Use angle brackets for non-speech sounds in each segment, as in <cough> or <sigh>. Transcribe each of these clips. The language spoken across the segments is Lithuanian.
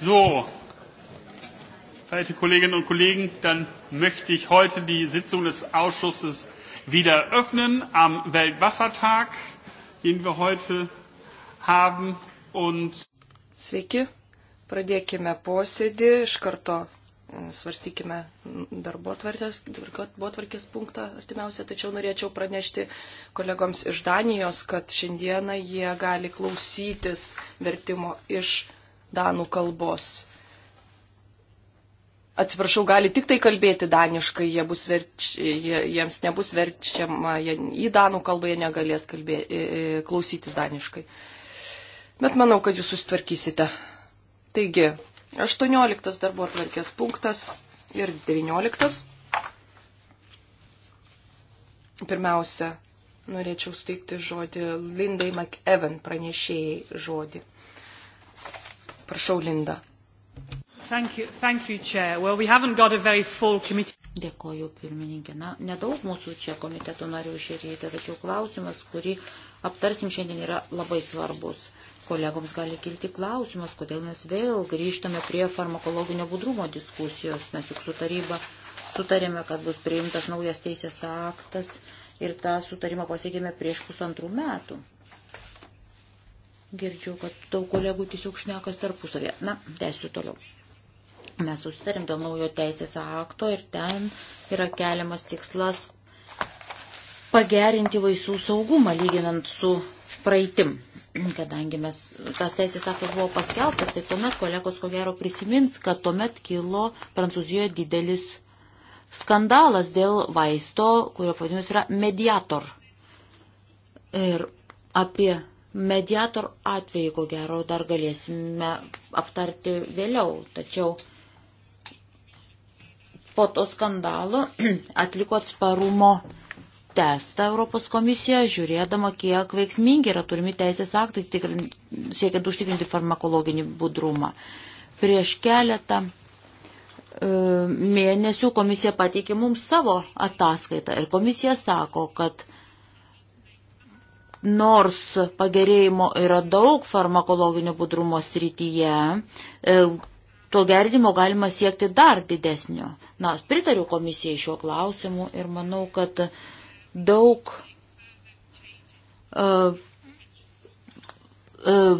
So, verehrte Kolleginnen und Kollegen, dann möchte ich heute die Sitzung des Ausschusses wieder öffnen am Weltwassertag, den wir heute haben. Und Sveiki, pradėkime posėdį iš karto. Mm, svarstykime darbo tvarkės punktą artimiausią, tačiau norėčiau pranešti kolegoms iš Danijos, kad šiandieną jie gali klausytis vertimo iš danų kalbos. Atsiprašau, gali tik tai kalbėti daniškai, jie bus verč, jie, jiems nebus verčiama, jie, į danų kalbą jie negalės kalbė, klausytis daniškai. Bet manau, kad jūs susitvarkysite. Taigi, 18 darbo atvarkės punktas ir 19. Pirmiausia, norėčiau suteikti žodį Lindai McEwen pranešėjai žodį. Prašau, Linda. Thank you, thank you, Chair. Well, we haven't got a very full committee. Dėkoju, pirmininkė. Na, nedaug mūsų čia komiteto narių išėrėti, tačiau klausimas, kurį aptarsim šiandien, yra labai svarbus. Kolegoms gali kilti klausimas, kodėl mes vėl grįžtame prie farmakologinio budrumo diskusijos. Mes juk su taryba sutarėme, kad bus priimtas naujas teisės aktas ir tą sutarimą pasiekėme prieš pusantrų metų. Girdžiu, kad daug kolegų tiesiog šnekas tarpusavė. Na, tęsiu toliau. Mes susitarim dėl naujo teisės akto ir ten yra keliamas tikslas pagerinti vaisų saugumą lyginant su praeitim. Kadangi mes, tas teisės aktas buvo paskelbtas, tai tuomet kolegos ko gero prisimins, kad tuomet kilo Prancūzijoje didelis skandalas dėl vaisto, kurio pavadinimas yra mediator. Ir apie Mediator atvejį, ko gero, dar galėsime aptarti vėliau, tačiau po to skandalo <clears throat> atliko atsparumo testą Europos komisija, žiūrėdama, kiek veiksmingi yra turimi teisės aktai, siekiant užtikrinti farmakologinį budrumą. Prieš keletą e, mėnesių komisija pateikė mums savo ataskaitą ir komisija sako, kad nors pagerėjimo yra daug farmakologinio budrumo srityje, e, to gerdimo galima siekti dar didesnio. Na, aš pritariu komisijai šiuo klausimu ir manau, kad daug uh,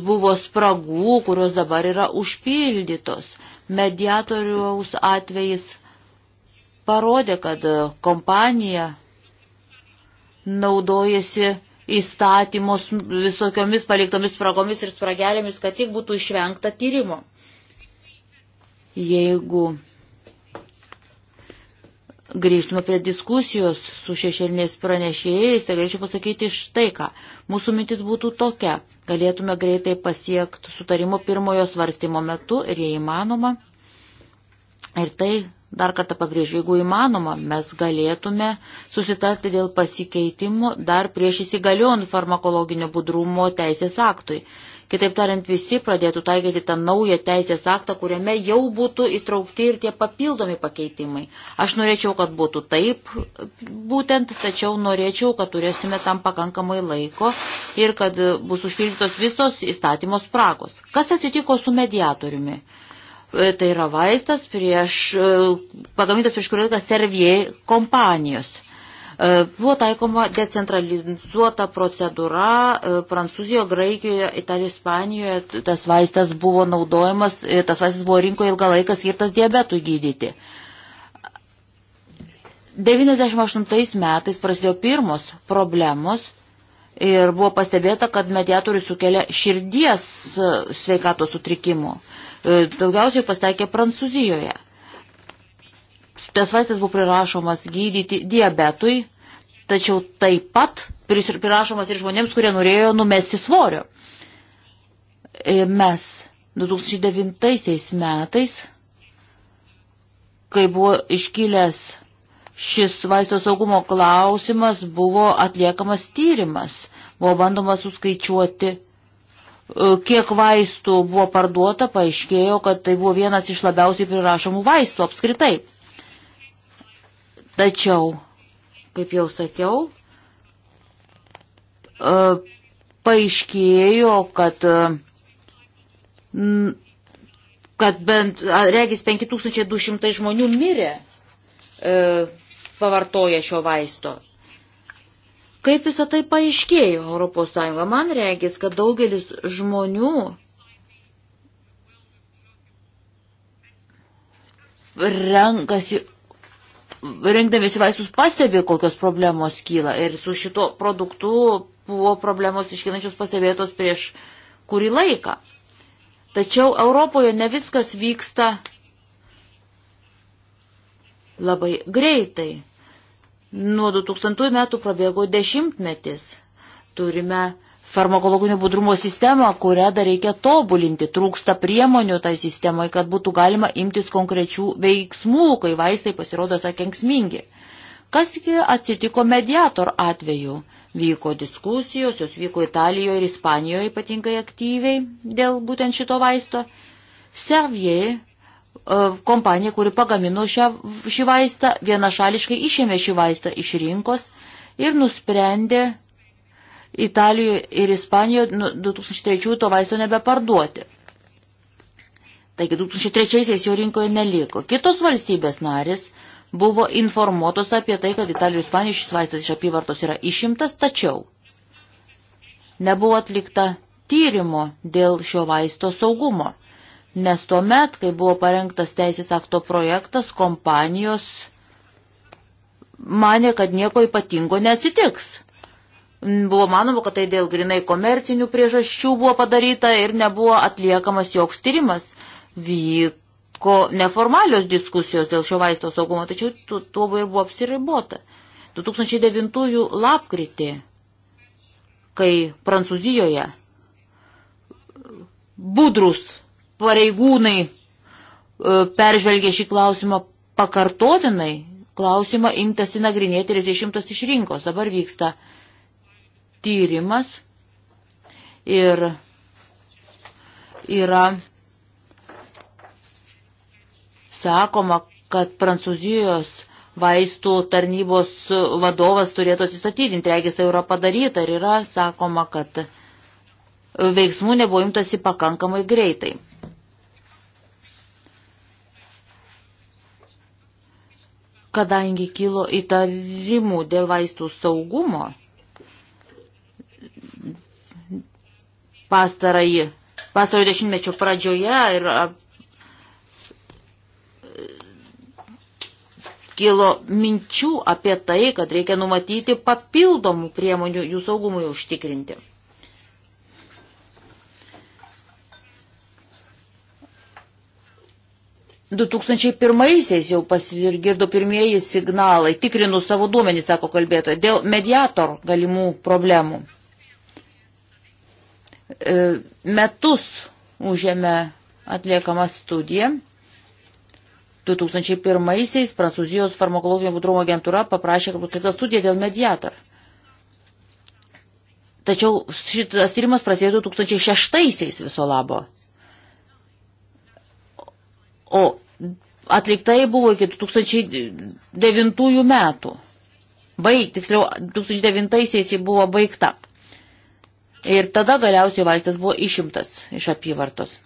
buvo spragų, kurios dabar yra užpildytos. Mediatoriaus atvejis parodė, kad kompanija naudojasi įstatymus visokiomis paliktomis spragomis ir spragelėmis, kad tik būtų išvengta tyrimo. Jeigu grįžtume prie diskusijos su šešėliniais pranešėjais, tai galėčiau pasakyti štai ką. Mūsų mintis būtų tokia. Galėtume greitai pasiekti sutarimo pirmojo svarstymo metu ir jei įmanoma. Ir tai dar kartą pabrėžiu, jeigu įmanoma, mes galėtume susitarti dėl pasikeitimų dar prieš įsigaliojant farmakologinio budrumo teisės aktui. Kitaip tariant, visi pradėtų taikyti tą naują teisės aktą, kuriame jau būtų įtraukti ir tie papildomi pakeitimai. Aš norėčiau, kad būtų taip, būtent, tačiau norėčiau, kad turėsime tam pakankamai laiko ir kad bus užpildytos visos įstatymos spragos. Kas atsitiko su mediatoriumi? Tai yra vaistas prieš, e, pagamintas prieš kurį laiką Servie kompanijos. E, buvo taikoma decentralizuota procedūra e, Prancūzijoje, Graikijoje, Italijoje, Ispanijoje. Tas vaistas buvo naudojamas, tas vaistas buvo rinkoje ilgą laiką skirtas diabetui gydyti. 98 metais prasidėjo pirmos problemos ir buvo pastebėta, kad mediatorius sukelia širdies sveikatos sutrikimų. E, daugiausiai pasitaikė Prancūzijoje. Tas vaistas buvo prirašomas gydyti diabetui, tačiau taip pat prirašomas ir žmonėms, kurie norėjo numesti svorio. E, mes 2009 metais, kai buvo iškilęs šis vaisto saugumo klausimas, buvo atliekamas tyrimas, buvo bandoma suskaičiuoti E, kiek vaistų buvo parduota, paaiškėjo, kad tai buvo vienas iš labiausiai prirašomų vaistų apskritai. Tačiau, kaip jau sakiau, e, paaiškėjo, kad, e, kad bent, regis, 5200 žmonių mirė pavartoja šio vaisto. Kaip visą tai paaiškėjo Europos Sąjunga? Man reikės, kad daugelis žmonių renkasi, rengdamėsi vaistus pastebė, kokios problemos kyla. Ir su šito produktu buvo problemos iškinančios pastebėtos prieš kurį laiką. Tačiau Europoje ne viskas vyksta labai greitai. Nuo 2000 metų prabėgo dešimtmetis. Turime farmakologinio budrumo sistemą, kurią dar reikia tobulinti. Trūksta priemonių tai sistemai, kad būtų galima imtis konkrečių veiksmų, kai vaistai pasirodo sakenksmingi. Kasgi atsitiko mediator atveju? Vyko diskusijos, jos vyko Italijoje ir Ispanijoje ypatingai aktyviai dėl būtent šito vaisto. Servier E, kompanija, kuri pagamino šią, šį vaistą, vienašališkai išėmė šį vaistą iš rinkos ir nusprendė Italijoje ir Ispanijoje 2003 nu, to vaisto nebeparduoti. Taigi 2003-aisiais jo rinkoje neliko. Kitos valstybės narės buvo informuotos apie tai, kad Italijoje ir Ispanijoje šis vaistas iš apyvartos yra išimtas, tačiau nebuvo atlikta tyrimo dėl šio vaisto saugumo nes tuo met, kai buvo parengtas teisės akto projektas, kompanijos mane, kad nieko ypatingo neatsitiks. Buvo manoma, kad tai dėl grinai komercinių priežasčių buvo padaryta ir nebuvo atliekamas joks tyrimas. Vyko neformalios diskusijos dėl šio vaisto saugumo, tačiau tuo ir buvo apsiribota. 2009 lapkritį, kai Prancūzijoje budrus pareigūnai e, peržvelgė šį klausimą pakartotinai, klausimą imtasi nagrinėti ir jis išimtas iš rinkos. Dabar vyksta tyrimas ir yra sakoma, kad Prancūzijos vaistų tarnybos vadovas turėtų atsistatydinti, regis tai yra padaryta ir yra sakoma, kad veiksmų nebuvo imtasi pakankamai greitai. kadangi kilo įtarimų dėl vaistų saugumo. Pastarąjį, pastarojo dešimtmečio pradžioje ir kilo minčių apie tai, kad reikia numatyti papildomų priemonių jų saugumui užtikrinti. 2001-aisiais jau pasigirdo pirmieji signalai, tikrinų savo duomenį, sako kalbėtoja, dėl mediator galimų problemų. E, metus užėmė atliekama studija. 2001-aisiais Prancūzijos farmakologinio budrumo agentūra paprašė, kad būtų atlikta studija dėl mediator. Tačiau šitas tyrimas prasidėjo 2006-aisiais viso labo. O atliktai buvo iki 2009 metų. Baig, tiksliau, 2009-aisiais ji buvo baigta. Ir tada galiausiai vaistas buvo išimtas iš apyvartos.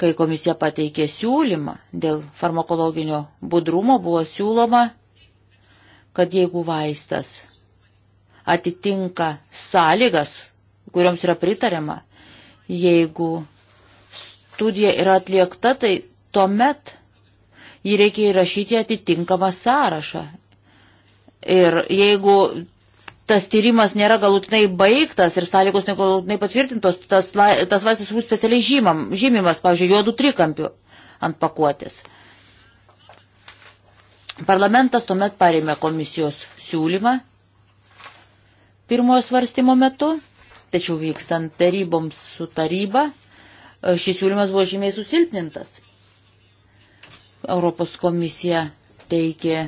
Kai komisija pateikė siūlymą dėl farmakologinio budrumo, buvo siūloma, kad jeigu vaistas atitinka sąlygas, kuriuoms yra pritariama, jeigu studija yra atliekta, tai tuomet jį reikia įrašyti atitinkamą sąrašą. Ir jeigu tas tyrimas nėra galutinai baigtas ir sąlygos negalutinai patvirtintos, tas, tas vaistas būtų specialiai žymam, žymimas, pavyzdžiui, juodų trikampių ant pakuotės. Parlamentas tuomet parėmė komisijos siūlymą pirmojo svarstymo metu, tačiau vykstant taryboms su taryba E, šis siūlymas buvo žymiai susilpnintas. Europos komisija teikė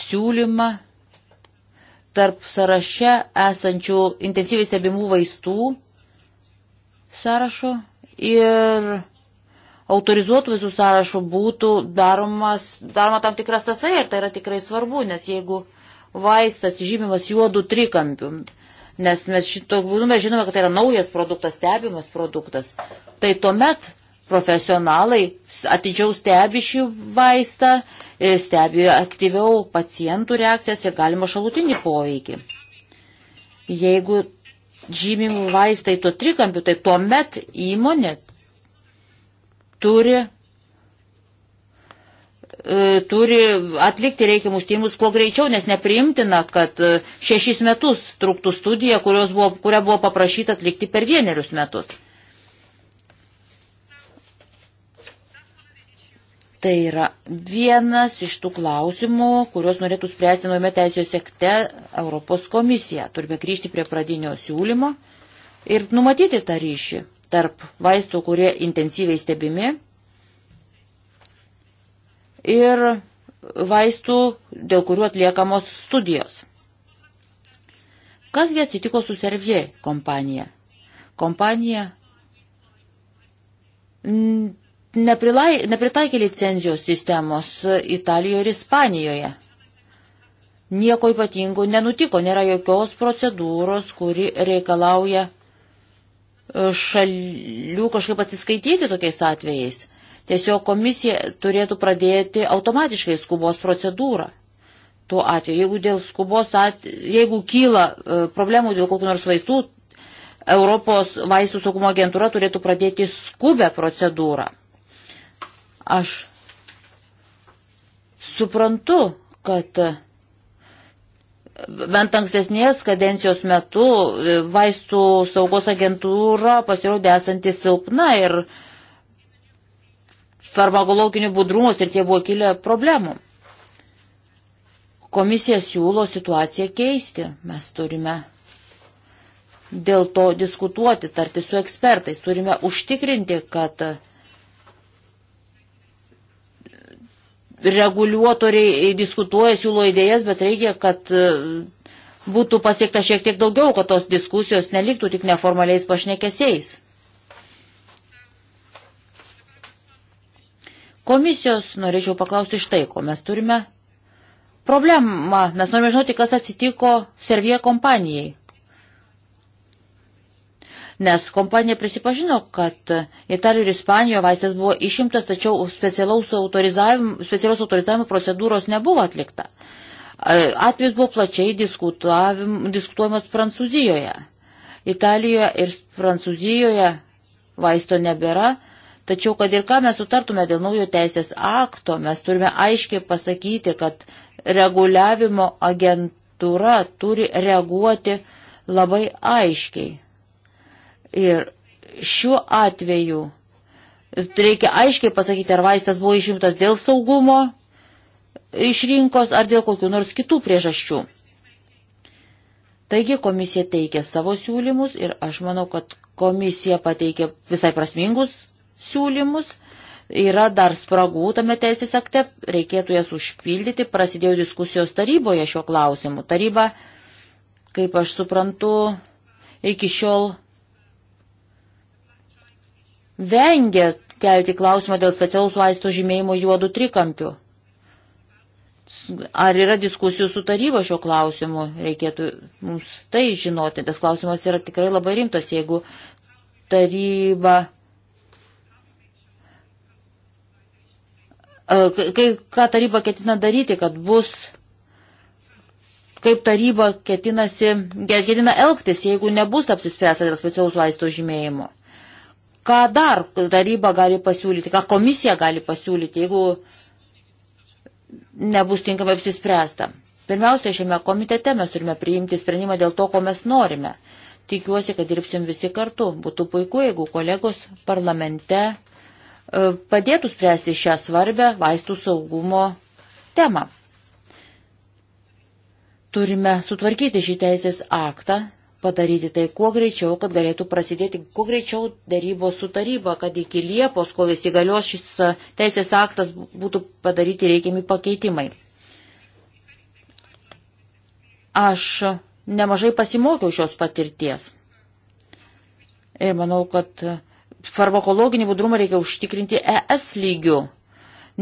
siūlymą tarp sąraše esančių intensyviai stebimų vaistų sąrašo ir autorizuotų visų sąrašų būtų daromas, daroma tam tikras tasai ir tai yra tikrai svarbu, nes jeigu vaistas žymimas juodų trikampių, nes mes šito būdu mes žinome, kad tai yra naujas produktas, stebimas produktas. Tai tuomet profesionalai atidžiau stebi šį vaistą, e, stebi aktyviau pacientų reakcijas ir galima šalutinį poveikį. Jeigu žymimų vaistai tuo trikampiu, tai tuomet įmonė turi E, turi atlikti reikiamus tyrimus kuo greičiau, nes nepriimtina, kad e, šešis metus truktų studija, buvo, kurią buvo paprašyta atlikti per vienerius metus. Tai yra vienas iš tų klausimų, kuriuos norėtų spręsti nuojame teisės sekte Europos komisija. Turime grįžti prie pradinio siūlymo ir numatyti tą ryšį tarp vaistų, kurie intensyviai stebimi ir vaistų, dėl kurių atliekamos studijos. Kasgi atsitiko su Servier kompanija? Kompanija neprilai, nepritaikė licenzijos sistemos Italijoje ir Ispanijoje. Nieko ypatingo nenutiko, nėra jokios procedūros, kuri reikalauja e, šalių kažkaip atsiskaityti tokiais atvejais. Tiesiog komisija turėtų pradėti automatiškai skubos procedūrą. Tuo atveju, jeigu dėl skubos, at... jeigu kyla e, problemų dėl kokių nors vaistų, Europos vaistų saugumo agentūra turėtų pradėti skubę procedūrą. Aš suprantu, kad bent ankstesnės kadencijos metu e, vaistų saugos agentūra pasirodė esanti silpna ir uh, farmakologinių budrumų ir tie buvo kilę problemų. Komisija siūlo situaciją keisti. Mes turime dėl to diskutuoti, tarti su ekspertais. Turime užtikrinti, kad reguliuotoriai diskutuoja, siūlo idėjas, bet reikia, kad e, būtų pasiekta šiek tiek daugiau, kad tos diskusijos neliktų tik neformaliais pašnekesiais. Komisijos norėčiau paklausti štai, ko mes turime problemą. Mes norime žinoti, kas atsitiko Servija kompanijai. Nes kompanija prisipažino, kad Italijoje ir Ispanijoje vaistas buvo išimtas, tačiau specialiaus autorizavimo, specialiaus autorizavimo procedūros nebuvo atlikta. Atvejs buvo plačiai diskutuojamas Prancūzijoje. Italijoje ir Prancūzijoje vaisto nebėra Tačiau, kad ir ką mes sutartume dėl naujo teisės akto, mes turime aiškiai pasakyti, kad reguliavimo agentūra turi reaguoti labai aiškiai. Ir šiuo atveju reikia aiškiai pasakyti, ar vaistas buvo išimtas dėl saugumo iš rinkos ar dėl kokių nors kitų priežasčių. Taigi komisija teikia savo siūlymus ir aš manau, kad komisija pateikė visai prasmingus siūlymus. Yra dar spragų tame teisės akte, reikėtų jas užpildyti. Prasidėjo diskusijos taryboje šiuo klausimu. Taryba, kaip aš suprantu, iki šiol vengia kelti klausimą dėl specialaus vaisto žymėjimo juodų trikampių. Ar yra diskusijų su taryba šio klausimu? Reikėtų mums tai žinoti, nes klausimas yra tikrai labai rimtas, jeigu taryba kai, ką taryba ketina daryti, kad bus, kaip taryba ketinasi, ketina elgtis, jeigu nebus apsispręsta dėl specialaus laisto žymėjimo. Ką dar taryba gali pasiūlyti, ką komisija gali pasiūlyti, jeigu nebus tinkamai apsispręsta. Pirmiausia, šiame komitete mes turime priimti sprendimą dėl to, ko mes norime. Tikiuosi, kad dirbsim visi kartu. Būtų puiku, jeigu kolegos parlamente E, padėtų spręsti šią svarbę vaistų saugumo temą. Turime sutvarkyti šį teisės aktą, padaryti tai kuo greičiau, kad galėtų prasidėti kuo greičiau darybos su taryba, kad iki Liepos, kol įsigalios šis teisės aktas, būtų padaryti reikiami pakeitimai. Aš nemažai pasimokiau šios patirties. Ir manau, kad farmakologinį budrumą reikia užtikrinti ES lygių.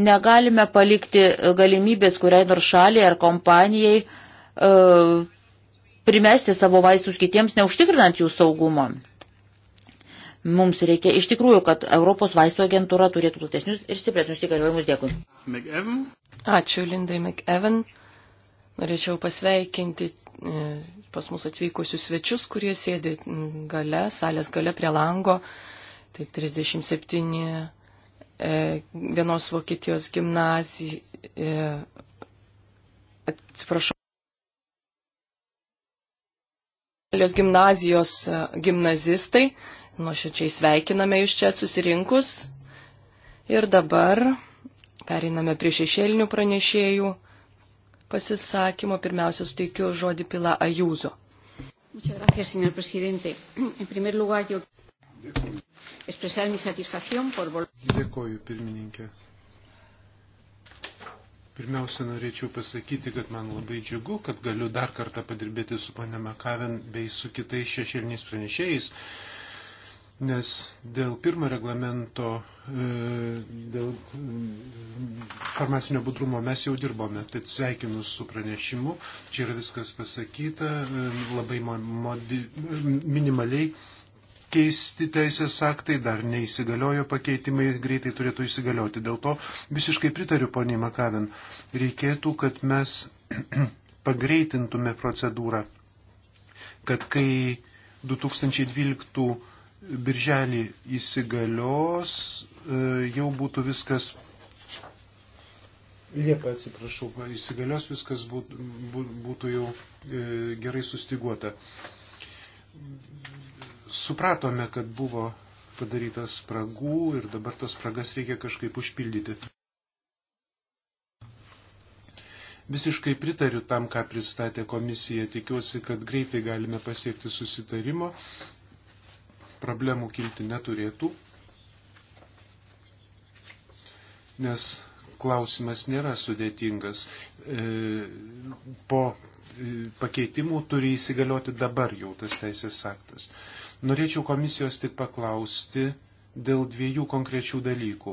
Negalime palikti galimybės kuriai nors šaliai ar kompanijai e, primesti savo vaistus kitiems, neužtikrinant jų saugumą. Mums reikia iš tikrųjų, kad Europos vaistų agentūra turėtų platesnius ir stipresnius įgaliojimus. Dėkui. McEvan. Ačiū Lindai McEvan. Norėčiau pasveikinti e, pas mus atvykusius svečius, kurie sėdi gale, salės gale prie lango. Tai 37 e, vienos Vokietijos gimnazija, e, atsiprašau, Italijos gimnazijos e, gimnazistai, nuoširdžiai sveikiname jūs čia susirinkus. Ir dabar periname prie šešėlinių pranešėjų pasisakymo. Pirmiausia, suteikiu žodį Pila Ajūzo. Muchas gracias, señor presidente. En primer lugar, yo. Dėkui expresar mi satisfacción por Dėkoju, pirmininkė. Pirmiausia, norėčiau pasakyti, kad man labai džiugu, kad galiu dar kartą padirbėti su ponia Makaven bei su kitais šešėliniais pranešėjais, nes dėl pirmo reglamento, e, dėl e, farmacinio budrumo mes jau dirbome, tad sveikinu su pranešimu, čia yra viskas pasakyta, e, labai modi, minimaliai keisti teisės aktai, dar neįsigaliojo pakeitimai, greitai turėtų įsigalioti. Dėl to visiškai pritariu poniai Makavin. Reikėtų, kad mes <clears throat> pagreitintume procedūrą, kad kai 2012 birželį įsigalios, e, jau būtų viskas. Liepa, atsiprašau, įsigalios viskas būtų, būtų jau e, gerai sustiguota supratome, kad buvo padarytas spragų ir dabar tas spragas reikia kažkaip užpildyti. Visiškai pritariu tam, ką pristatė komisija. Tikiuosi, kad greitai galime pasiekti susitarimo. Problemų kilti neturėtų, nes klausimas nėra sudėtingas. E, po e, pakeitimų turi įsigalioti dabar jau tas teisės aktas. Norėčiau komisijos tik paklausti dėl dviejų konkrečių dalykų.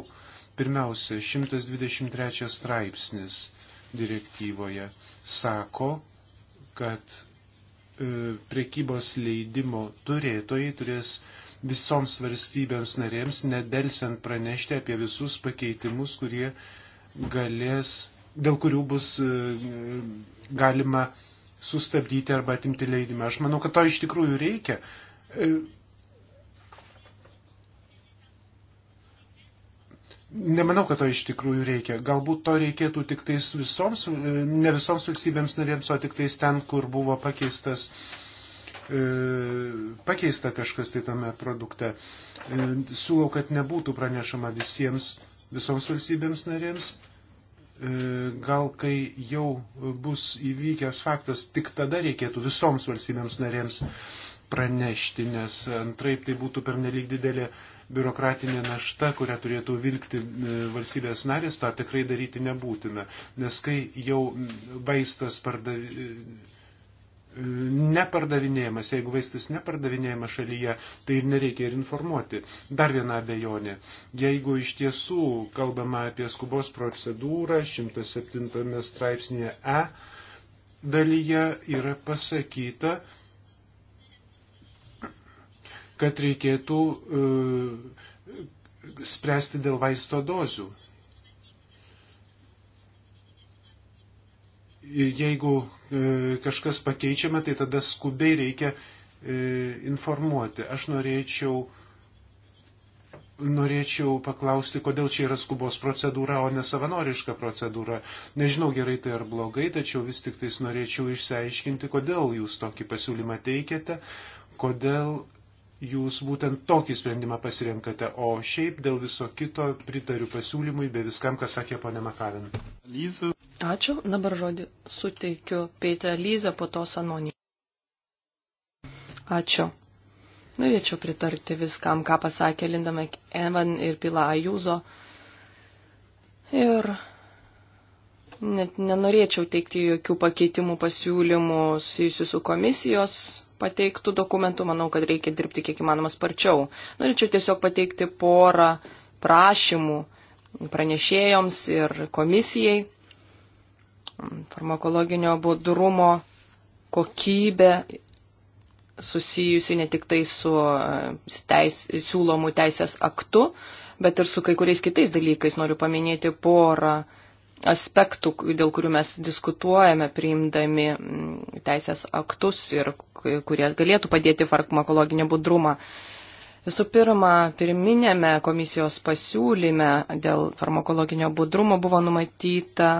Pirmiausia, 123 straipsnis direktyvoje sako, kad e, prekybos leidimo turėtojai turės visoms valstybėms narėms nedelsiant pranešti apie visus pakeitimus, kurie galės, dėl kurių bus e, galima sustabdyti arba atimti leidimą. Aš manau, kad to iš tikrųjų reikia, Nemanau, kad to iš tikrųjų reikia. Galbūt to reikėtų tik tais visoms, e, ne visoms valstybėms narėms, o tik tais ten, kur buvo pakeistas, e, pakeista kažkas tai tame produkte. E, siūlau, kad nebūtų pranešama visiems, visoms valstybėms narėms. Gal kai jau bus įvykęs faktas, tik tada reikėtų visoms valstybėms narėms pranešti, nes antraip tai būtų pernelyg didelė biurokratinė našta, kurią turėtų vilkti e, valstybės narės, to tikrai daryti nebūtina. Nes kai jau vaistas pardav... E, nepardavinėjamas, jeigu vaistas nepardavinėjamas šalyje, tai ir nereikia ir informuoti. Dar viena abejonė. Jeigu iš tiesų kalbama apie skubos procedūrą 107 straipsnėje E dalyje yra pasakyta, kad reikėtų e, spręsti dėl vaisto dozių. Ir jeigu e, kažkas pakeičiama, tai tada skubiai reikia e, informuoti. Aš norėčiau, norėčiau paklausti, kodėl čia yra skubos procedūra, o ne savanoriška procedūra. Nežinau gerai tai ar blogai, tačiau vis tik tais norėčiau išsiaiškinti, kodėl jūs tokį pasiūlymą teikiate, kodėl jūs būtent tokį sprendimą pasirenkate, o šiaip dėl viso kito pritariu pasiūlymui, be viskam, ką sakė ponė Makavin. Lyza. Ačiū, dabar žodį suteikiu Peitė Lyza, po to Sanonį. Ačiū. Norėčiau pritarti viskam, ką pasakė Linda McEvan ir Pila Ajuzo. Ir net nenorėčiau teikti jokių pakeitimų pasiūlymų susijusių su komisijos pateiktų dokumentų, manau, kad reikia dirbti kiek įmanoma sparčiau. Norėčiau tiesiog pateikti porą prašymų pranešėjoms ir komisijai. Farmakologinio budrumo kokybė susijusi ne tik tai su e, teis, siūlomu teisės aktu, bet ir su kai kuriais kitais dalykais. Noriu paminėti porą aspektų, dėl kurių mes diskutuojame priimdami mm, teisės aktus ir kurie galėtų padėti farmakologinį budrumą. Visų pirma, pirminėme komisijos pasiūlyme dėl farmakologinio budrumo buvo numatyta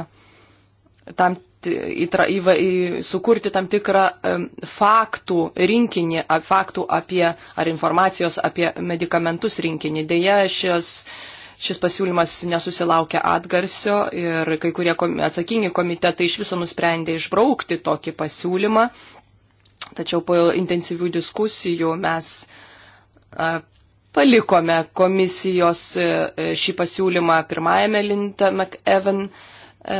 tam, įtra, į, į, sukurti tam tikrą um, faktų rinkinį, faktų apie ar informacijos apie medikamentus rinkinį. Deja, šios uh, Šis pasiūlymas nesusilaukė atgarsio ir kai kurie atsakingi komitetai iš viso nusprendė išbraukti tokį pasiūlymą. Tačiau po intensyvių diskusijų mes palikome komisijos e, e, šį pasiūlymą pirmajame Linda McEvan E,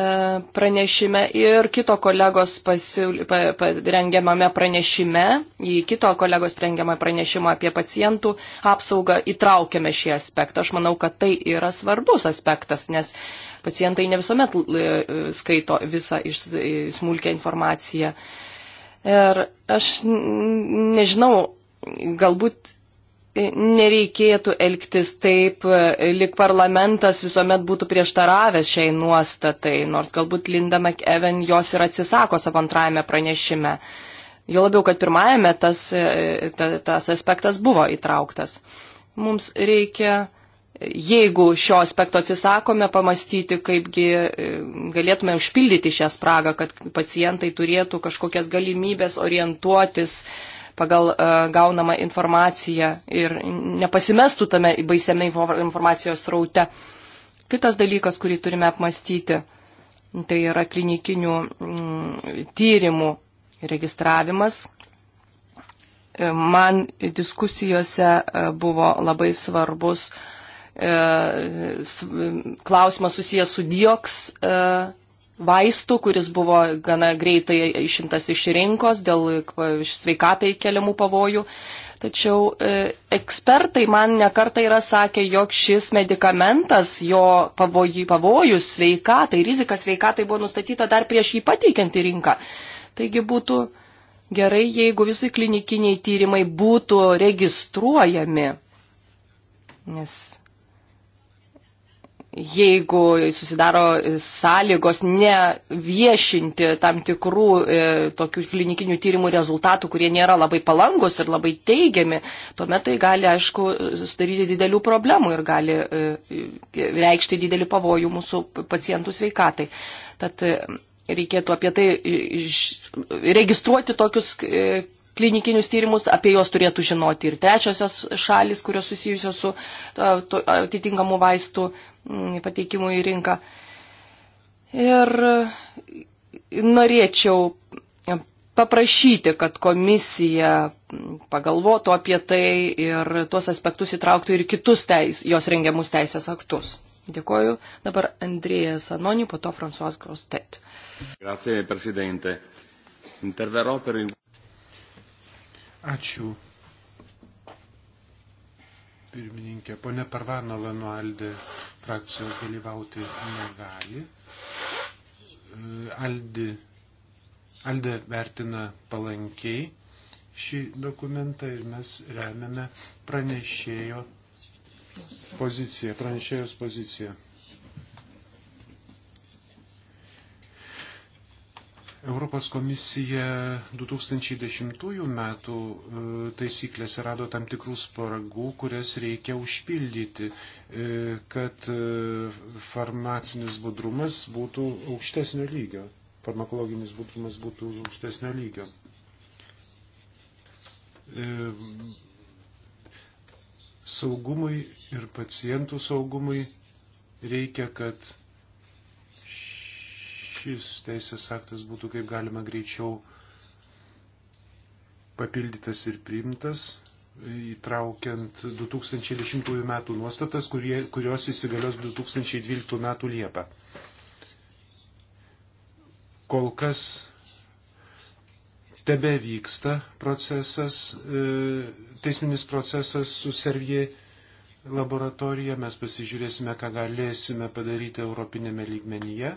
pranešime ir kito kolegos pasiūly, pa, pa, rengiamame pranešime, į kito kolegos rengiamą pranešimą apie pacientų apsaugą įtraukėme šį aspektą. Aš manau, kad tai yra svarbus aspektas, nes pacientai ne visuomet e, skaito visą smulkę informaciją. Ir aš nežinau, galbūt nereikėtų elgtis taip, e, lik parlamentas visuomet būtų prieštaravęs šiai nuostatai, nors galbūt Linda McEwen jos ir atsisako savo antrajame pranešime. Jo labiau, kad pirmajame tas, e, ta, tas aspektas buvo įtrauktas. Mums reikia, jeigu šio aspekto atsisakome, pamastyti, kaipgi e, galėtume užpildyti šią spragą, kad pacientai turėtų kažkokias galimybės orientuotis uh, pagal e, gaunamą informaciją ir nepasimestų tame baisiame informacijos raute. Kitas dalykas, kurį turime apmastyti, tai yra klinikinių mm, tyrimų registravimas. E, man diskusijose e, buvo labai svarbus klausimas susijęs su dioks vaistų, kuris buvo gana greitai išimtas iš rinkos dėl sveikatai keliamų pavojų. Tačiau e, ekspertai man nekartai yra sakę, jog šis medikamentas, jo pavojų, pavojus sveikatai, rizika sveikatai buvo nustatyta dar prieš jį pateikiant į rinką. Taigi būtų gerai, jeigu visi klinikiniai tyrimai būtų registruojami. Nes jeigu susidaro sąlygos neviešinti tam tikrų e, tokių klinikinių tyrimų rezultatų, kurie nėra labai palangus ir labai teigiami, tuomet tai gali, aišku, sudaryti didelių problemų ir gali e, reikšti didelį pavojų mūsų pacientų sveikatai. Tad e, reikėtų apie tai iš, registruoti tokius. E, klinikinius tyrimus, apie juos turėtų žinoti ir trečiosios šalis, kurios susijusios su atitinkamų vaistų mm, pateikimu į rinką. Ir e, norėčiau e, paprašyti, kad komisija pagalvotų apie tai ir tuos aspektus įtrauktų ir kitus teis, jos rengiamus teisės aktus. Dėkoju. Dabar Andrėjas Anoni, po to Fransuas Grostet. Grazie, Presidente. Interverò per il... Ačiū. Pirmininkė, ponė Parvanova nualdė frakcijos dalyvauti negali. E, Aldi, Aldė vertina palankiai šį dokumentą ir mes remiame pranešėjo poziciją, pranešėjos poziciją. Europos komisija 2010 metų e, taisyklėse rado tam tikrų sparagų, kurias reikia užpildyti, e, kad e, farmacinis budrumas būtų aukštesnio lygio, farmakologinis budrumas būtų aukštesnio lygio. Saugumui ir pacientų saugumui reikia, kad šis teisės aktas būtų kaip galima greičiau papildytas ir priimtas, įtraukiant 2010 m. nuostatas, kurie, kurios įsigalios 2012 m. Liepą. Kol kas tebe vyksta procesas, e, teisminis procesas su Servijai laboratorija, mes pasižiūrėsime, ką galėsime padaryti Europinėme lygmenyje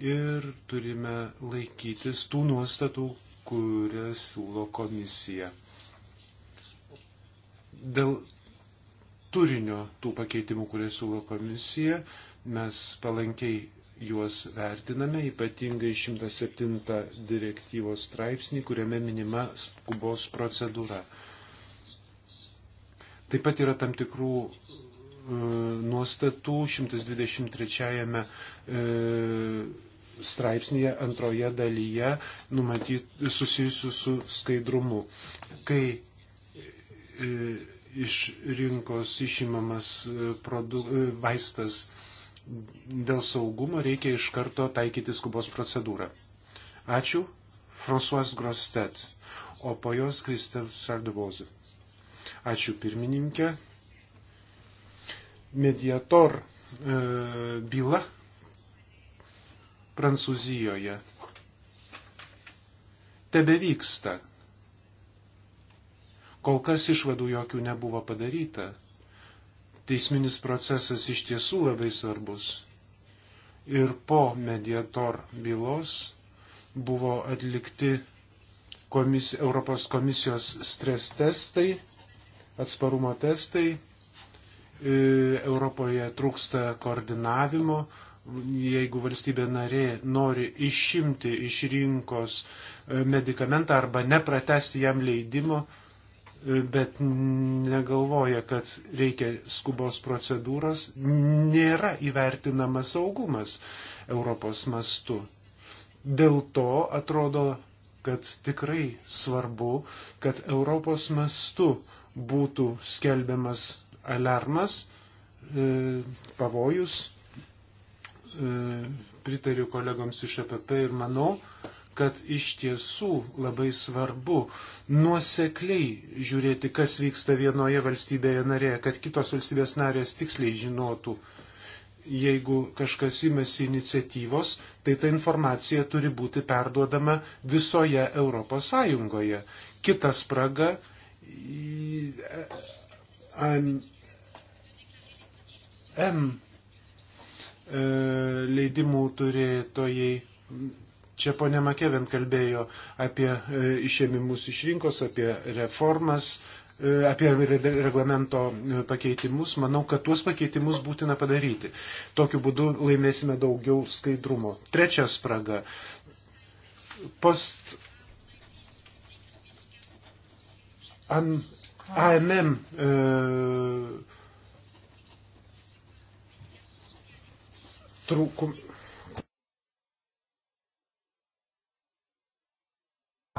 ir turime laikytis tų nuostatų, kurias siūlo komisija. Dėl turinio tų pakeitimų, kurias siūlo komisija, mes palankiai juos vertiname, ypatingai 107 direktyvos straipsnį, kuriame minima skubos procedūra. Taip pat yra tam tikrų e, nuostatų 123 e, straipsnėje antroje dalyje numatyti susijusiu su skaidrumu. Kai e, iš rinkos išimamas e, produ, e, vaistas dėl saugumo, reikia iš karto taikyti skubos procedūrą. Ačiū, François Grostet, o po jos Kristel Sardovozė. Ačiū pirmininkė. Mediator e, byla Prancūzijoje tebe vyksta. Kol kas išvadų jokių nebuvo padaryta. Teisminis procesas iš tiesų labai svarbus. Ir po mediator bylos buvo atlikti komis, Europos komisijos stres testai, atsparumo testai. E, Europoje trūksta koordinavimo, jeigu valstybė narė nori išimti iš rinkos e, medikamentą arba nepratesti jam leidimo, e, bet negalvoja, kad reikia skubos procedūros, nėra įvertinamas saugumas Europos mastu. Dėl to atrodo, kad tikrai svarbu, kad Europos mastu būtų skelbiamas alarmas, e, pavojus E, pritariu kolegoms iš APP e ir manau, kad iš tiesų labai svarbu nuosekliai žiūrėti, kas vyksta vienoje valstybėje narėje, kad kitos valstybės narės tiksliai žinotų, jeigu kažkas imasi iniciatyvos, tai ta informacija turi būti perduodama visoje Europos Sąjungoje. Kita spraga. M E, leidimų turėtojai. Čia ponė Makevin kalbėjo apie e, išėmimus iš rinkos, apie reformas, e, apie reglamento pakeitimus. Manau, kad tuos pakeitimus būtina padaryti. Tokiu būdu laimėsime daugiau skaidrumo. Trečia spraga. Post AMM. E, trūkum.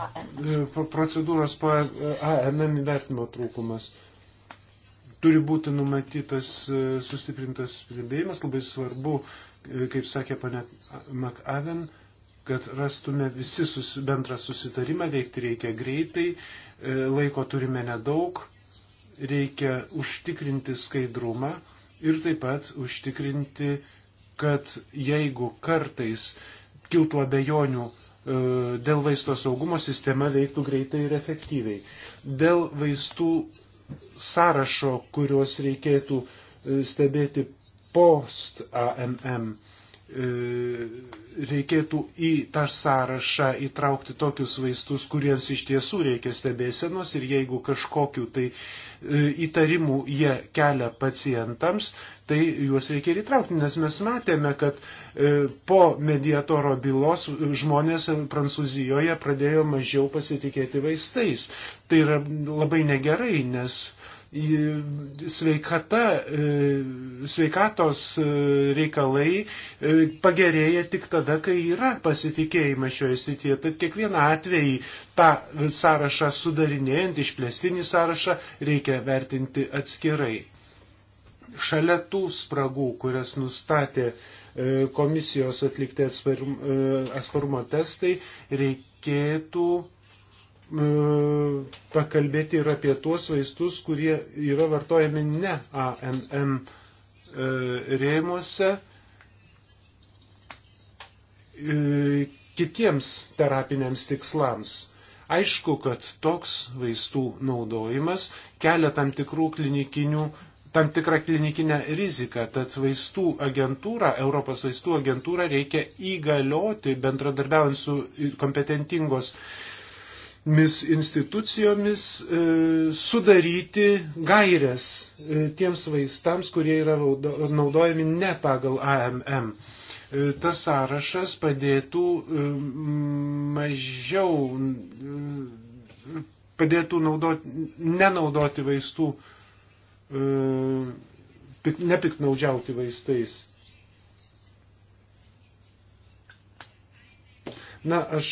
E, procedūros po ANM įvertimo trūkumas. Turi būti numatytas e, sustiprintas gebėjimas, labai svarbu, e, kaip sakė pane McAven, kad rastume visi sus, bendrą susitarimą, veikti reikia greitai, laiko turime nedaug, reikia užtikrinti skaidrumą ir taip pat užtikrinti kad jeigu kartais kiltų abejonių e, dėl vaisto saugumo sistema veiktų greitai ir efektyviai. Dėl vaistų sąrašo, kuriuos reikėtų e, stebėti post AMM. E, reikėtų į tą sąrašą įtraukti tokius vaistus, kuriems iš tiesų reikia stebėsenos ir jeigu kažkokiu tai e, įtarimų jie kelia pacientams, tai juos reikia ir įtraukti, nes mes matėme, kad e, po mediatoro bylos žmonės Prancūzijoje pradėjo mažiau pasitikėti vaistais. Tai yra labai negerai, nes sveikata, e, sveikatos e, reikalai e, pagerėja tik tada, kai yra pasitikėjimas šioje srityje. Tad kiekvieną atvejį tą sąrašą sudarinėjant, išplėstinį sąrašą, reikia vertinti atskirai. Šalia tų spragų, kurias nustatė komisijos atlikti atsparumo testai, reikėtų E, pakalbėti ir apie tuos vaistus, kurie yra vartojami ne AMM e, rėmuose e, kitiems terapiniams tikslams. Aišku, kad toks vaistų naudojimas kelia tam tikrų klinikinių tam tikrą klinikinę riziką, tad vaistų agentūrą, Europos vaistų agentūrą reikia įgalioti bendradarbiaujant su kompetentingos uh, mis institucijomis e, sudaryti gairias e, tiems vaistams, kurie yra naudojami ne pagal AMM. E, tas sąrašas padėtų mažiau, padėtų naudoti, nenaudoti vaistų, nepiknaudžiauti vaistais. Na, aš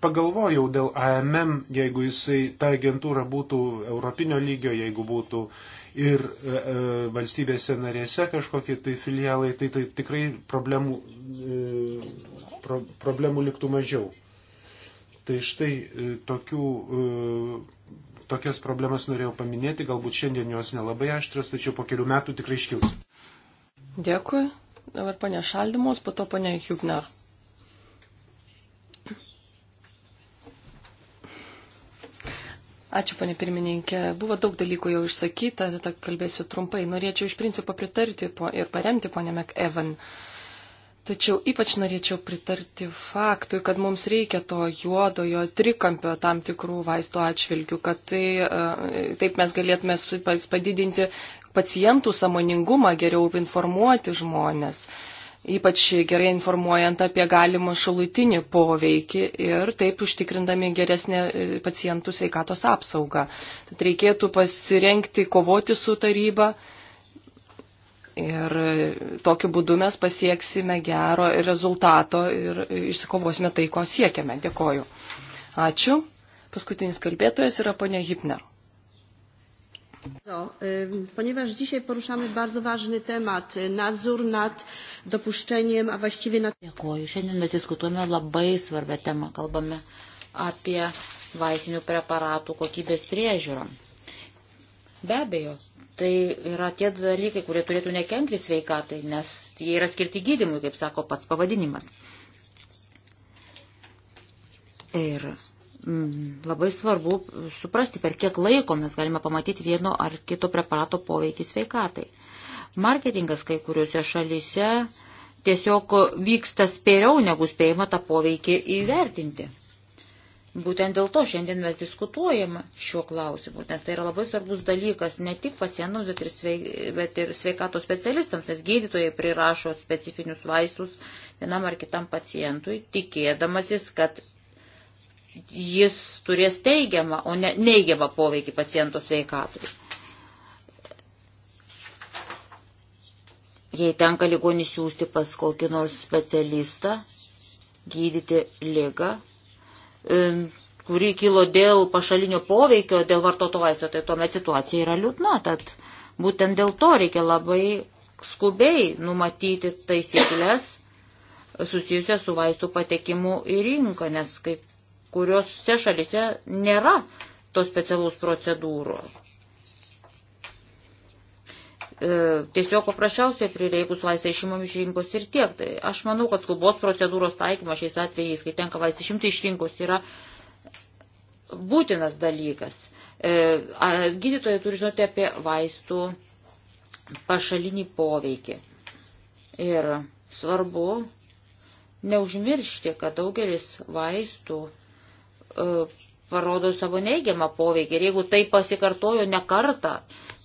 pagalvojau dėl AMM, jeigu jisai, ta agentūra būtų europinio lygio, jeigu būtų ir e, e, valstybėse narėse kažkokie tai filialai, tai, tai tikrai problemų, e, pro, problemų liktų mažiau. Tai štai e, tokių, e, tokias problemas norėjau paminėti, galbūt šiandien jos nelabai aštrios, tačiau po kelių metų tikrai iškils. Dėkui. Dabar ponia Šaldimos, po to ponia Hubner. Ačiū, ponė pirmininkė. Buvo daug dalykų jau išsakyta, tad kalbėsiu trumpai. Norėčiau iš principo pritarti po, ir paremti ponę McEvan. Tačiau ypač norėčiau pritarti faktui, kad mums reikia to juodojo trikampio tam tikrų vaistų atšvilgių, kad tai, e, taip mes galėtume padidinti pacientų samoningumą, geriau informuoti žmonės. Uh, ypač gerai informuojant apie galimą šalutinį poveikį ir taip užtikrindami geresnę e, pacientų sveikatos apsaugą. Tad reikėtų pasirenkti kovoti su taryba. Ir e, tokiu būdu mes pasieksime gero rezultato ir e, išsikovosime tai, ko siekiame. Dėkoju. Ačiū. Paskutinis kalbėtojas yra ponia Hipner. No, ponieważ dzisiaj poruszamy bardzo ważny temat e, - nadzór nad dopuszczeniem, a właściwie nad... Dėkuoju. Šiandien mes diskutuojame labai svarbę temą. Kalbame apie vaistinių preparatų kokybės priežiūrą. Be abejo, tai yra tie dalykai, kurie turėtų nekenkti sveikatai, nes jie yra skirti gydimui, kaip sako pats pavadinimas. Ir Mm, labai svarbu suprasti, per kiek laiko mes galime pamatyti vieno ar kito preparato poveikį sveikatai. Marketingas kai kuriuose šalyse tiesiog vyksta spėriau, negu spėjama tą poveikį įvertinti. Būtent dėl to šiandien mes diskutuojame šiuo klausimu, nes tai yra labai svarbus dalykas ne tik pacientams, bet ir, sveik, bet ir sveikato specialistams, nes gydytojai prirašo specifinius vaistus vienam ar kitam pacientui, tikėdamasis, kad jis turės teigiamą, o ne neigiamą poveikį paciento sveikatui. Jei tenka ligonį siūsti pas kokį nors specialistą, gydyti lygą, e, kuri kilo dėl pašalinio poveikio, dėl vartoto vaisto, tai tuomet situacija yra liūdna. Tad būtent dėl to reikia labai skubiai numatyti taisyklės susijusią su vaistų patekimu į rinką, nes, kaip kuriuose šalise nėra tos specialaus procedūrų. E, tiesiog paprasčiausiai prireikus vaistą išimam iš rinkos ir tiek. Tai aš manau, kad skubos procedūros taikymas šiais atvejais, kai tenka vaistą išimti iš rinkos, yra būtinas dalykas. E, Gydytojai turi žinoti apie vaistų pašalinį poveikį. Ir svarbu neužmiršti, kad daugelis vaistų E, parodo savo neigiamą poveikį. Ir jeigu tai pasikartojo ne kartą,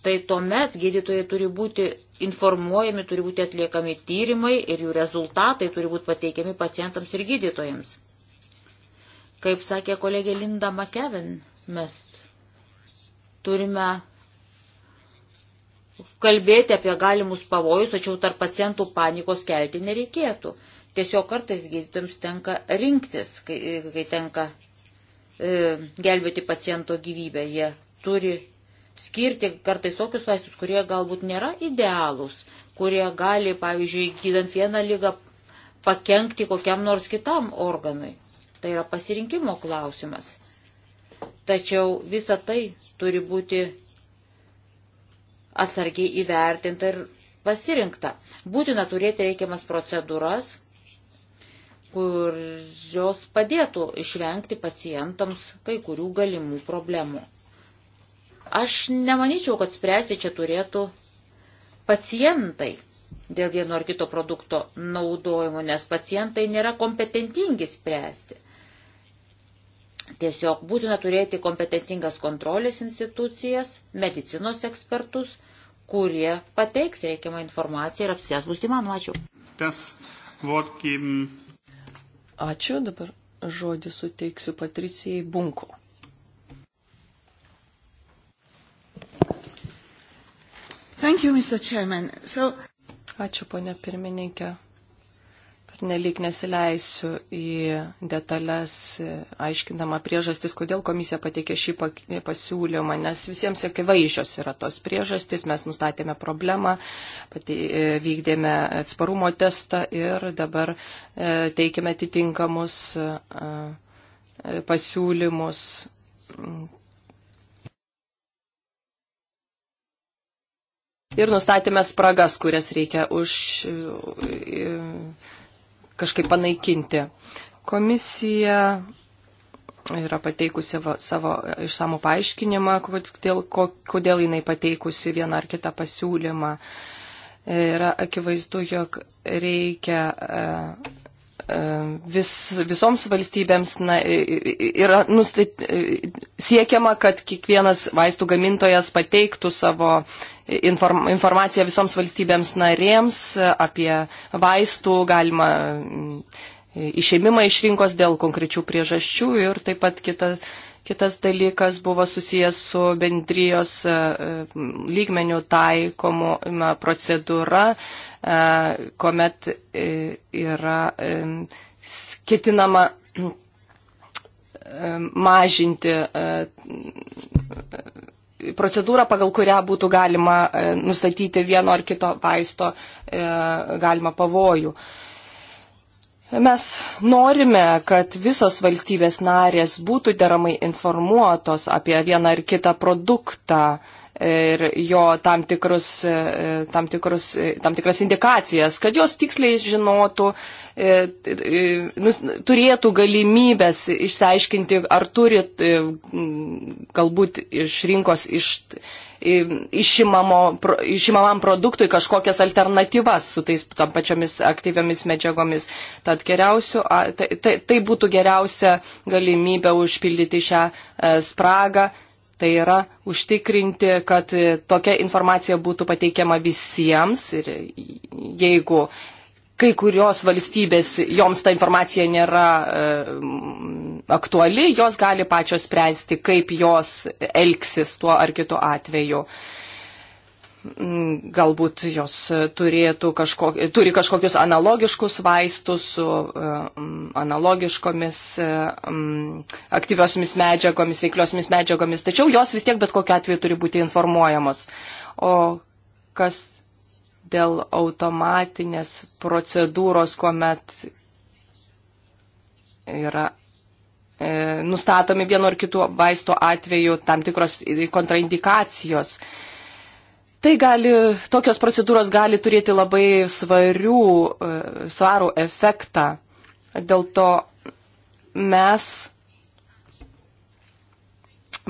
tai tuomet gydytojai turi būti informuojami, turi būti atliekami tyrimai ir jų rezultatai turi būti pateikiami pacientams ir gydytojams. Kaip sakė kolegė Linda McKevin, mes turime kalbėti apie galimus pavojus, tačiau tarp pacientų panikos kelti nereikėtų. Tiesiog kartais gydytojams tenka rinktis, kai, kai tenka E, gelbėti paciento gyvybę. Jie turi skirti kartais tokius vaistus, kurie galbūt nėra idealūs, kurie gali, pavyzdžiui, gydant vieną lygą pakengti kokiam nors kitam organui. Tai yra pasirinkimo klausimas. Tačiau visa tai turi būti atsargiai įvertinta ir pasirinkta. Būtina turėti reikiamas procedūras, kurios padėtų išvengti pacientams kai kurių galimų problemų. Aš nemanyčiau, kad spręsti čia turėtų pacientai dėl vieno ar kito produkto naudojimo, nes pacientai nėra kompetentingi spręsti. Tiesiog būtina turėti kompetentingas kontrolės institucijas, medicinos ekspertus, kurie pateiks reikiamą informaciją ir apsės bus įmanoma. Ačiū. Das Wort geben Ačiū, dabar žodį suteiksiu Patricijai Bunko. Thank you, Mr. Chairman. So... Ačiū, ponia pirmininkė pernelik nesileisiu į detalės, aiškindama priežastis, kodėl komisija pateikė šį pasiūlymą, nes visiems akivaizdžios yra tos priežastis, mes nustatėme problemą, pati, e, vykdėme atsparumo testą ir dabar e, teikėme atitinkamus e, pasiūlymus ir nustatėme spragas, kurias reikia už, kažkaip panaikinti. Komisija yra pateikusi savo išsamų paaiškinimą, kodėl, kodėl jinai pateikusi vieną ar kitą pasiūlymą. E, yra akivaizdu, jog reikia e, e, vis, visoms valstybėms na, yra nustat, siekiama, kad kiekvienas vaistų gamintojas pateiktų savo inform, informaciją visoms valstybėms narėms e, apie vaistų galima mm, e, išėmimą iš rinkos dėl konkrečių priežasčių ir taip pat kita, kitas dalykas buvo susijęs su bendrijos e, lygmenių taikomu na, procedūra, kuomet yra ketinama mažinti procedūrą, pagal kurią būtų galima e, nustatyti vieno ar kito vaisto e, galima pavojų. Mes norime, kad visos valstybės narės būtų deramai informuotos apie vieną ar kitą produktą, ir jo tam, tikrus, e, tam, tikrus, e, tam tikras indikacijas, kad jos tiksliai žinotų, e, turėtų galimybės išsiaiškinti, ar turi galbūt iš rinkos iš, išimamo, išimamam produktui kažkokias alternatyvas su tais tam pačiomis aktyviamis medžiagomis. Tad geriausiu, tai, tai, tai būtų geriausia galimybė užpildyti šią spragą Tai yra užtikrinti, kad tokia informacija būtų pateikiama visiems ir jeigu kai kurios valstybės, joms ta informacija nėra e, aktuali, jos gali pačios spręsti, kaip jos elgsis tuo ar kitu atveju. E, Mm, galbūt jos turėtų kažkok, turi kažkokius analogiškus vaistus su e, mm, analogiškomis e, mm, aktyviosiomis medžiagomis, veikliosiomis medžiagomis, tačiau jos vis tiek bet kokiu atveju turi būti informuojamos. O kas dėl automatinės procedūros, kuomet yra e, nustatomi vieno ar kito vaisto atveju tam tikros kontraindikacijos. E, Tai gali, tokios procedūros gali turėti labai svarių, e, svarų efektą. Dėl to mes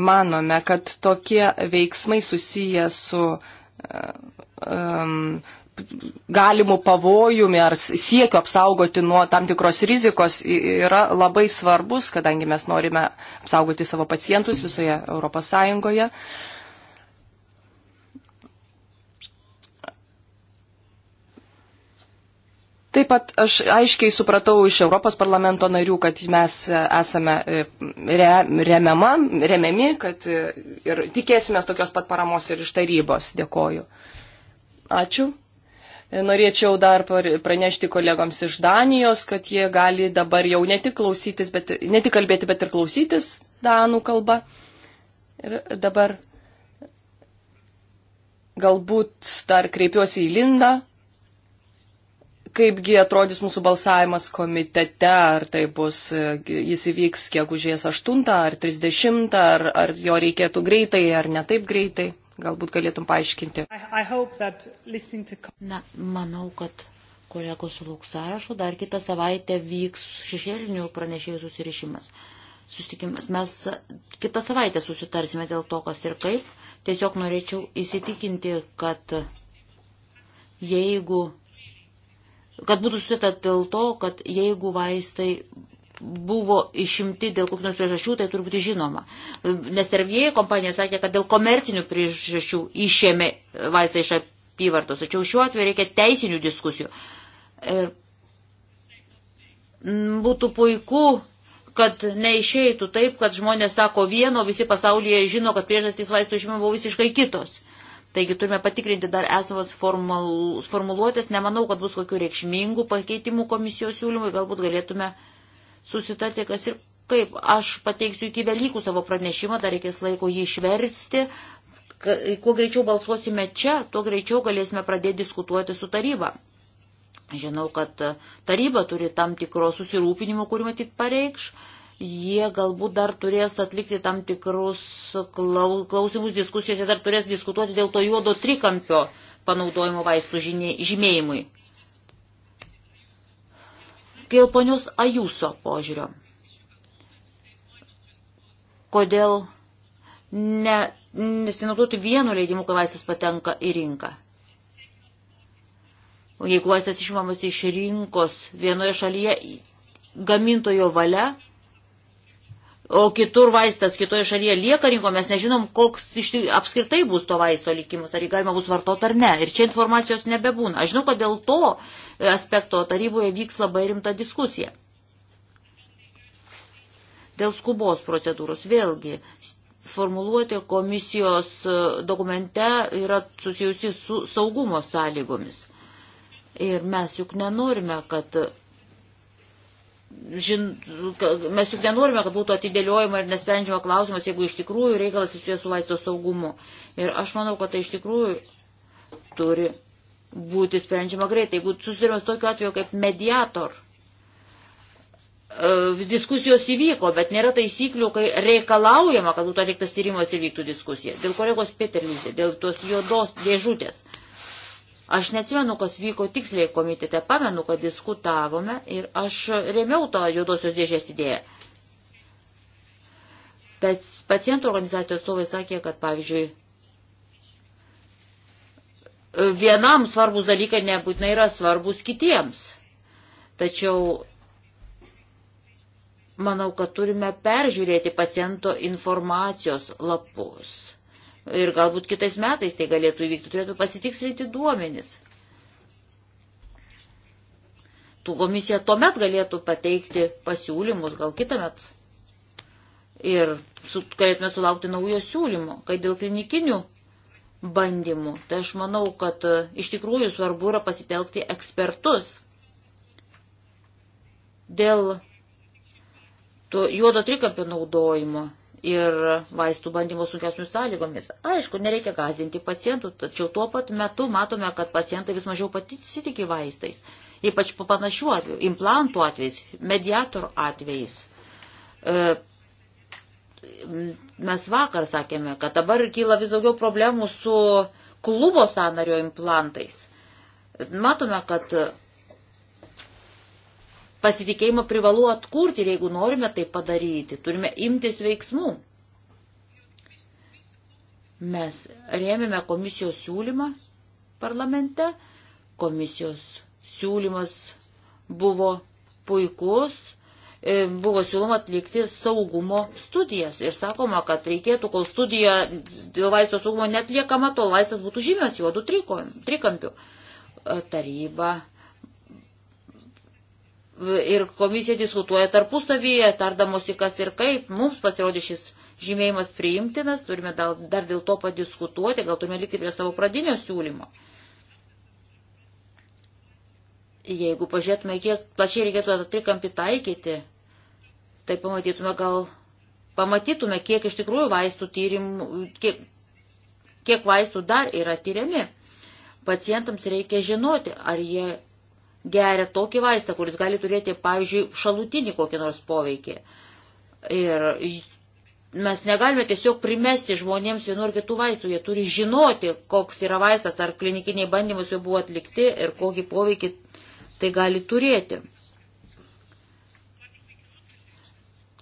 manome, kad tokie veiksmai susiję su um, e, galimų pavojumi ar siekiu apsaugoti nuo tam tikros rizikos yra labai svarbus, kadangi mes norime apsaugoti savo pacientus visoje Europos Sąjungoje. Uh, Taip pat aš aiškiai supratau iš Europos parlamento narių, kad mes esame e, re, remiama, remiami, kad e, ir tikėsime tokios pat paramos ir iš tarybos. Dėkoju. Ačiū. E, norėčiau dar pranešti kolegoms iš Danijos, kad jie gali dabar jau ne tik, klausytis, bet, ne tik kalbėti, bet ir klausytis Danų kalbą. Ir dabar galbūt dar kreipiuosi į Lindą kaipgi atrodys mūsų balsavimas komitete, ar tai bus, e, jis įvyks gegužės 8 ar 30, ar, ar jo reikėtų greitai ar ne taip greitai. Galbūt galėtum paaiškinti. I, I to... Na, manau, kad kolegų sulauks sąrašo, dar kitą savaitę vyks šešėlinių pranešėjų susirišimas. Sustikimas. Mes kitą savaitę susitarsime dėl to, kas ir kaip. Tiesiog norėčiau įsitikinti, kad jeigu kad būtų susita dėl to, kad jeigu vaistai buvo išimti dėl kokių nors priežasčių, tai turbūt žinoma. Nes Servieji kompanija sakė, kad dėl komercinių priežasčių išėmė vaistą iš apyvartos. Tačiau šiuo atveju reikia teisinių diskusijų. Ir būtų puiku, kad neišeitų taip, kad žmonės sako vieno, visi pasaulyje žino, kad priežastys vaistų išimimo buvo visiškai kitos. Taigi turime patikrinti dar esamas formuluotės. Nemanau, kad bus kokių reikšmingų pakeitimų komisijos siūlymui. Galbūt galėtume susitarti, kas ir kaip. Aš pateiksiu iki Velykų savo pranešimą, dar reikės laiko jį išversti. Kuo greičiau balsuosime čia, tuo greičiau galėsime pradėti diskutuoti su taryba. Žinau, kad taryba turi tam tikro susirūpinimo, kurį matyt pareikš. Uh, jie galbūt dar turės atlikti tam tikrus klausimus, diskusijas, jie dar turės diskutuoti dėl to juodo trikampio panaudojimo vaistų žymėjimui. Dėl ponios Ajuso požiūrio. Kodėl ne, nesinaudoti vienu leidimu, kai vaistas patenka į rinką? Jeigu vaistas išimamas iš rinkos vienoje šalyje gamintojo valia, o kitur vaistas kitoje šalyje lieka rinko, mes nežinom, koks iš, apskritai bus to vaisto likimas, ar jį galima bus vartoti ar ne. Ir čia informacijos nebebūna. Aš žinau, kad dėl to e, aspekto taryboje vyks labai rimta diskusija. Dėl skubos procedūros vėlgi formuluoti komisijos e, dokumente yra susijusi su saugumo sąlygomis. Ir mes juk nenorime, kad žin, mes juk nenorime, kad būtų atidėliojama ir nesprendžiama klausimas, jeigu iš tikrųjų reikalas susijęs su vaisto saugumu. Ir aš manau, kad tai iš tikrųjų turi būti sprendžiama greitai. Jeigu susidurime su tokiu atveju kaip mediator, e, diskusijos įvyko, bet nėra taisyklių, kai reikalaujama, kad būtų atliktas tyrimas įvyktų diskusija. Dėl kolegos Peterlyse, dėl tos juodos dėžutės. Aš neatsimenu, kas vyko tiksliai komitete, pamenu, kad diskutavome ir aš remiau tą juodosios dėžės idėją. Bet pacientų organizacijų atstovai sakė, kad pavyzdžiui, vienam svarbus dalykai nebūtinai yra svarbus kitiems. Tačiau manau, kad turime peržiūrėti paciento informacijos lapus ir galbūt kitais metais tai galėtų įvykti, turėtų pasitikslinti duomenis. Tų komisija tuomet galėtų pateikti pasiūlymus, gal kitą metą. Ir su, galėtume sulaukti naujo siūlymo, kai dėl klinikinių bandymų. Tai aš manau, kad e, iš tikrųjų svarbu yra pasitelkti ekspertus. Dėl to juodo trikampio naudojimo ir vaistų bandymo sunkesnių sąlygomis. Aišku, nereikia gazdinti pacientų, tačiau tuo pat metu matome, kad pacientai vis mažiau pasitikė vaistais. Ypač po panašių atvejų, implantų atvejais, mediator atvejais. E, mes vakar sakėme, kad dabar kyla vis daugiau problemų su klubo sanario implantais. Matome, kad Pasitikėjimą privalu atkurti ir jeigu norime tai padaryti, turime imtis veiksmų. Mes rėmėme komisijos siūlymą parlamente. Komisijos siūlymas buvo puikus e, buvo siūloma atlikti saugumo studijas ir sakoma, kad reikėtų, kol studija dėl vaisto saugumo netliekama, tol vaistas būtų žymės juodų trikampių. E, taryba ir komisija diskutuoja tarpusavyje, tardamosi kas ir kaip. Mums pasirodė šis žymėjimas priimtinas, turime dar, dar dėl to padiskutuoti, gal turime likti prie savo pradinio siūlymo. Jeigu pažiūrėtume, kiek plačiai reikėtų tą trikampį taikyti, tai pamatytume gal, pamatytume, kiek iš tikrųjų vaistų tyrimų, kiek, kiek vaistų dar yra tyriami. Pacientams reikia žinoti, ar jie geria tokį vaistą, kuris gali turėti, pavyzdžiui, šalutinį kokį nors poveikį. Ir mes negalime tiesiog primesti žmonėms vienu ar kitų vaistų, jie turi žinoti, koks yra vaistas, ar klinikiniai bandymai jau buvo atlikti ir kokį poveikį tai gali turėti.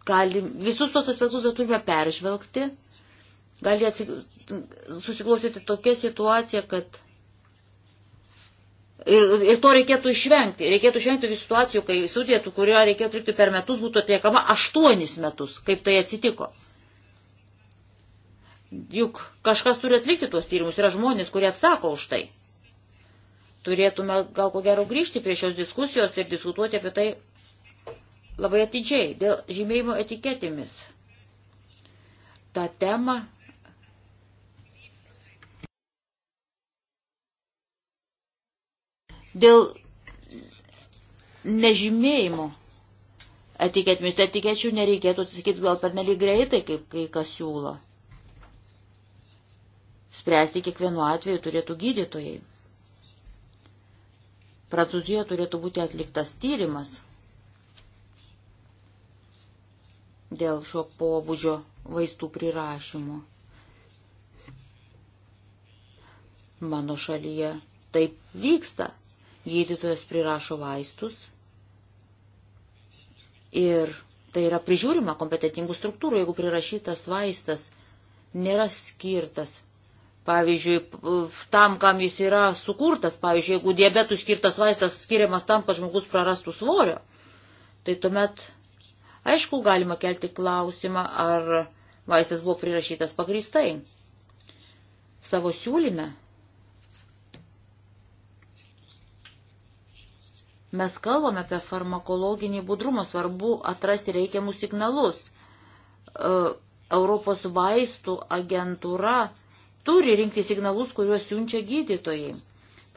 Gali, visus tos aspektus turime peržvelgti. Gali susiklausyti tokia situacija, kad Ir, ir to reikėtų išvengti. Reikėtų išvengti tokių situacijų, kai studija, kurią reikėtų atlikti per metus, būtų atliekama aštuonis metus, kaip tai atsitiko. Juk kažkas turi atlikti tuos tyrimus, yra žmonės, kurie atsako už tai. Turėtume gal ko gero grįžti prie šios diskusijos ir diskutuoti apie tai labai atidžiai dėl žymėjimo etiketėmis. Ta tema Dėl nežymėjimo etiketėmis, tai etikečių nereikėtų atsisakyti gal per nelik greitai, kaip kai kas siūlo. Spręsti kiekvienu atveju turėtų gydytojai. Prancūzijoje turėtų būti atliktas tyrimas dėl šio pobūdžio vaistų prirašymo. Mano šalyje taip vyksta gydytojas prirašo vaistus ir tai yra prižiūrima kompetentingų struktūrų, jeigu prirašytas vaistas nėra skirtas. Pavyzdžiui, tam, kam jis yra sukurtas, pavyzdžiui, jeigu diabetų skirtas vaistas skiriamas tam, kad žmogus prarastų svorio, tai tuomet, aišku, galima kelti klausimą, ar vaistas buvo prirašytas pagristai. Savo siūlyme Mes kalbame apie farmakologinį budrumą, svarbu atrasti reikiamus signalus. E, Europos vaistų agentūra turi rinkti signalus, kuriuos siunčia gydytojai.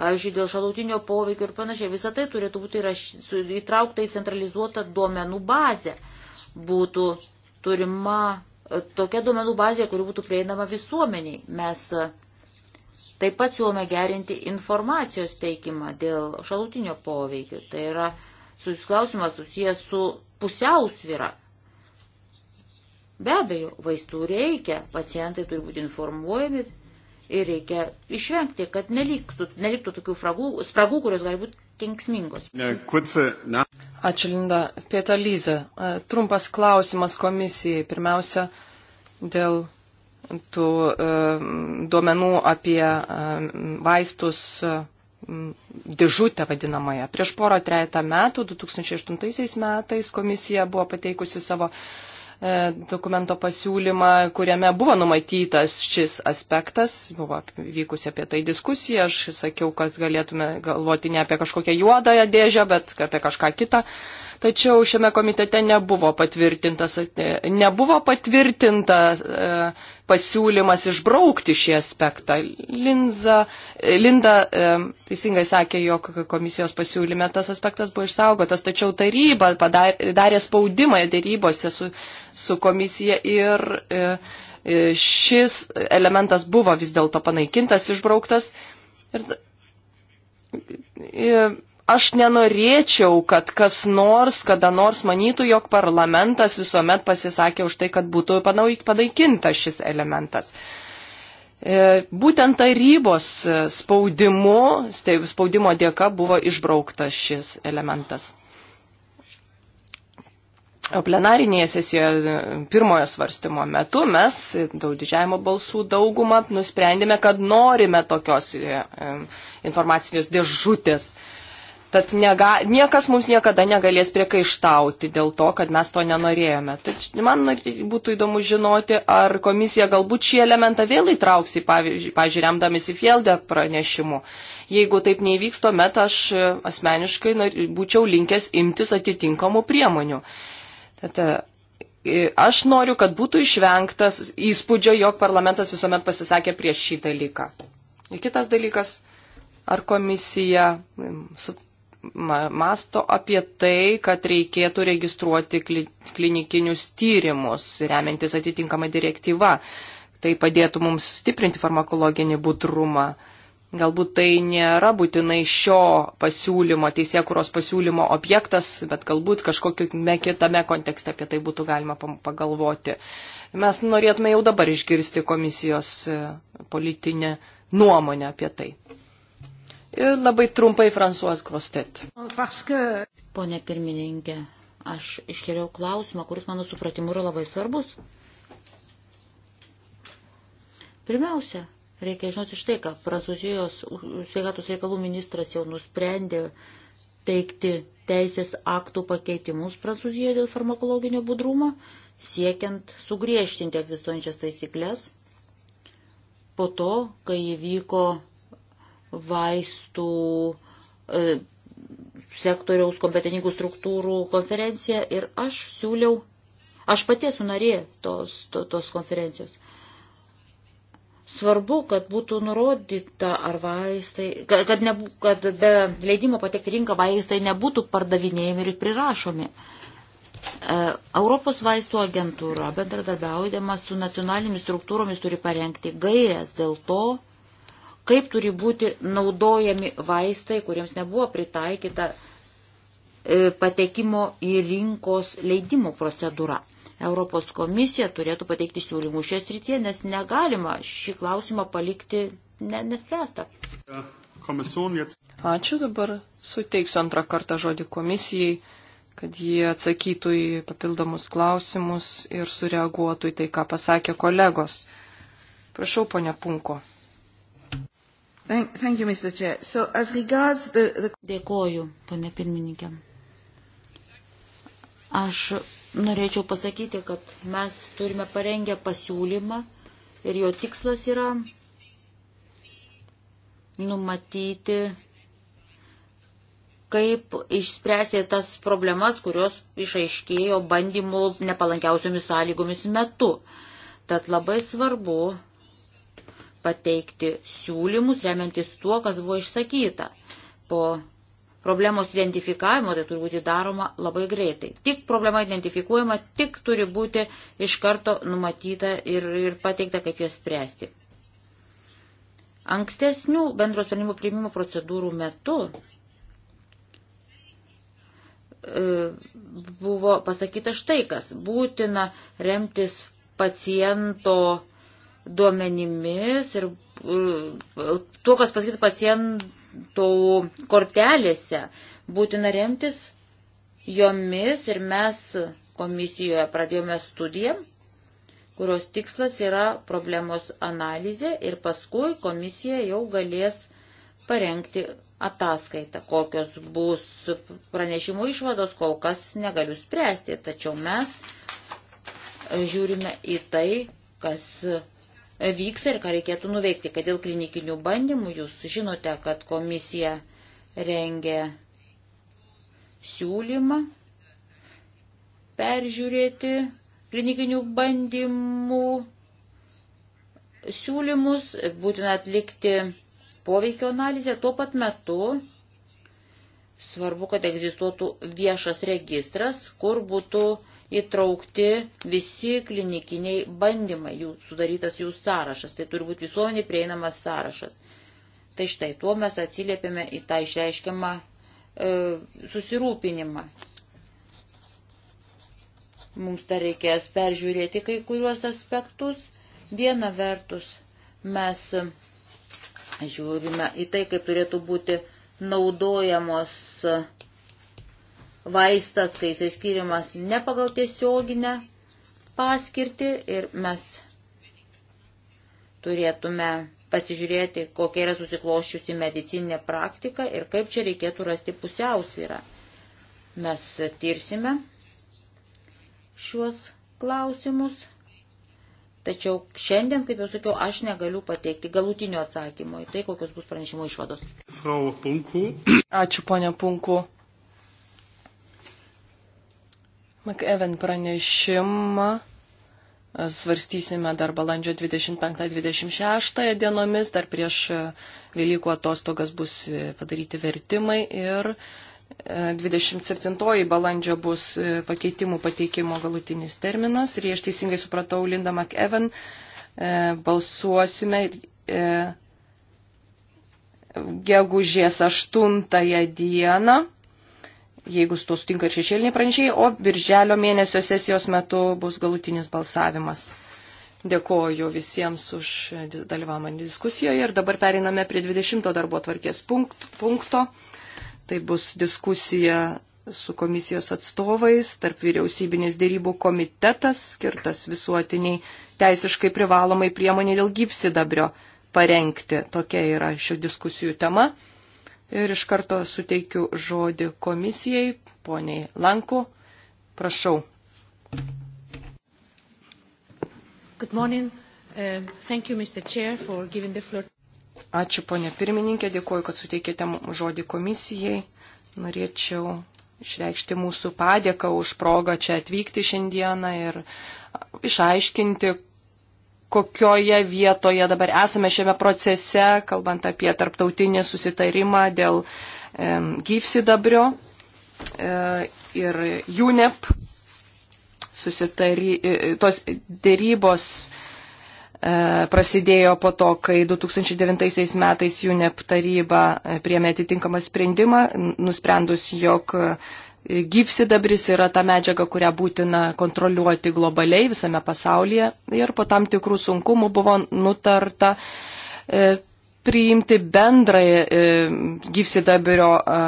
Pavyzdžiui, dėl šalutinio poveikio ir panašiai. Visą tai turėtų būti įtraukta į centralizuotą duomenų bazę. Būtų turima tokia duomenų bazė, kuri būtų prieinama visuomeniai. Mes uh, Taip pat siūlome gerinti informacijos teikimą dėl šalutinio poveikio. Tai yra susiklausimas susijęs su pusiausvyra. Be abejo, vaistų reikia, pacientai turi būti informuojami ir reikia išvengti, kad neliktų, neliktų tokių fragų, spragų, kurios gali būti kenksmingos. Ačiū, Linda. Pieta Lyze, e, trumpas klausimas komisijai. Pirmiausia, dėl tų e, duomenų apie e, vaistus e, dėžutę vadinamąją. Prieš porą trejata metų, 2008 metais, komisija buvo pateikusi savo dokumento pasiūlymą, kuriame buvo numatytas šis aspektas, buvo vykusi apie tai diskusija, aš sakiau, kad galėtume galvoti ne apie kažkokią juodąją dėžę, bet apie kažką kitą. Uh, tačiau šiame komitete nebuvo patvirtintas, e, nebuvo patvirtintas e, pasiūlymas išbraukti šį aspektą. Linza, e, Linda teisingai sakė, jog komisijos pasiūlyme tas aspektas buvo išsaugotas, tačiau taryba padarė, darė spaudimą dėrybose su, su komisija ir šis elementas buvo vis dėlto panaikintas, išbrauktas. Ir, ir, aš nenorėčiau, kad kas nors, kada nors manytų, jog parlamentas visuomet pasisakė už tai, kad būtų panaikintas šis elementas. E, būtent tarybos e, spaudimu, spaudimo dėka buvo išbrauktas šis elementas. O plenarinėje sesijoje e, pirmojo svarstymo metu mes daug didžiajimo balsų daugumą nusprendėme, kad norime tokios informacinės dėžutės. E, Tad nega, niekas mums niekada negalės priekaištauti dėl to, kad mes to nenorėjome. Tad man būtų įdomu žinoti, ar komisija galbūt šį elementą vėl įtrauks, pavyzdžiui, remdamėsi Fielde pranešimu. Jeigu taip neįvyks, tuomet aš asmeniškai būčiau linkęs imtis atitinkamų priemonių. Tad e, aš noriu, kad būtų išvengtas įspūdžio, jog parlamentas visuomet pasisakė prieš šį dalyką. Ir kitas dalykas, ar komisija masto apie tai, kad reikėtų registruoti klinikinius tyrimus, remiantis atitinkamą direktyvą. Tai padėtų mums stiprinti farmakologinį budrumą. Galbūt tai nėra būtinai šio pasiūlymo, teisėkuros pasiūlymo objektas, bet galbūt kažkokiame kitame kontekste apie tai būtų galima pagalvoti. Mes norėtume jau dabar išgirsti komisijos e, politinę nuomonę apie tai. Ir labai trumpai Fransuos Grostet. Pone pirmininkė, aš iškėliau klausimą, kuris mano supratimu yra labai svarbus. Pirmiausia, reikia žinoti štai, ką Prancūzijos sveikatos reikalų ministras jau nusprendė teikti teisės aktų pakeitimus Prancūzijoje dėl farmakologinio budrumo, siekiant sugriežtinti egzistuojančias taisyklės. Po to, kai įvyko vaistų e, sektoriaus kompeteningų struktūrų konferenciją ir aš siūliau, aš pati esu narė tos, to, tos konferencijos. Svarbu, kad būtų nurodyta, ar vaistai, kad, kad, ne, kad be leidimo patekti rinką vaistai nebūtų pardavinėjami ir prirašomi. E, Europos vaistų agentūra, bendradarbiaudama su nacionalinėmis struktūromis, turi parengti gairias dėl to, kaip turi būti naudojami vaistai, kuriems nebuvo pritaikyta e, patekimo į rinkos leidimų procedūra. Europos komisija turėtų pateikti siūlymų šią srityje, nes negalima šį klausimą palikti ne, nespręstą. Ačiū dabar. Suteiksiu antrą kartą žodį komisijai, kad jie atsakytų į papildomus klausimus ir sureaguotų į tai, ką pasakė kolegos. Prašau, ponia Punko. Thank, thank you, Mr. Chair. So as regards the, the... Dėkoju, pane pirmininkė. Aš norėčiau pasakyti, kad mes turime parengę pasiūlymą ir jo tikslas yra numatyti, kaip išspręsti tas problemas, kurios išaiškėjo bandymų nepalankiausiomis sąlygomis metu. Tad labai svarbu pateikti siūlymus, remiantis tuo, kas buvo išsakyta. Po problemos identifikavimo tai turi būti daroma labai greitai. Tik problema identifikuojama, tik turi būti iš karto numatyta ir, ir pateikta, kaip jas spręsti. Ankstesnių bendros sprendimų priimimo procedūrų metu e, buvo pasakyta štai kas. Būtina remtis paciento duomenimis ir uh, tuo, kas pasakyti pacientų kortelėse, būtina remtis jomis ir mes komisijoje pradėjome studiją, kurios tikslas yra problemos analizė ir paskui komisija jau galės parengti ataskaitą, kokios bus pranešimų išvados, kol kas negaliu spręsti, tačiau mes žiūrime į tai, kas vyksta ir ką reikėtų nuveikti, kad dėl klinikinių bandymų jūs žinote, kad komisija rengia siūlymą peržiūrėti klinikinių bandymų siūlymus, būtina atlikti poveikio analizę tuo pat metu. Svarbu, kad egzistuotų viešas registras, kur būtų uh, įtraukti visi klinikiniai bandymai, jų sudarytas jų sąrašas. Tai turi būti visuomeniai prieinamas sąrašas. Tai štai tuo mes atsiliepėme į tą išreiškiamą e, susirūpinimą. Mums dar reikės peržiūrėti kai kuriuos aspektus. Viena vertus, mes žiūrime į tai, kaip turėtų būti naudojamos vaistas, kai jisai skiriamas ne pagal tiesioginę paskirtį ir mes turėtume pasižiūrėti, kokia yra susikloščiusi medicininė praktika ir kaip čia reikėtų rasti pusiausvyrą. Mes tirsime šiuos klausimus, tačiau šiandien, kaip jau sakiau, aš negaliu pateikti galutinio atsakymo į tai, kokios bus pranešimo išvados. Ačiū, ponia Punku. McEwen pranešimą svarstysime dar balandžio 25-26 dienomis, dar prieš e, Velykų atostogas bus e, padaryti vertimai ir 27 e, balandžio bus pakeitimų pateikimo galutinis terminas ir jei aš teisingai supratau Linda McEwen, balsuosime gegužės 8 dieną jeigu su to sutinka ir šešėliniai pranešėjai, o birželio mėnesio sesijos metu bus galutinis balsavimas. Dėkoju visiems už dalyvavimą diskusijoje ir dabar periname prie 20 darbo tvarkės punkto. Tai bus diskusija su komisijos atstovais, tarp vyriausybinės dėrybų komitetas skirtas visuotiniai teisiškai privalomai priemonė dėl gyvsidabrio parengti. Tokia yra šių diskusijų tema ir iš karto suteikiu žodį komisijai, poniai Lanku. Prašau. Good morning. Uh, thank you, Mr. Chair, for giving the floor. Ačiū, ponė pirmininkė, dėkuoju, kad suteikėte žodį komisijai. Norėčiau išreikšti mūsų padėką už progą čia atvykti šiandieną ir išaiškinti, kokioje vietoje dabar esame šiame procese, kalbant apie tarptautinį susitarimą dėl e, gyvsidabrio e, ir UNEP susitari, e, e, tos dėrybos e, prasidėjo po to, kai 2009 metais UNEP taryba e, priemė atitinkamą sprendimą, nusprendus, jog e, gyvsidabris yra ta medžiaga, kurią būtina kontroliuoti globaliai visame pasaulyje ir po tam tikrų sunkumų buvo nutarta e, priimti bendrąją e, gyvsidabrio e,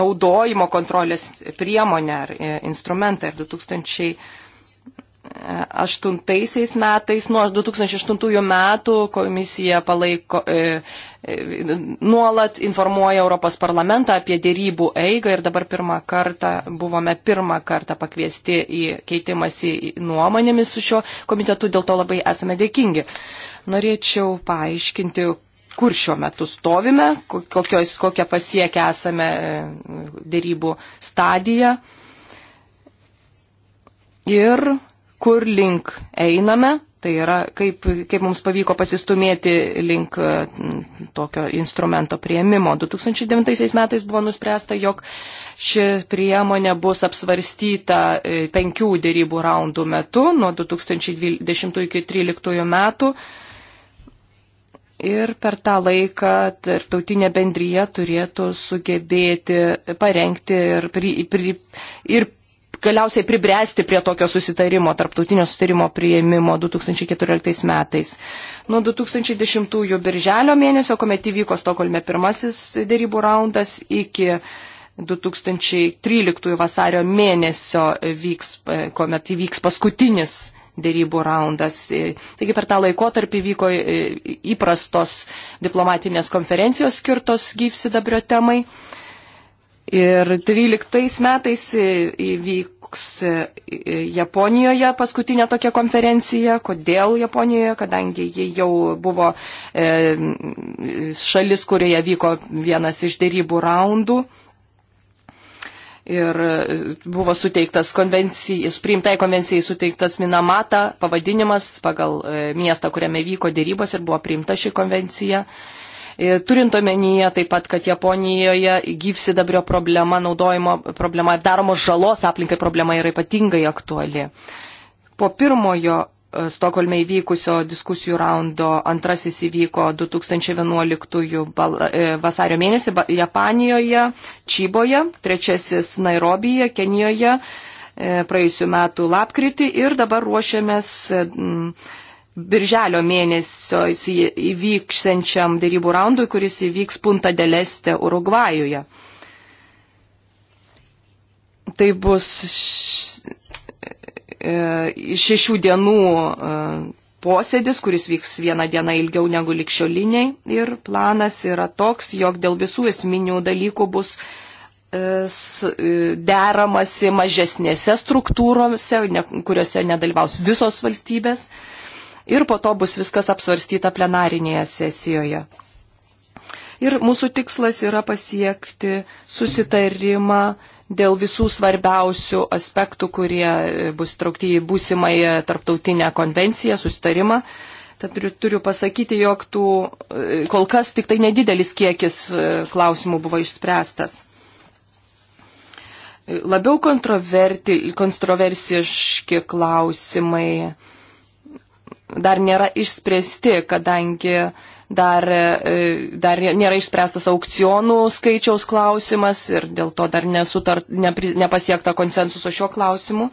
naudojimo kontrolės priemonę ar instrumentą ir 2000. 2008 metais, nuo 2008 metų komisija palaiko, e, e, nuolat informuoja Europos parlamentą apie dėrybų eigą ir dabar pirmą kartą buvome pirmą kartą pakviesti į keitimąsi nuomonėmis su šiuo komitetu, dėl to labai esame dėkingi. Norėčiau paaiškinti, kur šiuo metu stovime, kokios, kokią pasiekę esame e, dėrybų stadiją. Ir kur link einame, tai yra kaip, kaip mums pavyko pasistumėti link e, tokio instrumento prieimimo. 2009 metais buvo nuspręsta, jog ši priemonė bus apsvarstyta e, penkių dėrybų raundų metu nuo 2010 iki 2013 metų. Ir per tą laiką tarptautinė bendryje turėtų sugebėti parengti ir, pri, pri, ir galiausiai pribręsti prie tokio susitarimo, tarptautinio susitarimo prieimimo 2014 metais. Nuo 2010 birželio mėnesio, kuomet įvyko Stokholme pirmasis dėrybų raundas, iki 2013 vasario mėnesio, vyks, e, kuomet įvyks paskutinis dėrybų raundas. E, taigi per tą laikotarpį vyko e, įprastos diplomatinės konferencijos skirtos gyvsidabrio temai. Ir 13 metais įvyk, vyks e, e, Japonijoje paskutinė tokia konferencija. Kodėl Japonijoje? Kadangi ji jau buvo e, šalis, kurioje vyko vienas iš dėrybų raundų. Ir buvo suteiktas konvencijai, priimtai konvencijai suteiktas Minamata pavadinimas pagal miestą, kuriame vyko dėrybos ir buvo priimta ši konvencija. E, E, turint omenyje taip pat, kad Japonijoje gyvsidabrio problema, naudojimo problema, daromos žalos aplinkai problema yra ypatingai aktuali. Po pirmojo e, Stokholme įvykusio diskusijų raundo antrasis įvyko 2011 e, vasario mėnesį Japanijoje, Čyboje, trečiasis Nairobyje, Kenijoje praėjusiu metu lapkritį ir dabar ruošiamės. Mm, birželio mėnesio įvyksenčiam dėrybų raundui, kuris įvyks Punta Deleste Urugvajuje. Tai bus e, šešių dienų e, posėdis, kuris vyks vieną dieną ilgiau negu likščioliniai. Ir planas yra toks, jog dėl visų esminių dalykų bus e, deramasi mažesnėse struktūrose, kuriuose nedalyvaus visos valstybės. Uh, ir po to bus viskas apsvarstyta plenarinėje sesijoje. Ir mūsų tikslas yra pasiekti susitarimą dėl visų svarbiausių aspektų, kurie bus traukti į būsimąją tarptautinę konvenciją, susitarimą. Tad turiu, turiu pasakyti, jog tų kol kas tik tai nedidelis kiekis e, klausimų buvo išspręstas. Labiau kontroversiški klausimai dar nėra išspręsti, kadangi dar, e, dar nėra išspręstas aukcionų skaičiaus klausimas ir dėl to dar nesutar, nepri, nepasiekta konsensuso šiuo klausimu.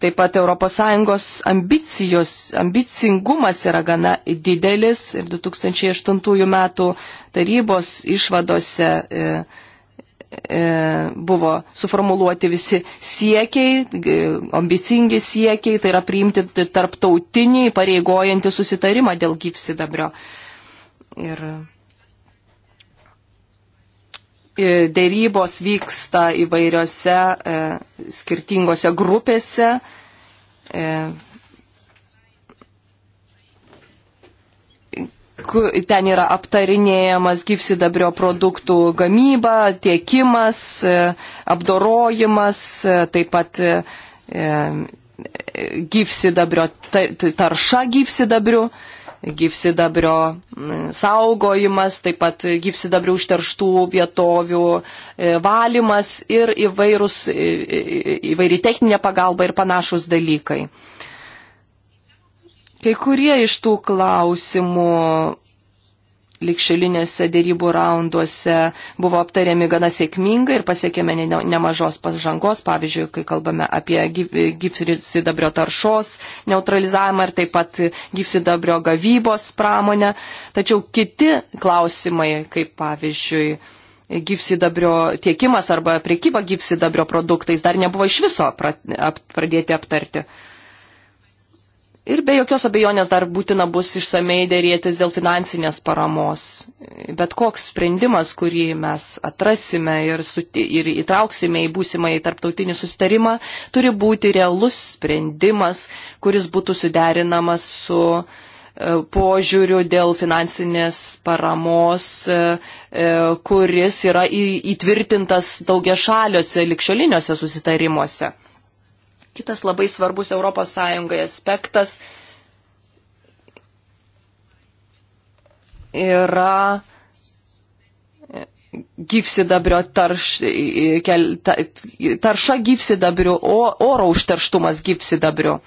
Taip pat ES ambicijos, ambicingumas yra gana didelis ir 2008 metų tarybos išvadose. E, E, buvo suformuluoti visi siekiai, ambicingi siekiai, tai yra priimti tarptautinį pareigojantį susitarimą dėl gypsidabrio. Ir e, dėrybos vyksta įvairiose e, skirtingose grupėse, ten yra aptarinėjamas gyvsidabrio produktų gamyba, tiekimas, e, apdorojimas, e, taip pat e, gyvsidabrio tarša gyvsidabriu, gyvsidabrio saugojimas, taip pat gyvsidabrio užterštų vietovių valymas ir įvairūs, įvairi techninė pagalba ir panašus dalykai. Kai kurie iš tų klausimų likšelinėse dėrybų raunduose buvo aptariami gana sėkmingai ir pasiekėme nemažos pažangos, pavyzdžiui, kai kalbame apie gyfsidabrio taršos neutralizavimą ir taip pat gyfsidabrio gavybos pramonę. Tačiau kiti klausimai, kaip pavyzdžiui, gyfsidabrio tiekimas arba priekyba gyfsidabrio produktais dar nebuvo iš viso pradėti aptarti. Ir be jokios abejonės dar būtina bus išsamei dėrėtis dėl finansinės paramos. Bet koks sprendimas, kurį mes atrasime ir, suti, ir įtrauksime į būsimą į tarptautinį susitarimą, turi būti realus sprendimas, kuris būtų suderinamas su e, požiūriu dėl finansinės paramos, e, e, kuris yra įtvirtintas daugia šaliuose likščioliniuose susitarimuose. Kitas labai svarbus ES aspektas yra gyvsidabrio tarš, tarša gyvsidabriu, oro užterštumas gyvsidabriu.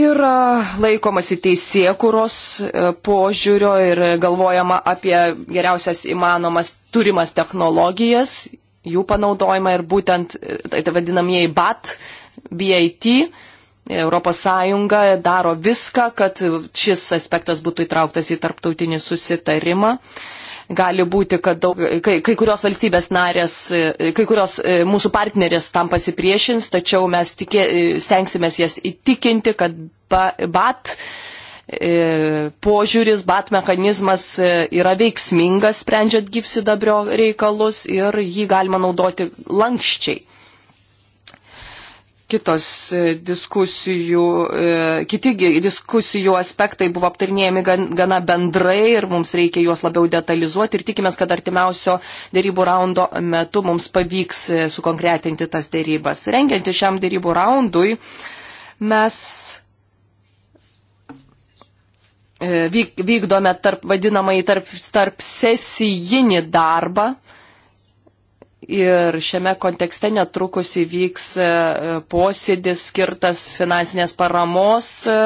Ir laikomasi teisėkuros e, požiūrio ir galvojama apie geriausias įmanomas turimas technologijas jų panaudojimą ir būtent e, tai vadinamieji BAT, BAT, Europos Sąjunga daro viską, kad šis aspektas būtų įtrauktas į tarptautinį susitarimą. Gali būti, kad daug, kai, kai kurios valstybės narės, e, kai kurios e, mūsų partnerės tam pasipriešins, tačiau mes tikė, stengsimės jas įtikinti, kad BAT. Ba, E, požiūris, bat mechanizmas e, yra veiksmingas sprendžiant gyvsidabrio reikalus ir jį galima naudoti lankščiai. Kitos e, diskusijų, kiti diskusijų aspektai buvo aptarnėjami gana bendrai ir mums reikia juos labiau detalizuoti ir tikimės, kad artimiausio dėrybų raundo metu mums pavyks sukonkretinti tas dėrybas. Rengianti šiam dėrybų raundui mes E, vykdome tarp, vadinamai tarp, tarp sesijinį darbą. Ir šiame kontekste netrukus įvyks e, posėdis skirtas finansinės paramos e,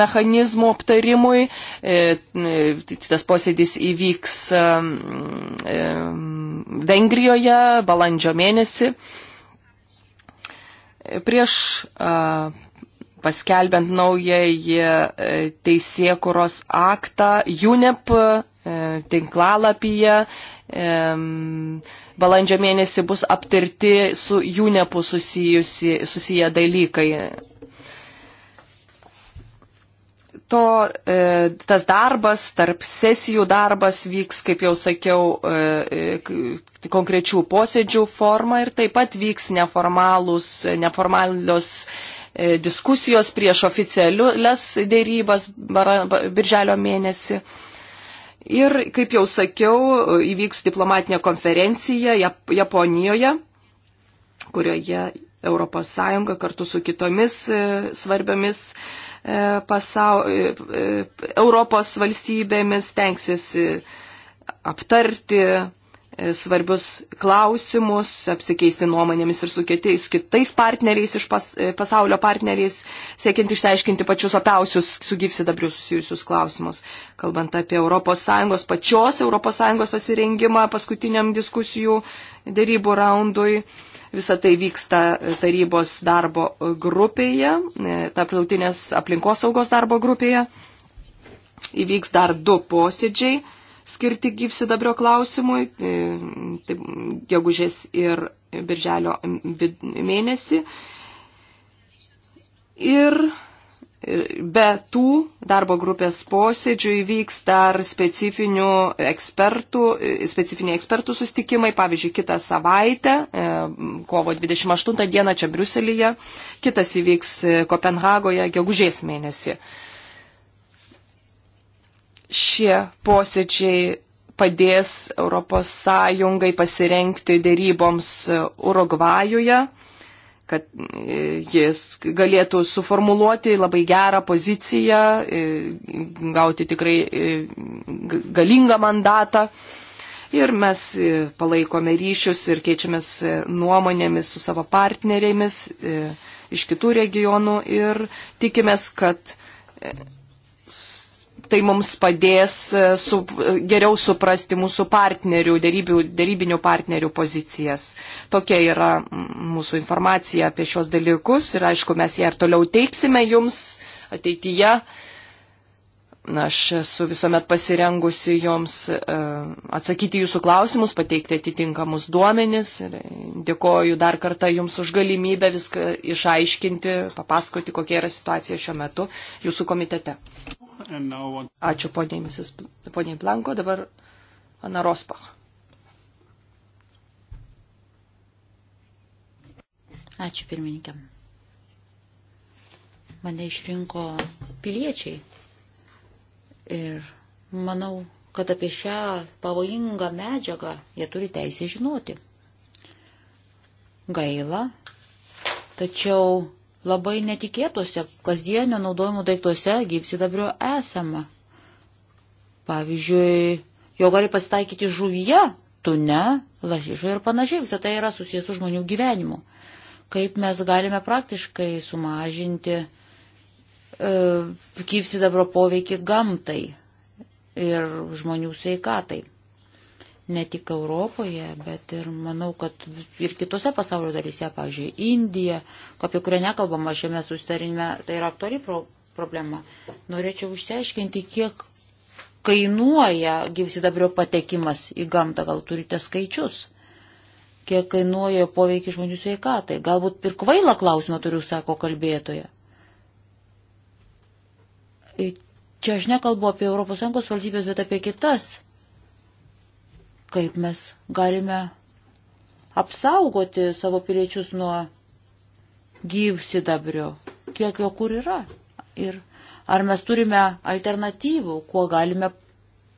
mechanizmų aptarimui. Tas posėdis įvyks Vengrijoje balandžio mėnesį. Prieš paskelbent naująjį e, teisėkuros aktą UNEP e, tinklalapyje. E, balandžio mėnesį bus aptirti su UNEP susiję dalykai. To, tas darbas, tarp sesijų darbas vyks, kaip jau sakiau, konkrečių posėdžių forma ir taip pat vyks neformalus, neformalios E, diskusijos prieš oficialias dėrybas birželio mėnesį. Ir, kaip jau sakiau, įvyks diplomatinė konferencija Japonijoje, kurioje ES kartu su kitomis e, svarbiomis e, pasau... Europos valstybėmis tenksis aptarti E, svarbius klausimus, apsikeisti nuomonėmis ir su kitais, kitais partneriais iš pas, e, pasaulio partneriais, siekiant išsiaiškinti pačius opiausius su gyvsidabriu susijusius klausimus. Kalbant apie ES, pačios ES pasirengimą paskutiniam diskusijų dėrybų raundui. Visą tai vyksta tarybos darbo grupėje, e, tarptautinės aplinkosaugos darbo grupėje. Įvyks dar du posėdžiai skirti gyvsidabrio klausimui, e, tai gegužės ir birželio mėnesį. Ir e, be tų darbo grupės posėdžių įvyks dar specifinių ekspertų, e, specifiniai ekspertų sustikimai, pavyzdžiui, kitą savaitę, kovo 28 dieną čia Briuselėje, kitas įvyks Kopenhagoje gegužės mėnesį šie posėdžiai padės ES pasirenkti dėryboms e, Urugvajuje, kad e, jis galėtų suformuluoti labai gerą poziciją, e, gauti tikrai galingą mandatą. Ir mes palaikome ryšius ir keičiamės nuomonėmis su savo partnerėmis iš kitų regionų ir tikimės, kad tai mums padės e, su, geriau suprasti mūsų partnerių, dėrybių, dėrybinių partnerių pozicijas. Tokia yra mūsų informacija apie šios dalykus ir aišku, mes ją ir toliau teiksime jums ateityje. Aš esu visuomet pasirengusi joms e, atsakyti jūsų klausimus, pateikti atitinkamus duomenis. Dėkoju dar kartą jums už galimybę viską išaiškinti, papasakoti, kokia yra situacija šiuo metu jūsų komitete. Ačiū poniai, Mrs. poniai Blanko, dabar Ana Rospach. Ačiū pirmininkė. Mane išrinko piliečiai ir manau, kad apie šią pavojingą medžiagą jie turi teisę žinoti. Gaila, tačiau labai netikėtuose kasdienio naudojimo daiktuose gyvsidabrio esama. Pavyzdžiui, jo gali pasitaikyti žuvyje, tune, lašišoje ir panašiai. Visą tai yra susijęs su žmonių gyvenimu. Kaip mes galime praktiškai sumažinti e, gyvsidabro poveikį gamtai ir žmonių sveikatai ne tik Europoje, bet ir manau, kad ir kitose pasaulio dalyse, pavyzdžiui, Indija, apie kurią nekalbama šiame susitarime, tai yra aktuali pro problema. Norėčiau išsiaiškinti, kiek kainuoja gyvsidabrio patekimas į gamtą, gal turite skaičius, kiek kainuoja poveikį žmonių sveikatai. Galbūt ir kvailą klausimą turiu, sako kalbėtoja. Čia aš nekalbu apie ES valstybės, bet apie kitas kaip mes galime apsaugoti savo piliečius nuo gyvsidabrio, kiek jo kur yra. Ir ar mes turime alternatyvų, kuo galime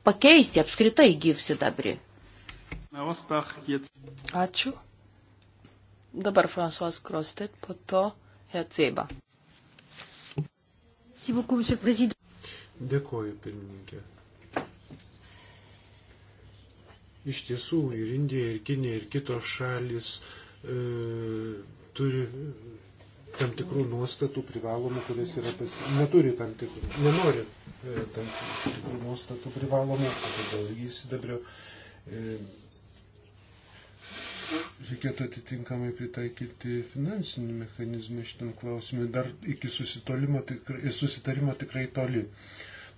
pakeisti apskritai gyvsidabrį. Ačiū. Dabar François Krostet, po to Heceba. Dėkuoju, pirmininkė. Iš tiesų ir Indija, ir Kinė, ir kitos šalis e, turi tam tikrų nuostatų privalomų, kurias yra pas... neturi tam tikrų, nenori e, tam tikrų nuostatų privalomų, todėl įsidabrio e, reikėtų atitinkamai pritaikyti finansinį mechanizmą šitam klausimui. Dar iki susitarimo tikrai, susitarimo tikrai toli.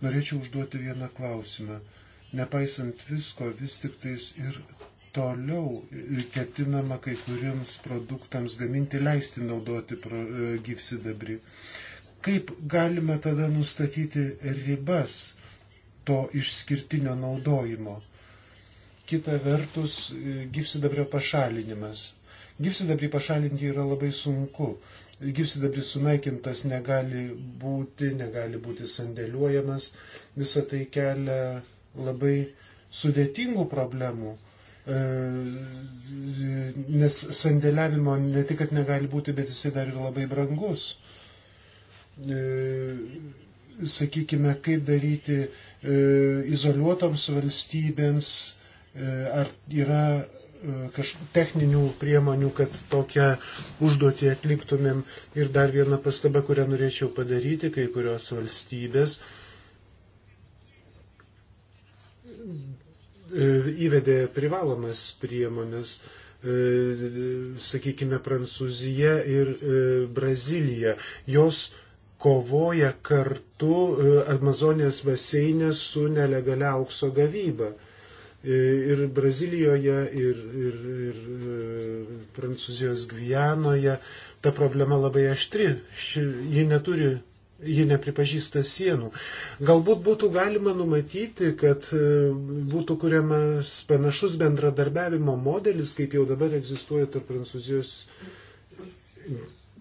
Norėčiau užduoti vieną klausimą. E, Nepaisant visko, vis tik tais ir toliau ketinama kai kuriems produktams gaminti leisti naudoti e, gyvsidabrį. Kaip galime tada nustatyti ribas to išskirtinio naudojimo? Kita vertus, e, gyvsidabrio pašalinimas. Gyvsidabrį pašalinti yra labai sunku. Gyvsidabris sunaikintas negali būti, negali būti sandėliuojamas. Visą tai kelia labai sudėtingų problemų, e, nes sandėliavimo ne tik, kad negali būti, bet jisai dar ir labai brangus. E, sakykime, kaip daryti e, izoliuotoms valstybėms, ar yra kažkokių techninių priemonių, kad tokią užduotį atliktumėm. Ir dar viena pastaba, kurią norėčiau padaryti, kai kurios valstybės, E, įvedė privalomas priemonės, e, sakykime, Prancūzija ir e, Brazilija. Jos kovoja kartu Amazonės baseinė su nelegalia aukso gavyba. Ir Brazilijoje, ir, ir, ir Prancūzijos Gvijanoje ta problema labai aštri. Ši, ji neturi ji nepripažįsta sienų. Galbūt būtų galima numatyti, kad e, būtų kuriamas panašus bendradarbiavimo modelis, kaip jau dabar egzistuoja tarp Prancūzijos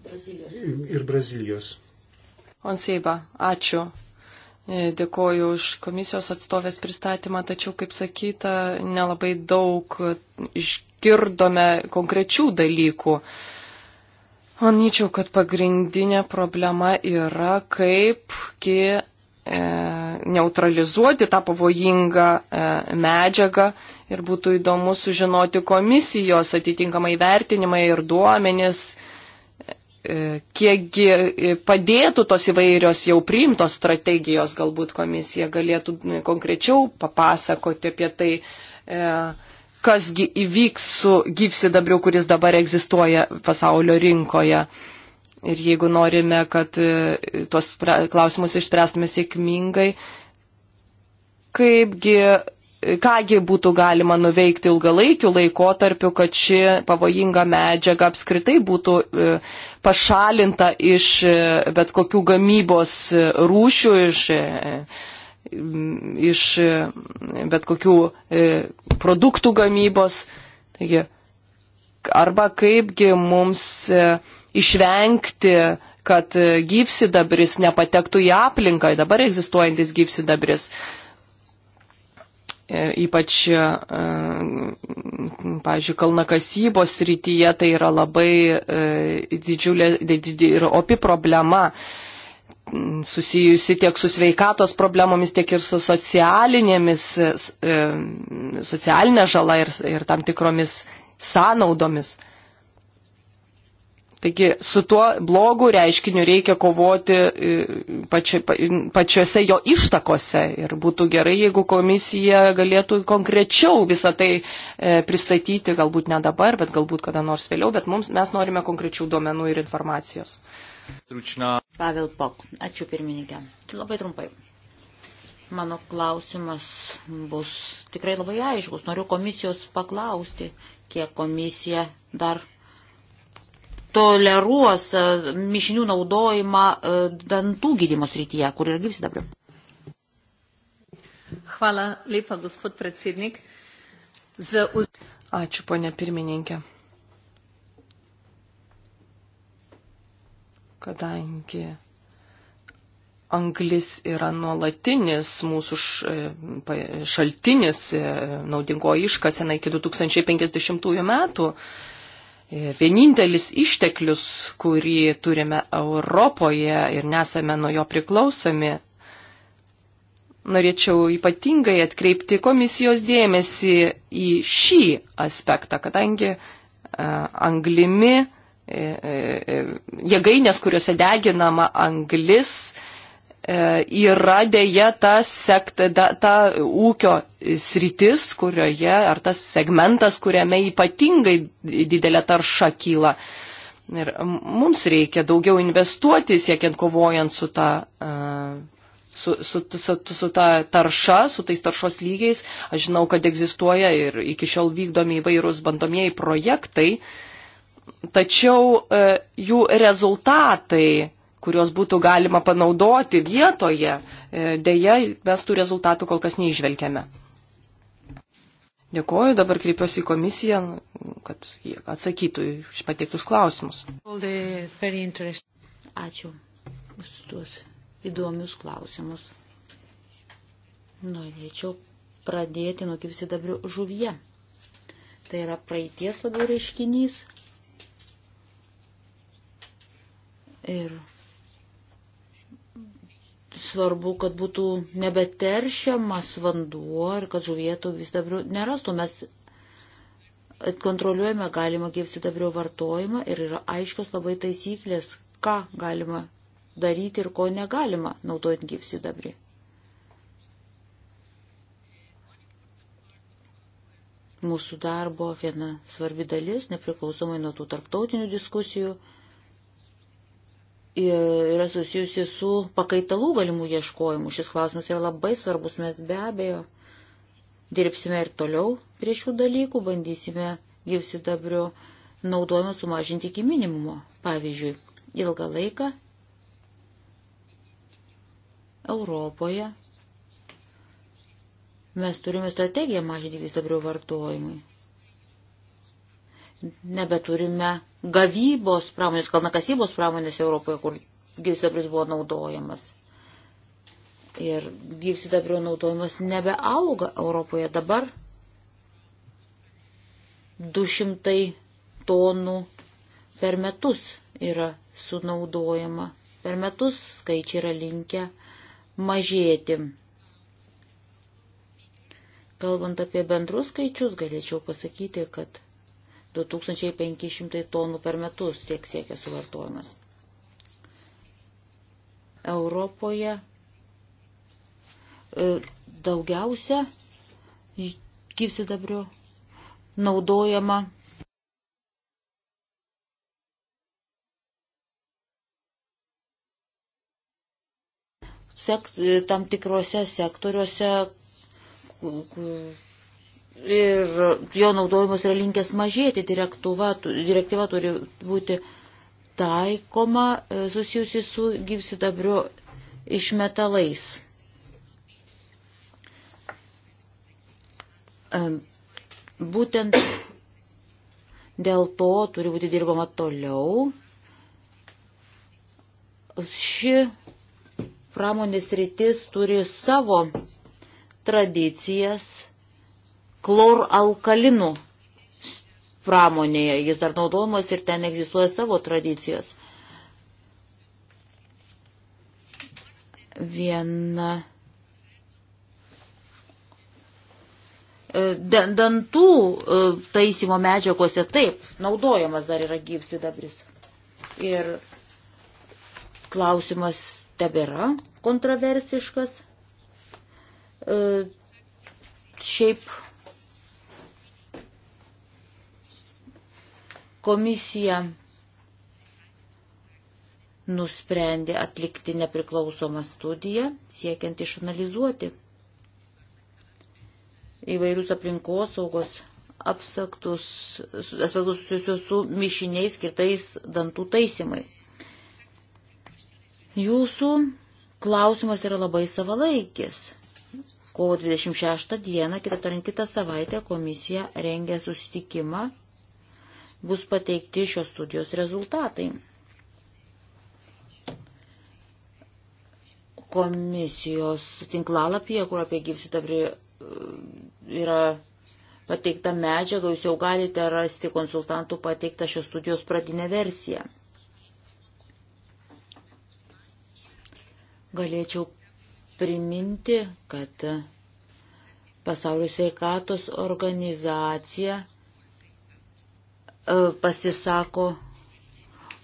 Brazilijos. ir Brazilijos. Onseiba, ačiū. E, dėkoju už komisijos atstovės pristatymą, tačiau, kaip sakyta, nelabai daug išgirdome konkrečių dalykų. Uh, Manyčiau, kad pagrindinė problema yra, kaip ki, e, neutralizuoti tą pavojingą e, medžiagą ir būtų įdomu sužinoti komisijos atitinkamai vertinimai ir duomenis, e, kiekgi e, padėtų tos įvairios jau priimtos strategijos, galbūt komisija galėtų nu, konkrečiau papasakoti apie tai. E, kasgi įvyks su gypsidabriu, kuris dabar egzistuoja pasaulio rinkoje. Ir jeigu norime, kad e, tuos klausimus išspręstume sėkmingai, kaipgi, e, kągi būtų galima nuveikti ilgalaikiu laikotarpiu, kad ši pavojinga medžiaga apskritai būtų e, pašalinta iš bet kokių gamybos rūšių, iš iš e, bet kokių e, produktų gamybos. Taigi, arba kaipgi mums e, išvengti, kad gypsidabris nepatektų į aplinką, dabar egzistuojantis gypsidabris. Ir ypač, pažiūrėjau, kalnakasybos rytyje tai yra labai didžiulė did, ir opi problema susijusi tiek su sveikatos problemomis, tiek ir su socialinėmis, e, socialinė žala ir, ir tam tikromis sąnaudomis. Taigi su tuo blogu reiškiniu reikia kovoti e, pači, pačiose jo ištakose ir būtų gerai, jeigu komisija galėtų konkrečiau visą tai e, pristatyti, galbūt ne dabar, bet galbūt kada nors vėliau, bet mums, mes norime konkrečių duomenų ir informacijos. Tručna. Pavel Pok. Ačiū pirmininkė. Labai trumpai. Mano klausimas bus tikrai labai aiškus. Noriu komisijos paklausti, kiek komisija dar toleruos e, mišinių naudojimą e, dantų gydimo srityje, kur yra gyvsi dabar. Hvala lepa, gospod predsednik. Z... Ačiū, ponė pirmininkė. kadangi anglis yra nuolatinis mūsų e, šaltinis e, naudingoji iškasena iki 2050 metų. E, vienintelis išteklius, kurį turime Europoje ir nesame nuo jo priklausomi, norėčiau ypatingai atkreipti komisijos dėmesį į šį aspektą, kadangi anglimi E, e, e, jėgainės, kuriuose deginama anglis, yra dėja ta, sekta, ta, ta ūkio sritis, kurioje, ar tas segmentas, kuriame ypatingai didelė tarša kyla. Ir mums reikia daugiau investuoti, siekiant kovojant su ta, su, su, su, su ta tarša, su tais taršos lygiais. Aš žinau, kad egzistuoja ir iki šiol vykdomi įvairūs bandomieji projektai, uh, tačiau e, jų rezultatai, kuriuos būtų galima panaudoti vietoje, e, dėja mes tų rezultatų kol kas neižvelgiame. Dėkoju, dabar kreipiuosi į komisiją, kad jie atsakytų iš pateiktus klausimus. Ačiū už tuos įdomius klausimus. Norėčiau pradėti nuo gyvsidabrių žuvie. Tai yra praeities labiau reiškinys, Ir svarbu, kad būtų nebeteršiamas vanduo ir kad žuvietų gyvsidabrio nerastų. Mes kontroliuojame galima gyvsidabrio vartojimą ir yra aiškios labai taisyklės, ką galima daryti ir ko negalima naudojant gyvsidabrį. Mūsų darbo viena svarbi dalis, nepriklausomai nuo tų tarptautinių diskusijų, yra susijusi su pakaitalų galimų ieškojimu. Šis klausimas yra labai svarbus, mes be abejo dirbsime ir toliau prie šių dalykų, bandysime gyvsidabrio naudojimą sumažinti iki minimumo. Pavyzdžiui, ilgą laiką Europoje mes turime strategiją mažinti gyvsidabrio vartojimui. Nebeturime gavybos pramonės, kalnakasybos pramonės Europoje, kur gyvsidabris buvo naudojamas. Ir gyvsidabrio naudojimas nebeauga Europoje dabar 200 tonų per metus yra sunaudojama. Per metus skaičiai yra linkę mažėti. Kalbant apie bendrus skaičius, galėčiau pasakyti, kad 2500 tonų per metus tiek siekia suvartojimas. Europoje e, daugiausia gyvsidabrio naudojama sekt, tam tikrose sektoriuose, ir jo naudojimas yra linkęs mažėti, direktyva, direktyva turi būti taikoma e, susijusi su gyvsidabriu išmetalais. E, būtent dėl to turi būti dirbama toliau. Ši pramonės rytis turi savo tradicijas kloralkalinų pramonėje. Jis dar naudojamas ir ten egzistuoja savo tradicijos. Viena. E, dantų e, taisymo medžiagose taip, naudojamas dar yra gyvsidabris. Ir klausimas tebėra kontroversiškas. E, šiaip Komisija nusprendė atlikti nepriklausomą studiją, siekiant išanalizuoti įvairius aplinkosaugos apsaktus, aspektus susijusius su mišiniais skirtais dantų taisimai. Jūsų klausimas yra labai savalaikis. Kovo 26 dieną, kitą tariant kitą savaitę, komisija rengia susitikimą bus pateikti šios studijos rezultatai. Komisijos tinklalapyje, kur apie gyvsidabrį e, yra pateikta medžiaga, jūs jau galite rasti konsultantų pateiktą šios studijos pradinę versiją. Galėčiau priminti, kad Pasaulio sveikatos organizacija E, pasisako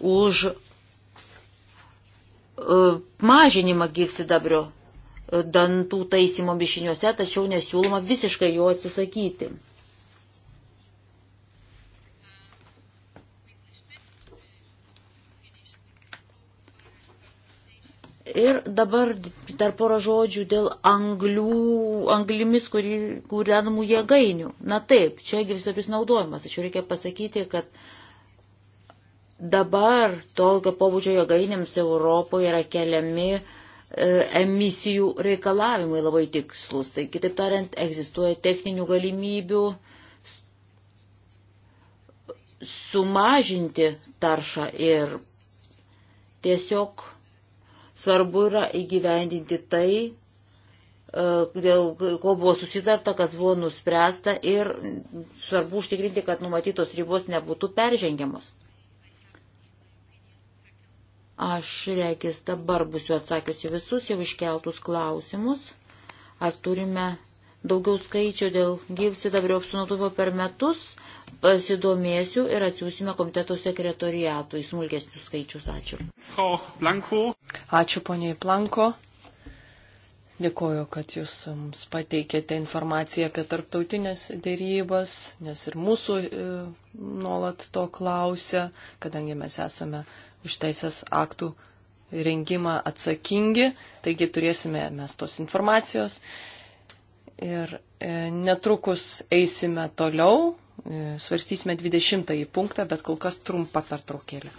už e, mažinimą gyvsidabrio e, dantų taisymo mišiniuose, tačiau nesiūloma visiškai jo atsisakyti. Ir dabar Dar porą žodžių dėl anglių, anglimis kūrenamų jėgainių. Na taip, čia gyvsapis tai naudojimas, tačiau reikia pasakyti, kad dabar tokio pobūdžio jėgainėms Europoje yra keliami e, emisijų reikalavimai labai tikslus. Tai kitaip tariant, egzistuoja techninių galimybių sumažinti taršą ir tiesiog Svarbu yra įgyvendinti tai, e, dėl ko buvo susitarta, kas buvo nuspręsta ir svarbu užtikrinti, kad numatytos ribos nebūtų peržengiamos. Aš reikės dabar busiu atsakiusi visus jau iškeltus klausimus. Ar turime daugiau skaičių dėl gyvsidabrio apsunaudojo per metus? pasidomėsiu ir atsiūsime komiteto sekretoriatui smulkesnius skaičius. Ačiū. Frau Blanko. Ačiū poniai Blanko. Dėkoju, kad jūs mums pateikėte informaciją apie tarptautinės dėrybas, nes ir mūsų e, nuolat to klausia, kadangi mes esame už teisės aktų rengimą atsakingi, taigi turėsime mes tos informacijos. Ir e, netrukus eisime toliau, svarstysime 20 punktą, bet kol kas trumpa pertraukėlė.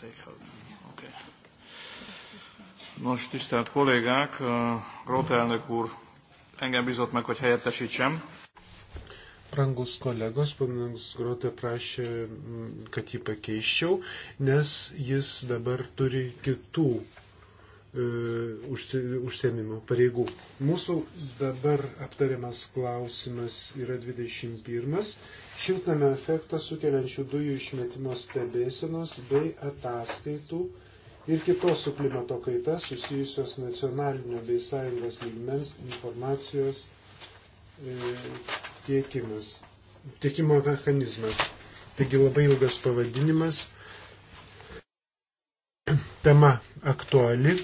take out. Okay. Nos, tisztelt kollégák, Gróta elnök úr engem bizott meg, hogy helyettesítsem. Prangus kolegos, prangus Grote prašė, kad jį pakeisčiau, nes jis dabar turi kitų E, užsienimo pareigų. Mūsų dabar aptariamas klausimas yra 21. Šiltnamio efektą sukeliančių dujų išmetimo stebėsenos bei ataskaitų ir kitos su klimato kaita susijusios nacionalinio bei sąjungos lygmens informacijos e, tiekimas, tiekimo mechanizmas. Taigi labai ilgas pavadinimas. Tema aktuali,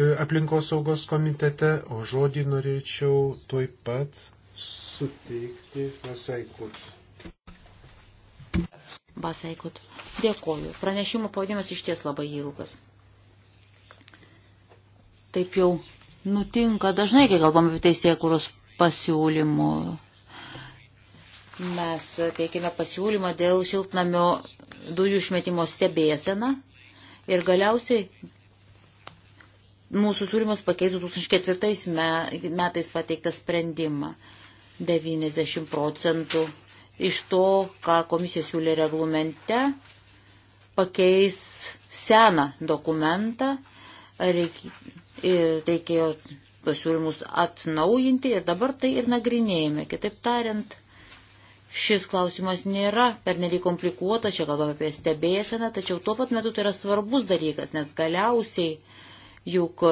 E, aplinkos saugos komitete, o žodį norėčiau tuoj pat suteikti Vasaikut. Vasaikut, dėkoju. Pranešimo pavadimas iš ties labai ilgas. Taip jau nutinka dažnai, kai kalbam apie teisėkuros pasiūlymų. Mes teikėme pasiūlymą dėl šiltnamio dujų išmetimo stebėseną ir galiausiai mūsų siūlymas pakeis 2004 metais pateiktą sprendimą. 90 procentų iš to, ką komisija siūlė reglamente, pakeis seną dokumentą. Reikėjo tos siūlymus atnaujinti ir dabar tai ir nagrinėjame. Kitaip tariant, šis klausimas nėra pernelyg komplikuotas, čia kalbame apie stebėseną, tačiau tuo pat metu tai yra svarbus dalykas, nes galiausiai uh, juk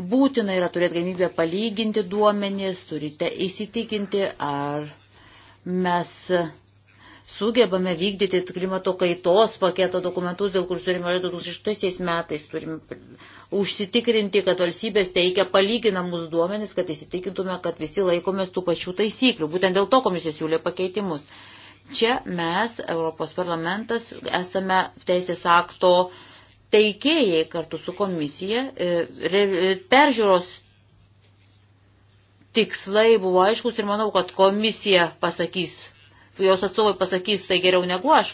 būtina yra turėti galimybę palyginti duomenis, turite įsitikinti, ar mes sugebame vykdyti klimato kaitos paketo dokumentus, dėl kur turime 2006 metais, turime užsitikrinti, kad valstybės teikia palyginamus duomenis, kad įsitikintume, kad visi laikomės tų pačių taisyklių. Būtent dėl to komisija siūlė pakeitimus. Čia mes, Europos parlamentas, esame teisės akto uh, teikėjai kartu su komisija e, e, peržiūros tikslai buvo aiškus ir manau, kad komisija pasakys, jos atstovai pasakys tai geriau negu aš.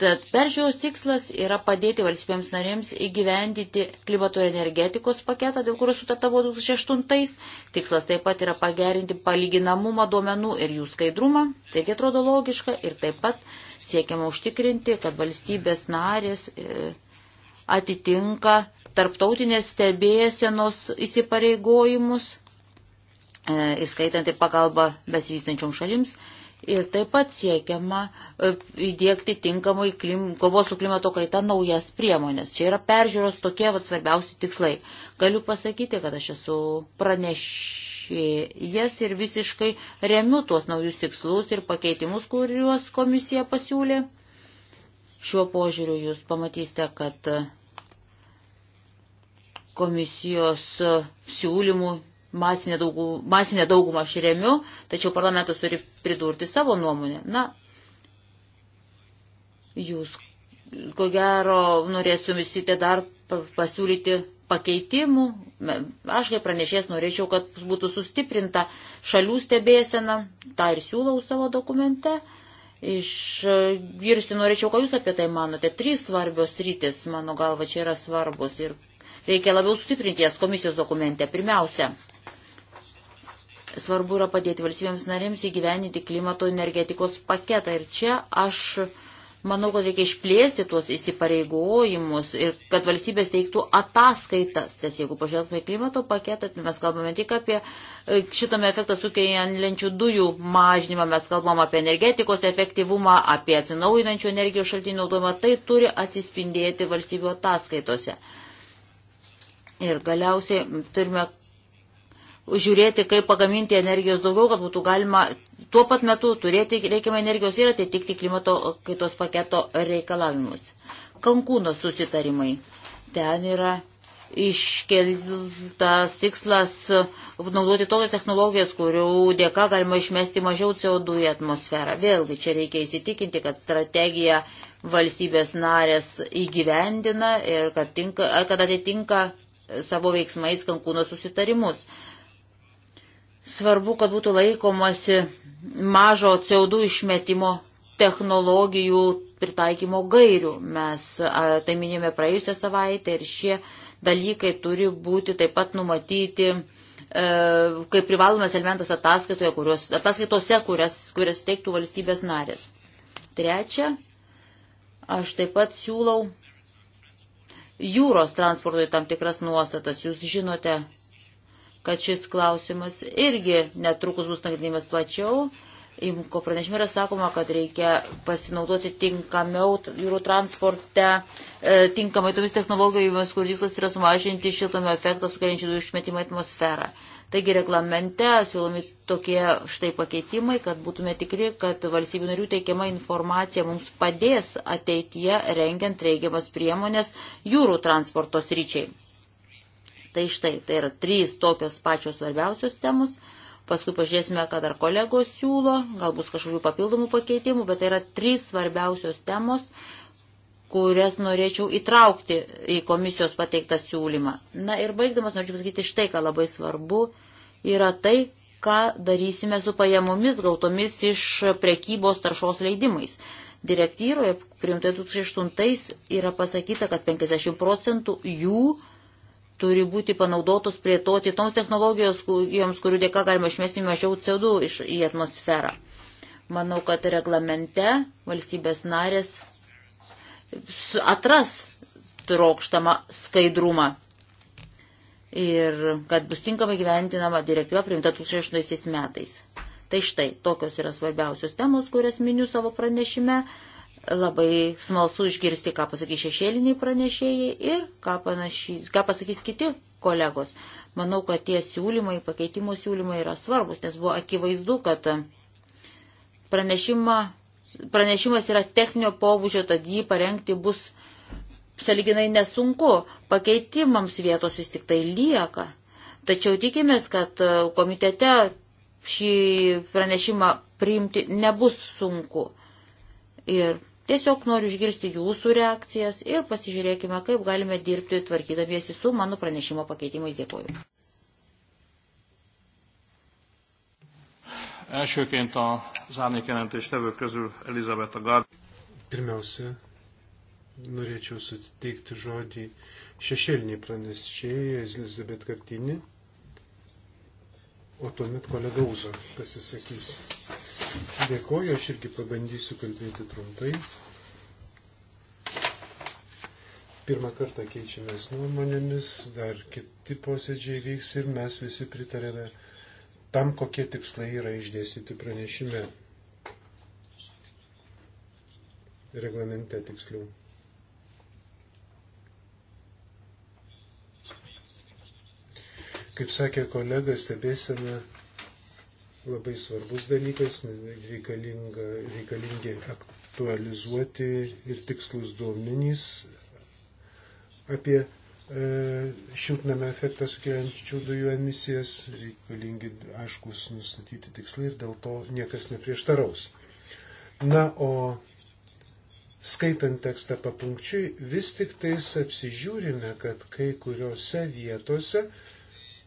Tad peržiūros tikslas yra padėti valstybėms narėms įgyvendyti klimato energetikos paketą, dėl kurio sutarta buvo 2008. Tikslas taip pat yra pagerinti palyginamumą duomenų ir jų skaidrumą, taigi atrodo logiška ir taip pat siekiama užtikrinti, kad valstybės narės. E, atitinka tarptautinės stebėsenos įsipareigojimus, e, įskaitant ir pagalbą besivystančiom šalims. Ir taip pat siekiama e, įdėkti tinkamai klim, kovos su klimato kaita naujas priemonės. Čia yra peržiūros tokie vat, svarbiausi tikslai. Galiu pasakyti, kad aš esu pranešėjas ir visiškai remiu tuos naujus tikslus ir pakeitimus, kuriuos komisija pasiūlė. Šiuo požiūriu jūs pamatysite, kad komisijos e, siūlymų masinę daugumą, masinę daugumą aš remiu, tačiau parlamentas turi pridurti savo nuomonę. Na, jūs, ko gero, norėsiu visi te dar pasiūlyti pakeitimų. Aš kaip pranešės norėčiau, kad būtų sustiprinta šalių stebėsena, tą ir siūlau savo dokumente. Išgirsti e, norėčiau, ką Jūs apie tai manote. Trys svarbios rytis, mano galva, čia yra svarbus ir reikia labiau sustiprinti jas komisijos dokumente. Pirmiausia, svarbu yra padėti valstybėms narėms įgyveninti klimato energetikos paketą. Ir čia aš manau, kad reikia išplėsti tuos įsipareigojimus ir kad valstybės teiktų ataskaitas. Nes jeigu pažvelgtume į klimato paketą, tai mes kalbame tik apie e, šitame efektą sukeliančių dujų mažinimą, mes kalbam apie energetikos efektyvumą, apie atsinaujinančių energijos šaltinių naudojimą. Tai turi atsispindėti valstybių ataskaitose. Ir galiausiai turime žiūrėti, kaip pagaminti energijos daugiau, kad būtų galima tuo pat metu turėti reikiamą energijos ir atitikti klimato kaitos paketo reikalavimus. Kankūno susitarimai. Ten yra iškeltas tikslas naudoti tokias technologijas, kurių dėka galima išmesti mažiau CO2 į atmosferą. Vėlgi čia reikia įsitikinti, kad strategija valstybės narės įgyvendina ir kad, tinka, kad atitinka savo veiksmais Kankūno susitarimus. Svarbu, kad būtų laikomasi mažo CO2 išmetimo technologijų pritaikymo gairių. Mes tai minėjome praėjusią savaitę ir šie dalykai turi būti taip pat numatyti e, kaip privalomas elementas ataskaitoje, kurios, ataskaitose, kurias, kurias teiktų valstybės narės. Trečia, aš taip pat siūlau jūros transportui tam tikras nuostatas. Jūs žinote, kad šis klausimas irgi netrukus bus nagrinėjimas plačiau. Imko pranešime yra sakoma, kad reikia pasinaudoti tinkamiau jūrų transporte, e, tinkamai tomis technologijomis, kur tikslas yra sumažinti šiltame efektą sukeliančių dujų išmetimą atmosferą. E, Taigi reglamente siūlomi tokie štai pakeitimai, kad būtume tikri, kad valstybių narių teikiama informacija mums padės ateityje rengiant reikiamas priemonės jūrų transporto sryčiai. Tai štai, tai yra trys tokios pačios svarbiausios temos. Paskui pažiūrėsime, ką dar kolegos siūlo, gal bus kažkokių papildomų pakeitimų, bet tai yra trys svarbiausios temos, kurias norėčiau įtraukti į komisijos pateiktą siūlymą. Na ir baigdamas norėčiau pasakyti štai, ką labai svarbu yra tai, ką darysime su pajamomis gautomis iš prekybos taršos leidimais. Direktyroje, priimtoje 2008, yra pasakyta, kad 50 procentų jų turi būti panaudotos plėtoti toms technologijos, joms, kurių dėka galima išmesti mažiau CO2 iš, į atmosferą. Manau, kad reglamente valstybės narės atras trokštamą skaidrumą ir kad bus tinkamai gyventinama direktyva priimta 2008 metais. Tai štai, tokios yra svarbiausios temos, kurias miniu savo pranešime. Labai smalsu išgirsti, ką pasakys šešėliniai pranešėjai ir ką, panaši, ką pasakys kiti kolegos. Manau, kad tie siūlymai, pakeitimo siūlymai yra svarbus, nes buvo akivaizdu, kad pranešimą pranešimas yra techninio pobūdžio, tad jį parengti bus saliginai nesunku, pakeitimams vietos vis tik tai lieka. Tačiau tikimės, kad e, komitete šį pranešimą priimti nebus sunku. Ir tiesiog noriu išgirsti jūsų reakcijas ir pasižiūrėkime, kaip galime dirbti tvarkydamiesi su mano pranešimo pakeitimais. Dėkuoju. Elsőként az árnyékjelentéstevők közül Elizabeth Gard. Pirmiausia, norėčiau suteikti žodį šešėlinį pranešėją Elizabeth Kartinį, o tuomet kolega Uzo pasisakys. Dėkoju, aš irgi pabandysiu kalbėti trumpai. Pirmą kartą keičiamės nuomonėmis, dar kiti posėdžiai vyks ir mes visi pritarėme tam, kokie tikslai yra išdėstyti pranešime. Reglamente tiksliau. Kaip sakė kolega, stebėsime labai svarbus dalykas, reikalingi aktualizuoti ir tikslus duomenys apie E, šiltnamio efektą sukeliančių dujų emisijas, reikalingi aiškus nustatyti tikslai ir dėl to niekas neprieštaraus. Na, o skaitant tekstą papunkčiui, vis tik tais apsižiūrime, kad kai kuriuose vietose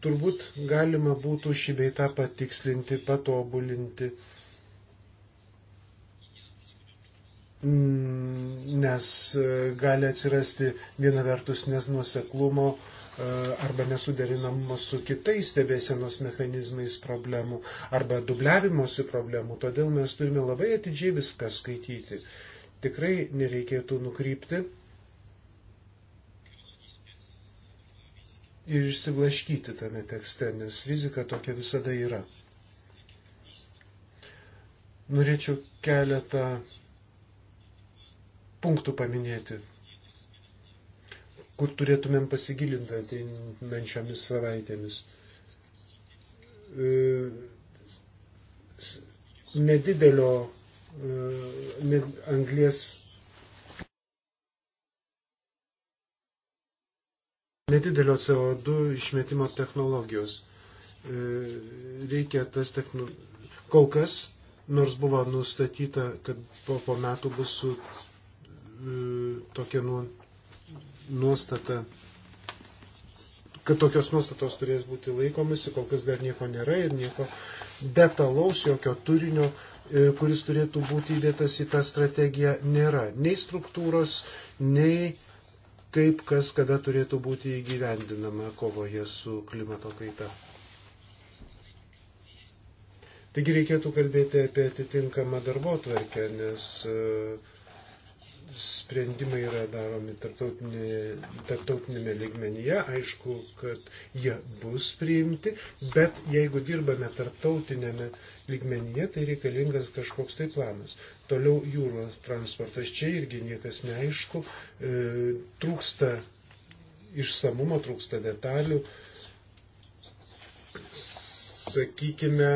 turbūt galima būtų šį beitą patikslinti, patobulinti Mm, nes e, gali atsirasti viena vertus nesnuoseklumo e, arba nesuderinamumo su kitais stebėsenos mechanizmais problemų arba dubliavimosi problemų. Todėl mes turime labai atidžiai viską skaityti. Tikrai nereikėtų nukrypti ir išsiblaškyti tame tekste, nes rizika tokia visada yra. Norėčiau keletą punktų paminėti, kur turėtumėm pasigilinti ateinančiomis savaitėmis. E, nedidelio e, anglės nedidelio CO2 išmetimo technologijos. E, reikia tas technologijas. Kol kas, nors buvo nustatyta, kad po, po metų bus E, tokia nuostata, kad tokios nuostatos turės būti laikomasi, kol kas dar nieko nėra ir nieko detalaus, jokio turinio, e, kuris turėtų būti įdėtas į tą strategiją, nėra. Nei struktūros, nei kaip kas kada turėtų būti įgyvendinama kovoje su klimato kaita. Taigi reikėtų kalbėti apie atitinkamą darbo tvarkę, nes uh, sprendimai yra daromi tarptautinėme lygmenyje, aišku, kad jie bus priimti, bet jeigu dirbame tarptautinėme lygmenyje, tai reikalingas kažkoks tai planas. Toliau jūros transportas čia irgi niekas neaišku, e, trūksta išsamumo, trūksta detalių. Sakykime,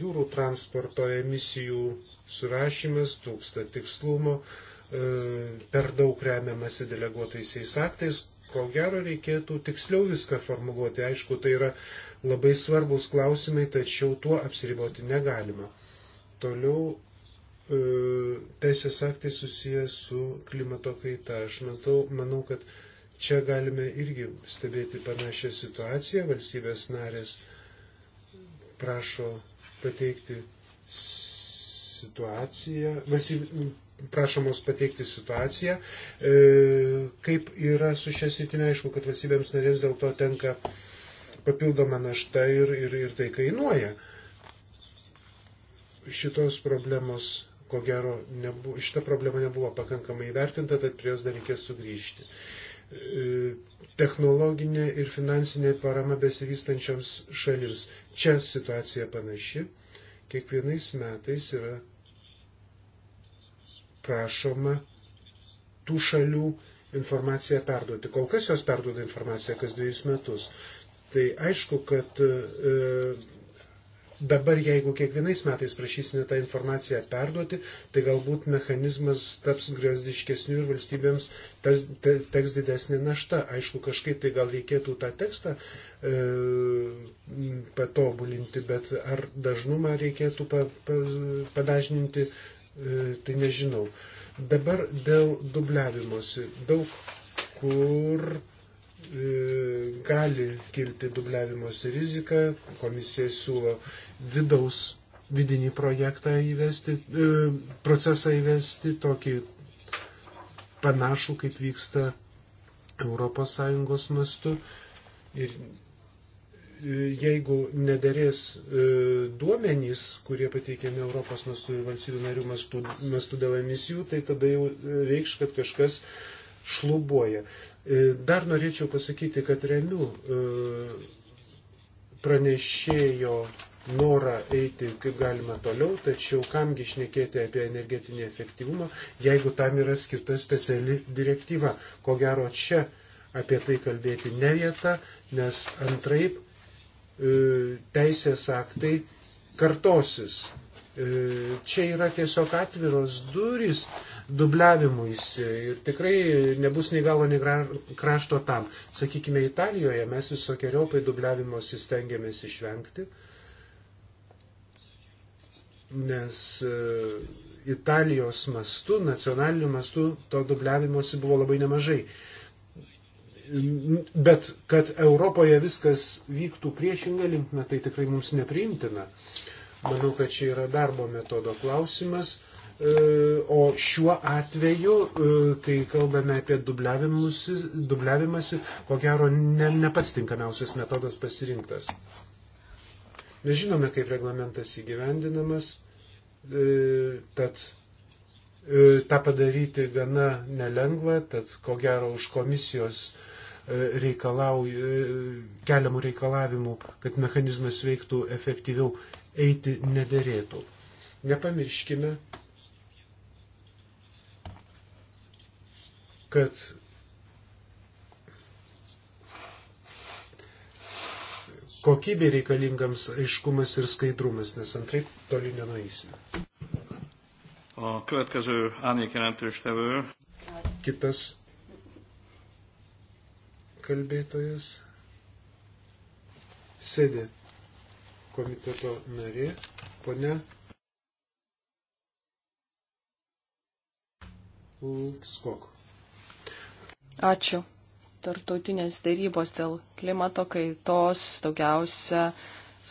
jūrų transporto emisijų surašymas, trūksta tikslumo, e, E, per daug remiamasi deleguotaisiais aktais, ko gero reikėtų tiksliau viską formuluoti. Aišku, tai yra labai svarbus klausimai, tačiau tuo apsiriboti negalima. Toliau e, teisės aktai susijęs su klimato kaita. Aš matau, manau, kad čia galime irgi stebėti panašią situaciją. Valstybės narės prašo pateikti situaciją, valstybė, prašomos pateikti situaciją. E, kaip yra su šia sritimi, aišku, kad valstybėms narėms dėl to tenka papildoma našta ir, ir, ir tai kainuoja. Šitos problemos, ko gero, nebu, šita problema nebuvo pakankamai įvertinta, tad prie jos dar reikės sugrįžti e, technologinė ir finansinė parama besivystančioms šalims. Čia situacija panaši. Kiekvienais metais yra prašoma tų šalių informaciją perduoti. Kol kas jos perduoda informaciją kas dviejus metus. Tai aišku, kad e, dabar jeigu kiekvienais metais prašysime tą informaciją perduoti, tai galbūt mechanizmas taps griozdiškesniu ir valstybėms tas, te, teks didesnė našta. Aišku, kažkaip tai gal reikėtų tą tekstą e, patobulinti, bet ar dažnumą reikėtų pa, pa, padažninti, E, tai nežinau. Dabar dėl dubliavimosi. Daug kur e, gali kilti dubliavimosi rizika. Komisija siūlo vidaus, vidinį projektą įvesti, e, procesą įvesti, tokį panašų, kaip vyksta ES mastu. Ir jeigu nederės e, duomenys, kurie pateikiami Europos mastu ir valstybių narių mastu, mastu dėl emisijų, tai tada jau e, reikš, kad kažkas šlubuoja. E, dar norėčiau pasakyti, kad remiu pranešėjo norą eiti kaip galima toliau, tačiau kamgi šnekėti apie energetinį efektyvumą, jeigu tam yra skirta speciali direktyva. Ko gero čia apie tai kalbėti ne vieta, nes antraip E, teisės aktai kartosis. E, čia yra tiesiog atviros durys dubliavimuisi ir tikrai nebus nei galo, nei krašto tam. Sakykime, Italijoje mes visokiojopai dubliavimo sistengiamės išvengti, nes e, Italijos mastu, nacionaliniu mastu to dubliavimosi buvo labai nemažai bet kad Europoje viskas vyktų priešinga linkme, tai tikrai mums nepriimtina. Manau, kad čia yra darbo metodo klausimas. E, o šiuo atveju, e, kai kalbame apie dubliavimąsi, ko gero ne, ne pats tinkamiausias metodas pasirinktas. Nežinome, kaip reglamentas įgyvendinamas, e, tad tą padaryti gana nelengva, tad ko gero už komisijos E, reikalauja, e, keliamų reikalavimų, kad mechanizmas veiktų efektyviau, eiti nederėtų. Nepamirškime, kad kokybė reikalingams aiškumas ir skaidrumas, nes antraip toli nenueisime. A következő árnyékjelentőstevő. Kitas kalbėtojas, sėdė komiteto narė, ponia Skok. Ačiū. Tartautinės dėrybos dėl klimato kaitos daugiausia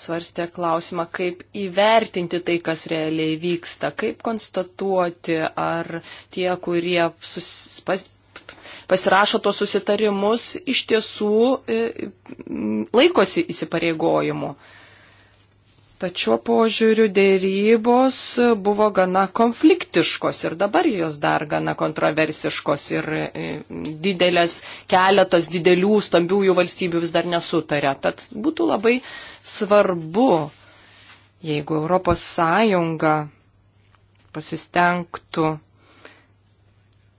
svarstė klausimą, kaip įvertinti tai, kas realiai vyksta, kaip konstatuoti, ar tie, kurie sus, pas, pasirašo tos susitarimus, iš tiesų e, laikosi įsipareigojimų. Tačiau požiūrių dėrybos buvo gana konfliktiškos ir dabar jos dar gana kontroversiškos ir e, didelės, keletas didelių, stambiųjų valstybių vis dar nesutarė. Tad būtų labai svarbu, jeigu ES pasistengtų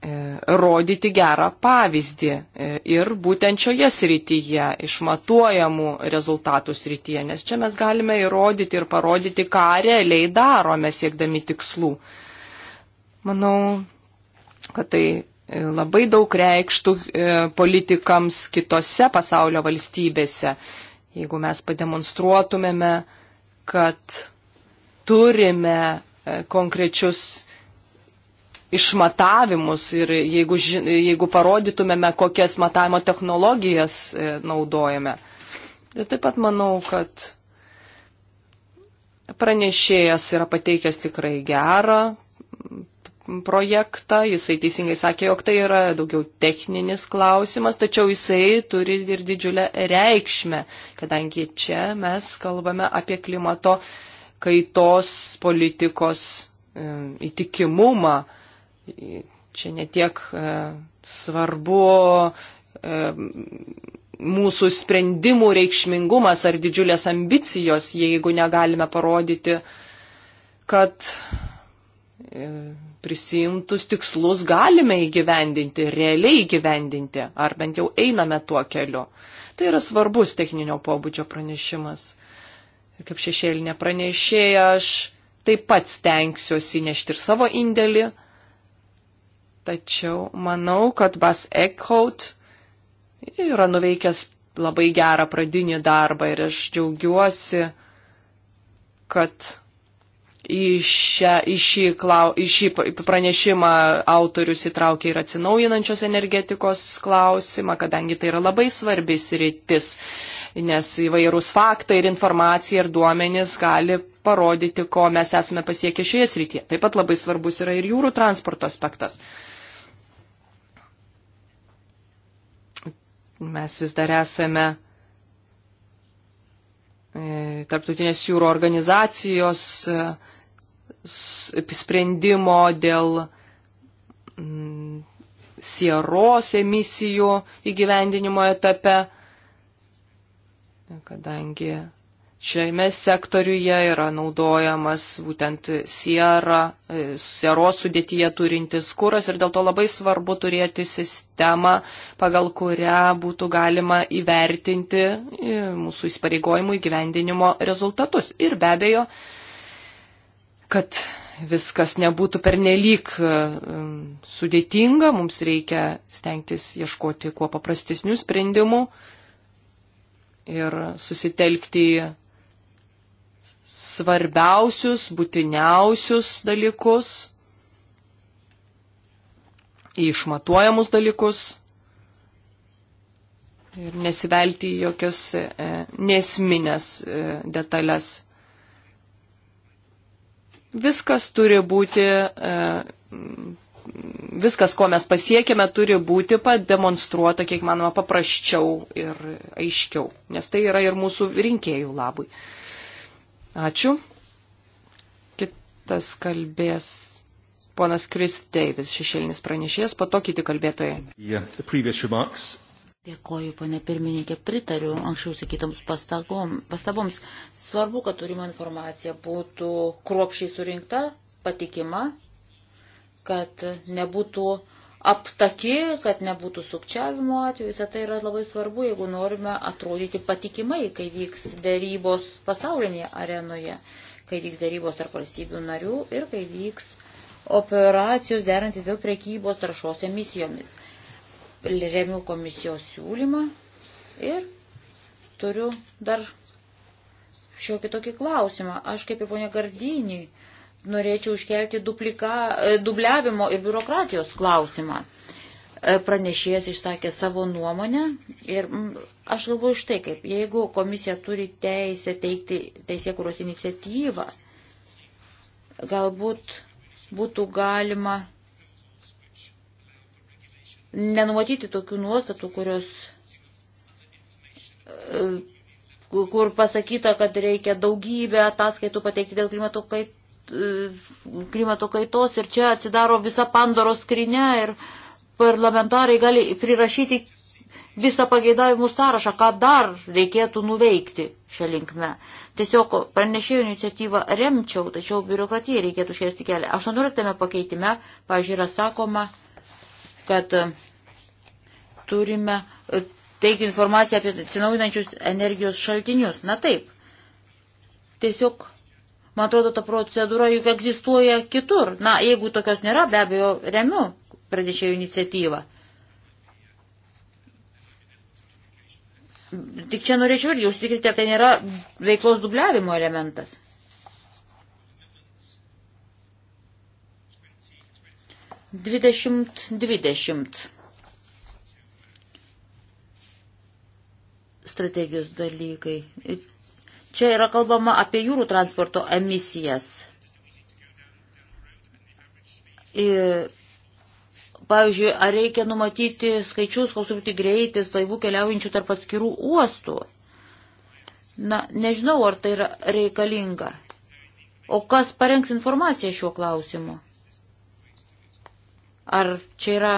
E, rodyti gerą pavyzdį e, ir būtent šioje srityje, išmatuojamų rezultatų srityje, nes čia mes galime įrodyti ir parodyti, ką realiai darome siekdami tikslų. Manau, kad tai e, labai daug reikštų politikams kitose pasaulio valstybėse, jeigu mes pademonstruotumėme, kad turime konkrečius išmatavimus ir jeigu, jeigu parodytumėme, kokias matavimo technologijas e, naudojame. Ir taip pat manau, kad pranešėjas yra pateikęs tikrai gerą projektą, jisai teisingai sakė, jog tai yra daugiau techninis klausimas, tačiau jisai turi ir didžiulę reikšmę, kadangi čia mes kalbame apie klimato kaitos politikos e, įtikimumą. E, Čia netiek e, svarbu e, mūsų sprendimų reikšmingumas ar didžiulės ambicijos, jeigu negalime parodyti, kad e, prisimtus tikslus galime įgyvendinti, realiai įgyvendinti, ar bent jau einame tuo keliu. Tai yra svarbus techninio pobūdžio pranešimas. Ir kaip šešėlinė pranešėja, aš taip pat stengsiuosi nešti ir savo indėlį Tačiau manau, kad Bas Eckhout yra nuveikęs labai gerą pradinį darbą ir aš džiaugiuosi, kad į, šią, į, šį, klau, į šį pranešimą autorius įtraukė ir atsinaujinančios energetikos klausimą, kadangi tai yra labai svarbis rytis, nes įvairūs faktai ir informacija ir duomenys gali parodyti, ko mes esame pasiekę šioje srityje. Taip pat labai svarbus yra ir jūrų transporto aspektas. Uh, mes vis dar esame e, Tarptautinės jūro organizacijos e, sprendimo dėl mm, sieros emisijų įgyvendinimo etape, kadangi Šiame sektoriuje yra naudojamas būtent siera, e, sieros sudėtyje turintis kūras ir dėl to labai svarbu turėti sistemą, pagal kurią būtų galima įvertinti e, mūsų įsipareigojimų įgyvendinimo rezultatus. Ir be abejo, kad viskas nebūtų pernelyg e, sudėtinga, mums reikia stengtis ieškoti kuo paprastesnių sprendimų ir susitelkti svarbiausius, būtiniausius dalykus, į išmatuojamus dalykus ir nesivelti į jokias e, nesminės e, detalės. Viskas turi būti, e, viskas, ko mes pasiekėme, turi būti pademonstruota, kiek manoma, paprasčiau ir aiškiau, nes tai yra ir mūsų rinkėjų labui. E, Ačiū. Kitas kalbės ponas Kris Deivis, šešėlinis pranešėjas, po to kiti kalbėtojai. Yeah, Dėkoju, ponė pirmininkė, pritariu anksčiau sakytoms pastaboms. Svarbu, kad turima informacija būtų kruopšiai surinkta, patikima, kad nebūtų uh, aptaki, kad nebūtų sukčiavimo atveju. Visą tai yra labai svarbu, jeigu norime atrodyti patikimai, kai vyks dėrybos pasaulinėje arenoje, kai vyks dėrybos tarp valstybių narių ir kai vyks operacijos derantis dėl prekybos taršos emisijomis. Remiu komisijos siūlymą ir turiu dar šiokį tokį klausimą. Aš kaip ir ponia Gardinį norėčiau iškelti duplika, e, dubliavimo ir biurokratijos klausimą. E, pranešėjas išsakė savo nuomonę ir aš galvoju štai kaip, jeigu komisija turi teisę teikti teisėkuros iniciatyvą, galbūt būtų galima nenumatyti tokių nuostatų, kurios, e, kur pasakyta, kad reikia daugybę ataskaitų pateikti dėl klimato kaitos E, klimato kaitos ir čia atsidaro visa Pandoro skrinė ir parlamentarai gali prirašyti visą pageidavimų sąrašą, ką dar reikėtų nuveikti šią linkmę. Tiesiog pranešėjų iniciatyvą remčiau, tačiau biurokratijai reikėtų šersti kelią. 18 pakeitime, pavyzdžiui, yra sakoma, kad e, turime e, teikti informaciją apie atsinaujinančius energijos šaltinius. Na taip, tiesiog Man atrodo, ta procedūra juk egzistuoja kitur. Na, jeigu tokios nėra, be abejo, remiu pranešėjų iniciatyvą. Tik čia norėčiau irgi užtikrinti, ar tai nėra veiklos dubliavimo elementas. Dvidešimt dvidešimt. strategijos dalykai. Čia yra kalbama apie jūrų transporto emisijas. Ir, pavyzdžiui, ar reikia numatyti skaičius, koks būtų greitis laivų keliaujančių tarp atskirų uostų. Na, nežinau, ar tai yra reikalinga. O kas parengs informaciją šiuo klausimu? Ar čia yra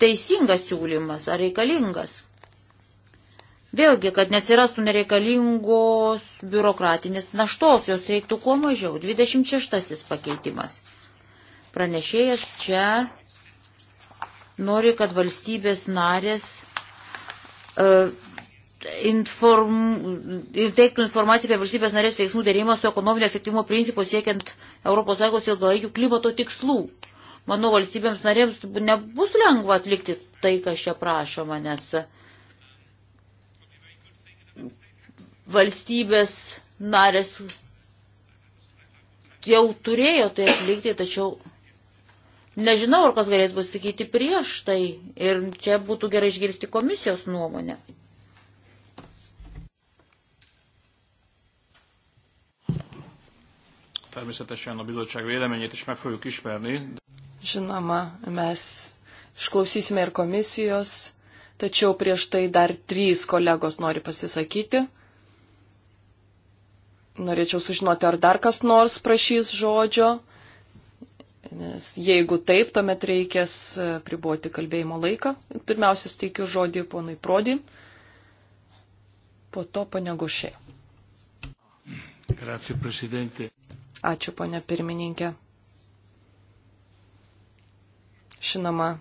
teisingas siūlymas, ar reikalingas? Vėlgi, kad neatsirastų nereikalingos biurokratinės naštos, jos reiktų kuo mažiau. 26 pakeitimas. Pranešėjas čia nori, kad valstybės narės uh, inform, teiktų informaciją apie valstybės narės veiksmų dėrimą su ekonominio efektyvumo principu siekiant ES ilgalaikių klimato tikslų. Manau, valstybėms narėms nebus lengva atlikti tai, kas čia prašoma, nes uh, valstybės narės jau turėjo tai atlikti, tačiau nežinau, ar kas galėtų pasakyti prieš tai ir čia būtų gerai išgirsti komisijos nuomonę. Természetesen a bizottság véleményét is meg fogjuk ismerni. Žinoma, mes išklausysime ir komisijos, tačiau prieš tai dar trys kolegos nori pasisakyti norėčiau sužinoti, ar dar kas nors prašys žodžio. Nes jeigu taip, tuomet reikės e, priboti kalbėjimo laiką. Pirmiausia, suteikiu žodį ponui Prodi, po to panegušė. Grazie, prezidentė. Ačiū, ponia pirmininkė. Žinoma,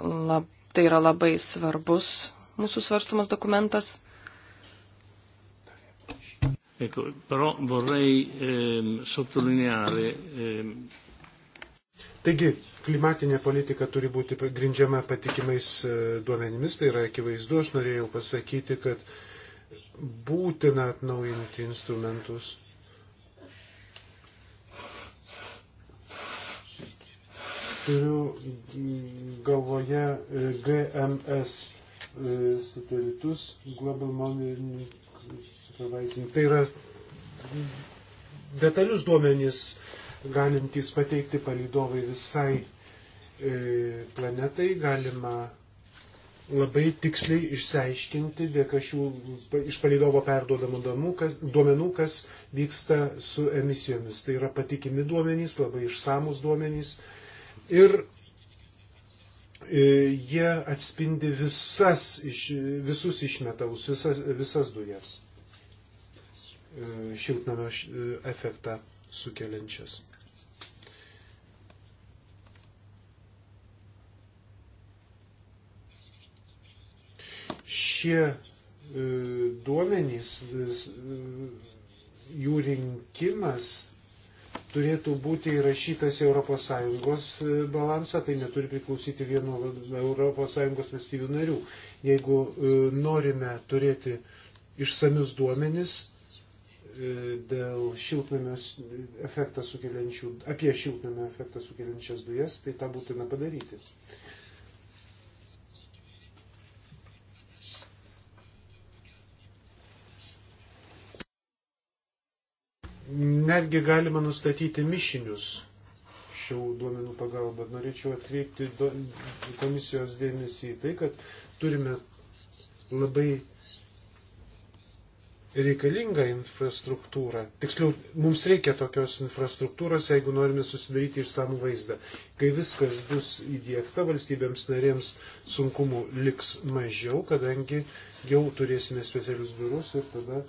lab, tai yra labai svarbus mūsų svarstumas dokumentas. Ecco, però vorrei ehm, sottolineare. Ehm... Taigi, klimatinė politika turi būti grindžiama patikimais e, duomenimis, tai yra akivaizdu, aš norėjau pasakyti, kad būtina atnaujinti instrumentus. Turiu mm, galvoje e, GMS e, satelitus, Global Monitoring Tai yra detalius duomenys galintys pateikti palydovai visai e, planetai, galima labai tiksliai išsiaiškinti dėka šių iš palydovo perduodamų duomenų, kas vyksta su emisijomis. Tai yra patikimi duomenys, labai išsamus duomenys. Ir e, jie atspindi visas, iš, visus išmetalus, visas, visas dujas šiltnamio efektą sukeliančias. Šie e, duomenys, e, e, jų rinkimas turėtų būti įrašytas į ES balansą, tai neturi priklausyti vieno ES valstybių narių. Jeigu norime turėti išsamius duomenis, E, dėl šiltnamio efektą sukeliančių, apie šiltnamio efektą sukeliančias dujas, tai tą būtina padaryti. Netgi galima nustatyti mišinius šių duomenų pagalba. Norėčiau atkreipti komisijos dėmesį į tai, kad turime labai reikalinga infrastruktūra. Tiksliau, mums reikia tokios infrastruktūros, jeigu norime susidaryti išsamų vaizdą. Kai viskas bus įdėkta, valstybėms narėms sunkumų liks mažiau, kadangi jau turėsime specialius biurus ir tada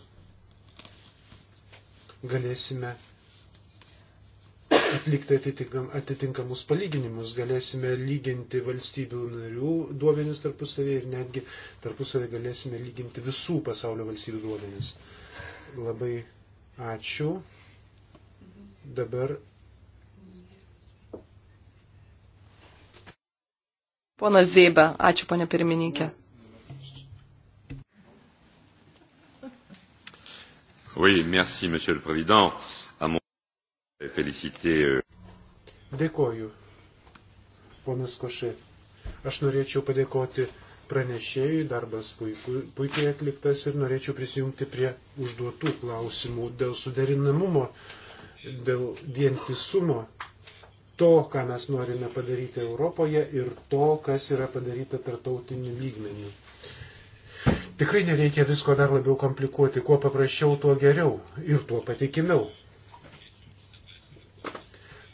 galėsime atlikti atitinkam, atitinkamus palyginimus, galėsime lyginti valstybių narių duomenis tarpusavį ir netgi tarpusavį galėsime lyginti visų pasaulio valstybių duomenis. Labai ačiū. Dabar. Ponas Zėba, ačiū ponė pirmininkė. Oui, merci, monsieur le président. Euh, Felicitė. Euh, Dėkoju, ponas Košė. Aš norėčiau padėkoti pranešėjui, darbas puiku, puikiai atliktas ir norėčiau prisijungti prie užduotų klausimų dėl suderinamumo, dėl vientisumo, to, ką mes norime padaryti Europoje ir to, kas yra padaryta tartautiniu lygmeniu. Tikrai nereikia visko dar labiau komplikuoti, kuo paprasčiau, tuo geriau ir tuo patikimiau.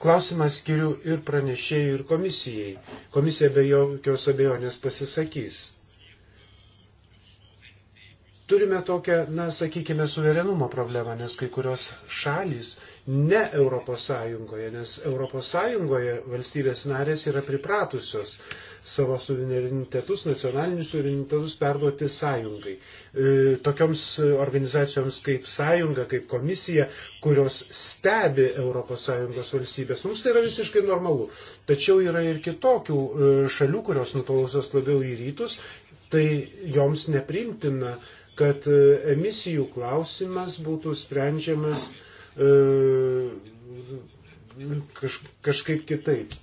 Klausimą skiriu ir pranešėjai, ir komisijai. Komisija be jokios abejonės pasisakys. Turime tokią, na, sakykime, suverenumo problemą, nes kai kurios šalys ne Europos Sąjungoje, nes Europos Sąjungoje valstybės narės yra pripratusios savo suverenitetus, nacionalinius suverenitetus perduoti sąjungai. E, tokioms organizacijoms kaip sąjunga, kaip komisija, kurios stebi ES valstybės, mums tai yra visiškai normalu. Tačiau yra ir kitokių e, šalių, kurios nutolusios labiau į rytus, tai joms neprimtina, kad e, emisijų klausimas būtų sprendžiamas kaž, kažkaip kitaip.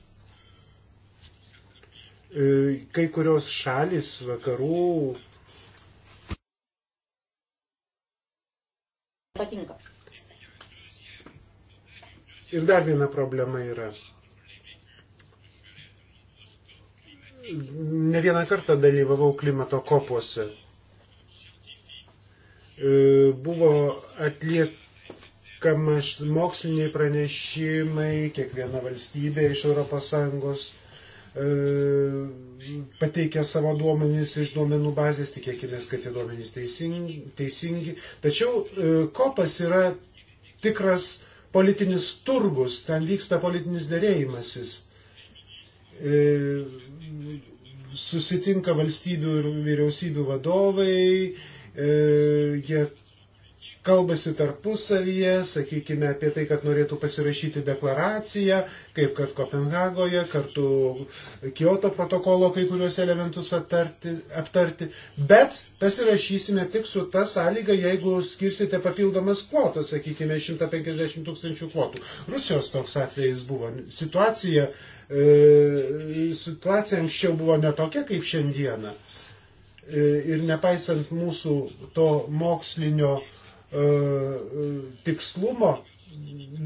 E, kai kurios šalis vakarų. Patinka. Ir dar viena problema yra. Ne vieną kartą dalyvavau klimato kopuose. E, buvo atliekama moksliniai pranešimai, kiekviena valstybė iš ES E, pateikia savo duomenys iš duomenų bazės, tikėkime, kad tie duomenys teisingi, teisingi. Tačiau e, kopas yra tikras politinis turgus, ten vyksta politinis dėrėjimasis. E, susitinka valstybių ir vyriausybių vadovai, jie kalbasi tarpusavyje, sakykime, apie tai, kad norėtų pasirašyti deklaraciją, kaip kad Kopenhagoje, kartu Kyoto protokolo kai kuriuos elementus aptarti, aptarti. Bet pasirašysime tik su ta sąlyga, jeigu skirsite papildomas kvotas, sakykime, 150 tūkstančių kvotų. Rusijos toks atvejis buvo. Situacija, e, situacija anksčiau buvo netokia kaip šiandieną. E, ir nepaisant mūsų to mokslinio e, E, e, tikslumo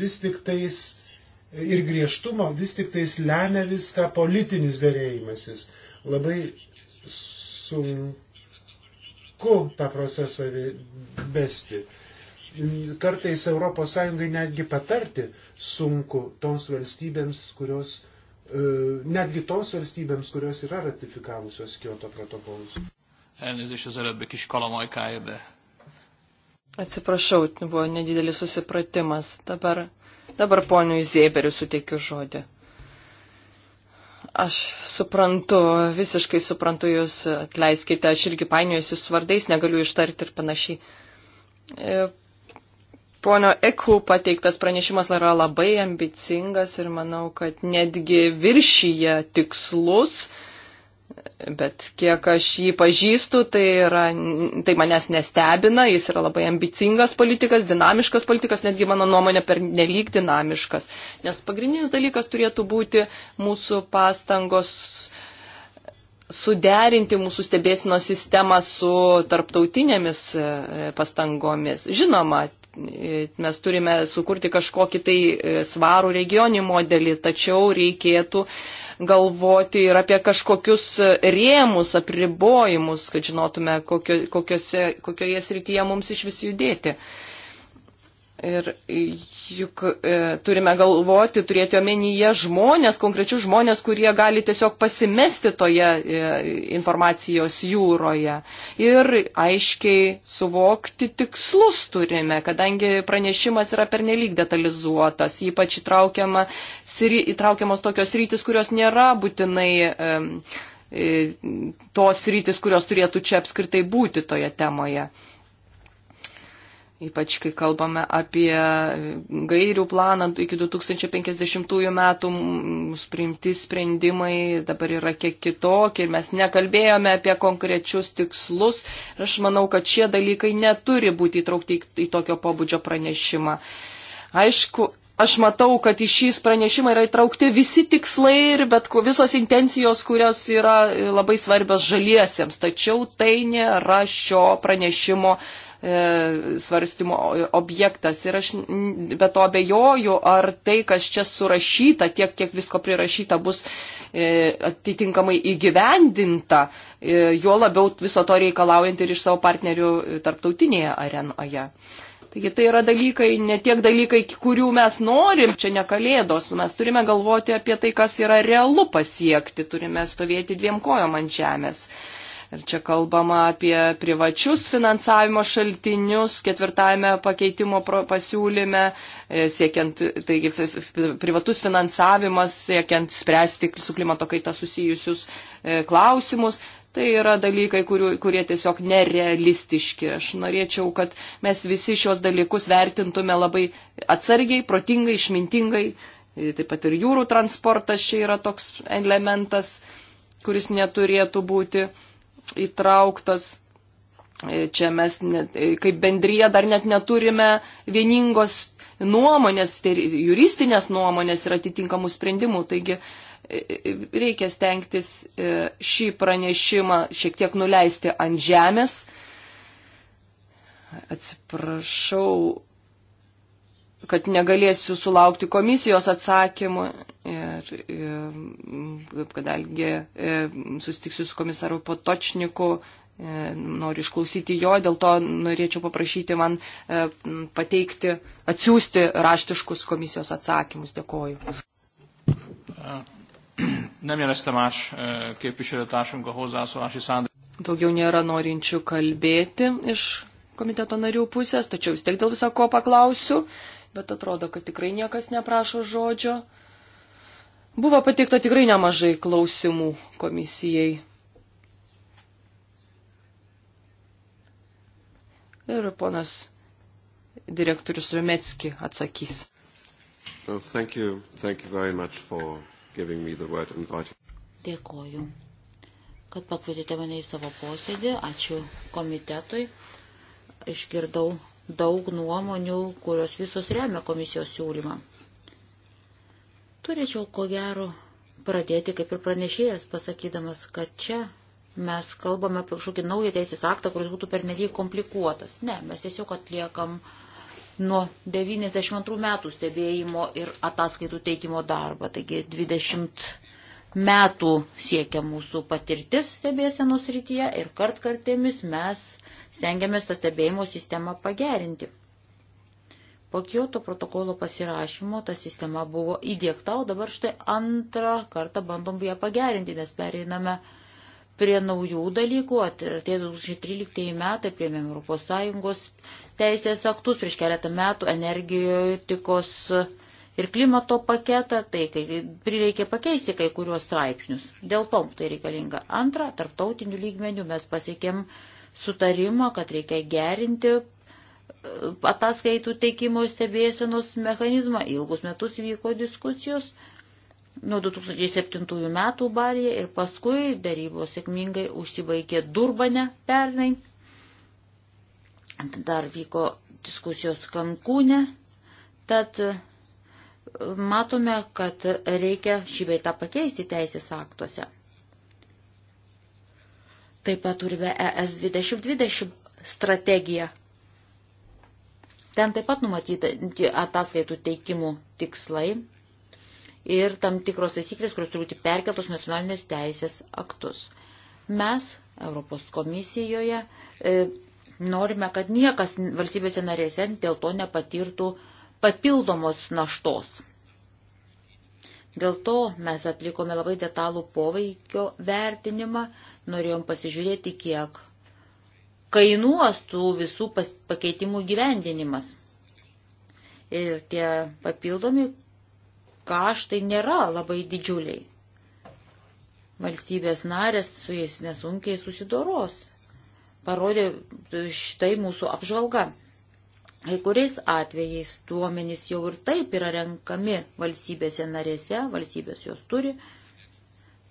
vis tik tais ir griežtumo vis tik tais lemia viską politinis dėrėjimasis. Labai sunku tą procesą vesti. Kartais ES netgi patarti sunku toms valstybėms, kurios e, netgi tos valstybėms, kurios yra ratifikavusios Kyoto protokolus. Elnézést az előbb kis kalamajkáért, de Atsiprašau, buvo nedidelis susipratimas. Dabar, dabar poniui Zėberiu suteikiu žodį. Aš suprantu, visiškai suprantu jūs, atleiskite, aš irgi painiojusi su vardais, negaliu ištarti ir panašiai. E, Pono Eku pateiktas pranešimas yra labai ambicingas ir manau, kad netgi viršyje tikslus, Bet kiek aš jį pažįstu, tai, yra, tai manęs nestebina, jis yra labai ambicingas politikas, dinamiškas politikas, netgi mano nuomonė per nelik dinamiškas. Nes pagrindinis dalykas turėtų būti mūsų pastangos suderinti mūsų stebėsino sistemą su tarptautinėmis e, pastangomis. Žinoma, mes turime sukurti kažkokį tai e, svarų regionį modelį, tačiau reikėtų galvoti ir apie kažkokius e, rėmus, apribojimus, kad žinotume, kokio, kokiose, kokioje srityje mums iš vis judėti. Uh, Ir juk e, turime galvoti, turėti omenyje žmonės, konkrečius žmonės, kurie gali tiesiog pasimesti toje e, informacijos jūroje. Ir aiškiai suvokti tikslus turime, kadangi pranešimas yra pernelyg detalizuotas, ypač įtraukiama, siri, įtraukiamos tokios rytis, kurios nėra būtinai. E, e tos rytis, kurios turėtų čia apskritai būti toje temoje. Ypač kai kalbame apie gairių planą iki 2050 metų, mūsų priimti sprendimai dabar yra kiek kitokie ir mes nekalbėjome apie konkrečius tikslus. Aš manau, kad šie dalykai neturi būti įtraukti į tokio pobūdžio pranešimą. Aišku, aš matau, kad į šį pranešimą yra įtraukti visi tikslai ir bet visos intencijos, kurios yra labai svarbios žaliesiems, tačiau tai nėra šio pranešimo e, svarstymo objektas. Ir aš be to abejoju, ar tai, kas čia surašyta, tiek, kiek visko prirašyta, bus e, atitinkamai įgyvendinta, e, juo labiau viso to reikalaujant ir iš savo partnerių e, tarptautinėje arenoje. Ja. Taigi tai yra dalykai, ne tiek dalykai, kurių mes norim, čia ne kalėdos, mes turime galvoti apie tai, kas yra realu pasiekti, turime stovėti dviem kojom ant žemės. Ir čia kalbama apie privačius finansavimo šaltinius ketvirtame pakeitimo pasiūlyme, e, siekiant, taigi privatus finansavimas, siekiant spręsti su klimato kaita susijusius e, klausimus. Tai yra dalykai, kurių, kurie tiesiog nerealistiški. Aš norėčiau, kad mes visi šios dalykus vertintume labai atsargiai, protingai, išmintingai. E, Taip pat ir jūrų transportas čia yra toks elementas, kuris neturėtų būti įtrauktas. E, čia mes net, e, kaip bendryje dar net neturime vieningos nuomonės, juristinės nuomonės ir atitinkamų sprendimų. Taigi reikia stengtis e, šį pranešimą šiek tiek nuleisti ant žemės. Atsiprašau, kad negalėsiu sulaukti komisijos atsakymų ir, ir e, kadangi e, susitiksiu su komisaru Potočniku, noriu išklausyti jo, dėl to norėčiau paprašyti man pateikti, atsiųsti raštiškus komisijos atsakymus. Dėkoju. <clears throat> Nem jelezte más eh, képviselőtársunk a hozzászólási szándékot. Daugiau nėra norinčių kalbėti iš komiteto narių pusės, tačiau vis tiek dėl visako paklausiu, bet atrodo, kad tikrai niekas neprašo žodžio. Buvo pateikta tikrai nemažai klausimų komisijai. Ir ponas direktorius Rumetski atsakys. So thank you, thank you very much for giving me the word and inviting. Dėkoju, kad pakvietėte mane į savo posėdį. Ačiū komitetui. Išgirdau daug nuomonių, kurios visos remia komisijos siūlymą. Turėčiau ko gero pradėti kaip ir pranešėjas, pasakydamas, kad čia mes kalbame apie kažkokį naują teisės aktą, kuris būtų pernelyg komplikuotas. Ne, mes tiesiog atliekam uh, nuo 92 metų stebėjimo ir ataskaitų teikimo darbą. Taigi 20 metų siekia mūsų patirtis stebėsenos rytyje ir kartkartėmis mes stengiamės tą stebėjimo sistemą pagerinti. Po Kyoto protokolo pasirašymo ta sistema buvo įdėkta, o dabar štai antrą kartą bandom ją pagerinti, nes pereiname prie naujų dalykų. Ir tie 2013 metai priemėm Europos Sąjungos teisės aktus prieš keletą metų energetikos ir klimato paketą, tai kai prireikė pakeisti kai kuriuos straipsnius. Dėl to tai reikalinga. Antra, tarptautiniu lygmeniu mes pasiekėm sutarimą, kad reikia gerinti e, ataskaitų teikimo stebėsenos mechanizmą. Ilgus metus vyko diskusijos nuo 2007 metų barėje ir paskui darybos sėkmingai užsibaigė Durbane pernai. Dar vyko diskusijos Kankūne, tad e, matome, kad reikia šį beitą pakeisti teisės aktuose. Taip pat turime ES 2020 strategiją. Ten taip pat numatyti ataskaitų teikimų tikslai ir tam tikros taisyklės, kurios turi būti perkeltos nacionalinės teisės aktus. Mes Europos komisijoje e, Norime, kad niekas valstybėse narėse dėl to nepatirtų papildomos naštos. Dėl to mes atlikome labai detalų poveikio vertinimą, norėjom pasižiūrėti, kiek kainuos tų visų pas, pakeitimų gyvendinimas. Ir tie papildomi kaštai nėra labai didžiuliai. Valstybės narės su jais nesunkiai susidoros parodė štai mūsų apžvalga. Kai kuriais atvejais duomenys jau ir taip yra renkami valstybėse narėse, valstybės jos turi,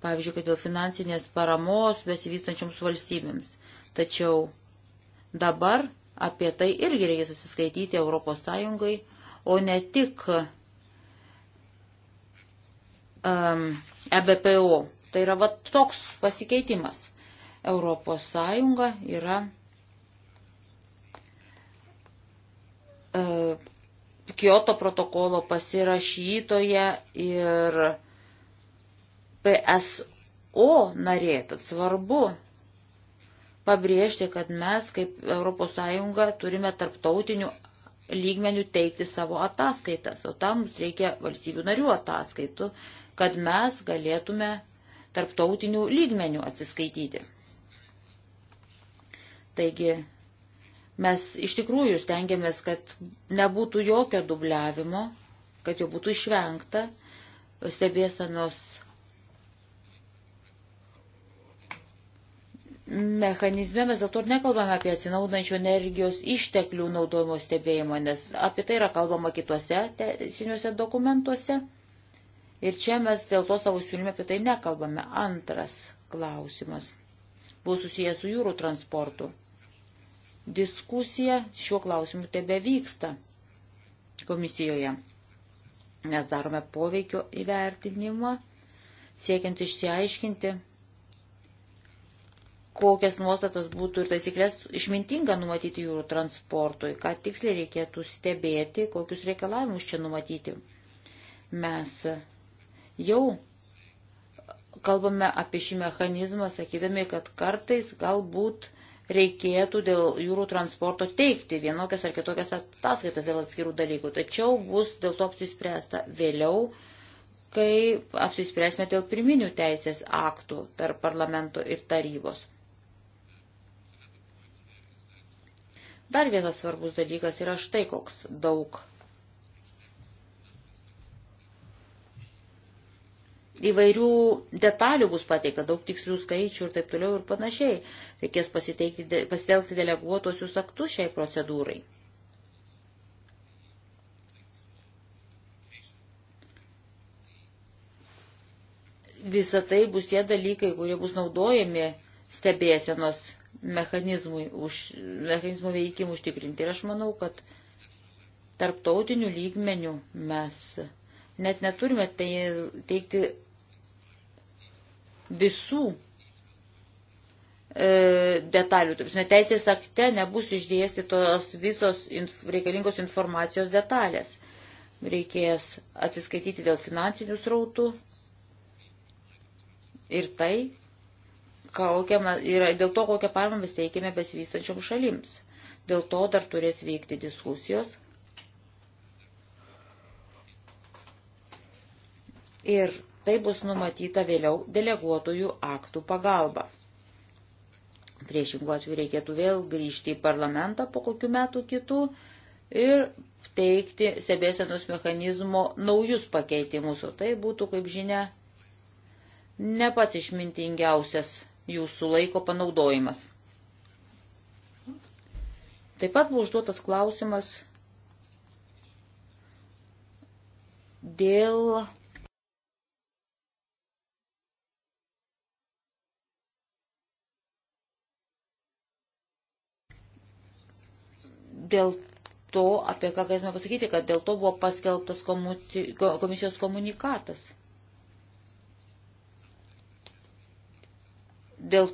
pavyzdžiui, kad dėl finansinės paramos besivystančioms valstybėms. Tačiau dabar apie tai irgi reikės atsiskaityti Europos Sąjungai, o ne tik um, EBPO. Tai yra va toks pasikeitimas. Europos Sąjunga yra e, Kyoto protokolo pasirašytoje ir PSO narė, tad svarbu pabrėžti, kad mes kaip ES turime tarptautinių lygmenių teikti savo ataskaitas, o tam mums reikia valstybių narių ataskaitų, kad mes galėtume tarptautinių lygmenių atsiskaityti. Taigi mes iš tikrųjų stengiamės, kad nebūtų jokio dubliavimo, kad jo būtų išvengta stebėsenos mechanizme mes dėl to ir nekalbame apie atsinaudančių energijos išteklių naudojimo stebėjimą, nes apie tai yra kalbama kitose teisiniuose dokumentuose. Ir čia mes dėl to savo siūlyme apie tai nekalbame. Antras klausimas buvo susijęs su jūrų transportu. Diskusija šiuo klausimu tebe vyksta komisijoje. Mes darome poveikio įvertinimą, siekiant išsiaiškinti, kokias nuostatas būtų ir taisyklės išmintinga numatyti jūrų transportui, ką tiksliai reikėtų stebėti, kokius reikalavimus čia numatyti. Mes jau kalbame apie šį mechanizmą, sakydami, kad kartais galbūt reikėtų dėl jūrų transporto teikti vienokias ar kitokias ataskaitas dėl atskirų dalykų. Tačiau bus dėl to apsispręsta vėliau, kai apsispręsime dėl pirminių teisės aktų tarp parlamento ir tarybos. Dar vienas svarbus dalykas yra štai koks daug įvairių detalių bus pateikta, daug tikslių skaičių ir taip toliau ir panašiai. Reikės pasitelkti deleguotosius aktus šiai procedūrai. Visa tai bus tie dalykai, kurie bus naudojami stebėsenos mechanizmui, už, mechanizmų veikimų užtikrinti. Ir aš manau, kad tarptautinių lygmenių mes Net neturime tai teikti visų e, detalių. Tarpsime, teisės akte nebus išdėstytos visos inf reikalingos informacijos detalės. Reikės atsiskaityti dėl finansinių srautų ir tai, kokia, yra, dėl to, kokią paramą mes teikėme besivystančiom šalims. Dėl to dar turės vykti diskusijos. ir tai bus numatyta vėliau deleguotojų aktų pagalba. Priešingų atveju reikėtų vėl grįžti į parlamentą po kokiu metu kitų ir teikti sebėsenos mechanizmo naujus pakeitimus, o tai būtų, kaip žinia, ne pats išmintingiausias jūsų laiko panaudojimas. Taip pat buvo užduotas klausimas dėl dėl to, apie ką galėtume pasakyti, kad dėl to buvo paskelbtas komuti, komisijos komunikatas. Dėl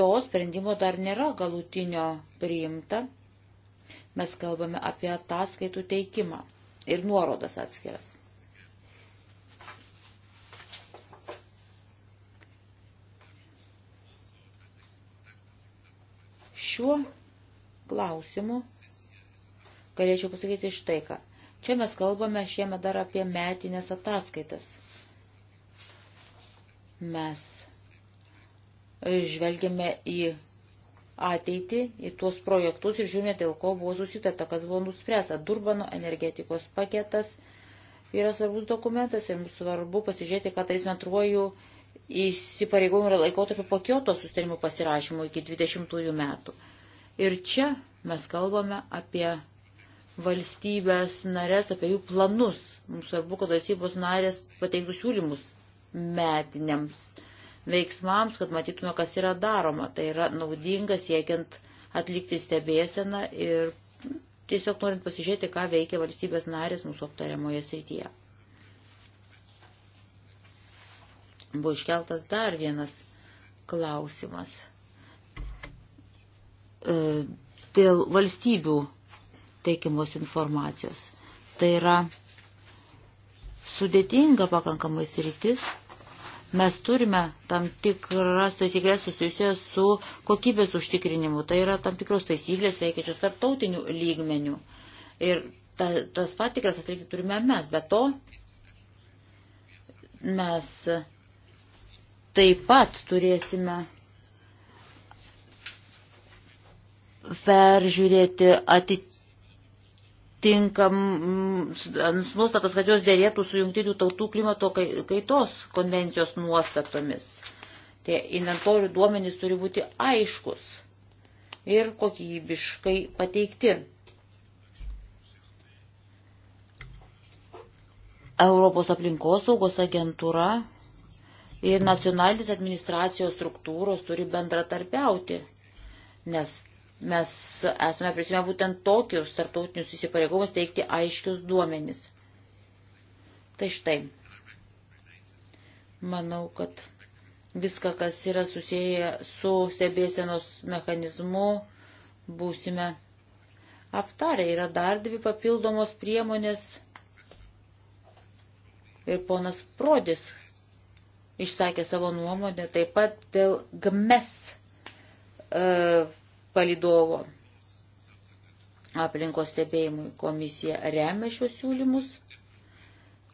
to sprendimo dar nėra galutinio priimta. Mes kalbame apie ataskaitų teikimą ir nuorodas atskiras. Šiuo klausimų galėčiau pasakyti štai ką. Čia mes kalbame šiemet dar apie metinės ataskaitas. Mes žvelgiame į ateitį, į tuos projektus ir žiūrime, dėl ko buvo susitarta, kas buvo nuspręsta. Durbano energetikos paketas yra svarbus dokumentas ir mums svarbu pasižiūrėti, ką tais metruoju įsipareigojimų laikotarpio po Kioto sustarimų pasirašymo iki 20 metų. Ir čia mes kalbame apie valstybės narės, apie jų planus. Mums svarbu, kad valstybės narės pateiktų siūlymus metiniams veiksmams, kad matytume, kas yra daroma. Tai yra naudinga siekiant atlikti stebėseną ir tiesiog norint pasižiūrėti, ką veikia valstybės narės mūsų aptariamoje srityje. Buvo iškeltas dar vienas klausimas. E, dėl valstybių teikiamos informacijos. Tai yra sudėtinga pakankamai sritis. Mes turime tam tikras taisyklės susijusias su kokybės užtikrinimu. Tai yra tam tikros taisyklės veikiačios tarptautinių lygmenių. Ir ta, tas patikras atlikti turime mes. Be to, mes taip pat turėsime peržiūrėti atitinkam nuostatas, kad jos dėrėtų su jungtinių tautų klimato kaitos konvencijos nuostatomis. Tie inventorių duomenys turi būti aiškus ir kokybiškai pateikti. Europos aplinkosaugos agentūra ir nacionalinės administracijos struktūros turi bendratarpiauti, nes Mes esame prisimę būtent tokius tarptautinius įsipareigomus teikti aiškius duomenis. Tai štai. Manau, kad viską, kas yra susiję su stebėsenos mechanizmu, būsime aptarę. Yra dar dvi papildomos priemonės. Ir ponas Prodis išsakė savo nuomonę taip pat dėl GMES e, e palidovo aplinkos stebėjimui. Komisija remia šios siūlymus,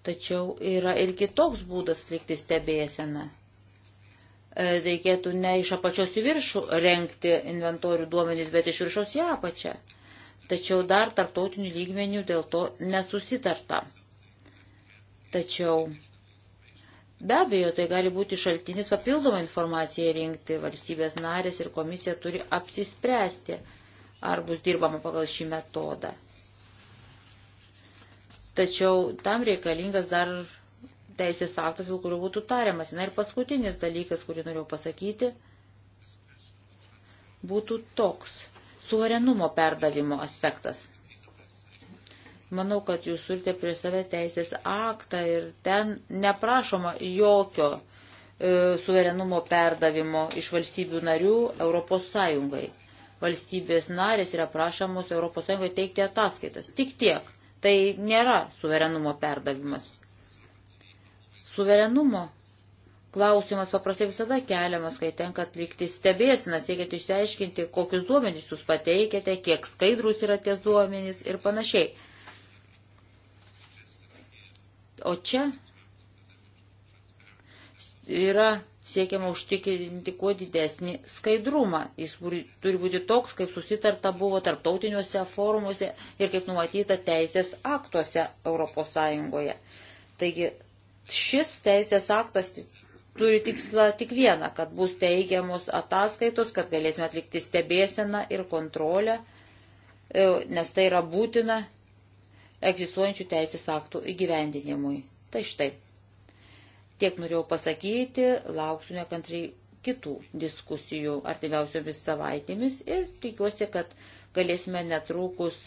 tačiau yra ir kitoks būdas likti stebėseną. E, reikėtų ne iš apačios į viršų renkti inventorių duomenys, bet iš viršaus į apačią. Tačiau dar tarptautinių lygmenių dėl to nesusitarta. Tačiau Be abejo, tai gali būti šaltinis papildomą informaciją rinkti. Valstybės narės ir komisija turi apsispręsti, ar bus dirbama pagal šį metodą. Tačiau tam reikalingas dar teisės aktas, dėl kurio būtų tariamas. Na ir paskutinis dalykas, kurį norėjau pasakyti, būtų toks suverenumo perdavimo aspektas. Manau, kad jūs turite prie save teisės aktą ir ten neprašoma jokio e, suverenumo perdavimo iš valstybių narių Europos Sąjungai. Valstybės narės yra prašomos Europos Sąjungai teikti ataskaitas. Tik tiek. Tai nėra suverenumo perdavimas. Suverenumo klausimas paprastai visada keliamas, kai tenka atlikti stebėsiną, siekiant išsiaiškinti, kokius duomenys jūs pateikėte, kiek skaidrus yra ties duomenys ir panašiai. O čia yra siekiama užtikrinti kuo didesnį skaidrumą. Jis turi būti toks, kaip susitarta buvo tarptautiniuose forumuose ir kaip numatyta teisės aktuose ES. Taigi šis teisės aktas turi tikslą tik vieną, kad bus teigiamos ataskaitos, kad galėsime atlikti stebėseną ir kontrolę, e, nes tai yra būtina egzistuojančių teisės aktų įgyvendinimui. Tai štai. Tiek norėjau pasakyti, lauksiu nekantriai kitų diskusijų artimiausiomis savaitėmis ir tikiuosi, kad galėsime netrukus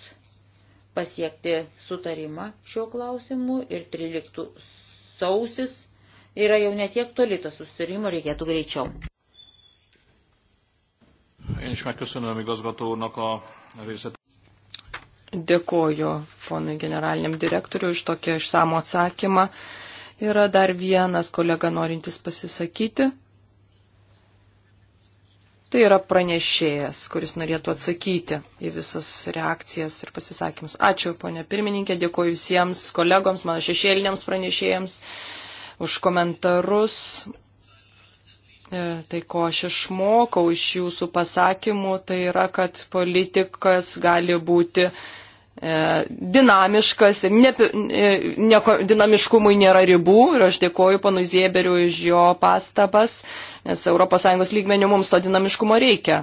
pasiekti sutarimą šiuo klausimu ir 13 sausis yra jau netiek toli, tas susitarimo reikėtų greičiau. Én is megköszönöm igazgató úrnak a részlet. Dėkoju ponui generaliniam direktoriui už tokią išsamų atsakymą. Yra dar vienas kolega norintis pasisakyti. Tai yra pranešėjas, kuris norėtų atsakyti į visas reakcijas ir pasisakymus. Ačiū, ponė pirmininkė, dėkoju visiems kolegoms, mano šešėliniams pranešėjams už komentarus. E, tai ko aš išmokau iš jūsų pasakymų, tai yra, kad politikas gali būti e, dinamiškas, ne, ne, ne, dinamiškumui nėra ribų ir aš dėkoju panu Zieberiu už jo pastabas, nes ES lygmenių mums to dinamiškumo reikia.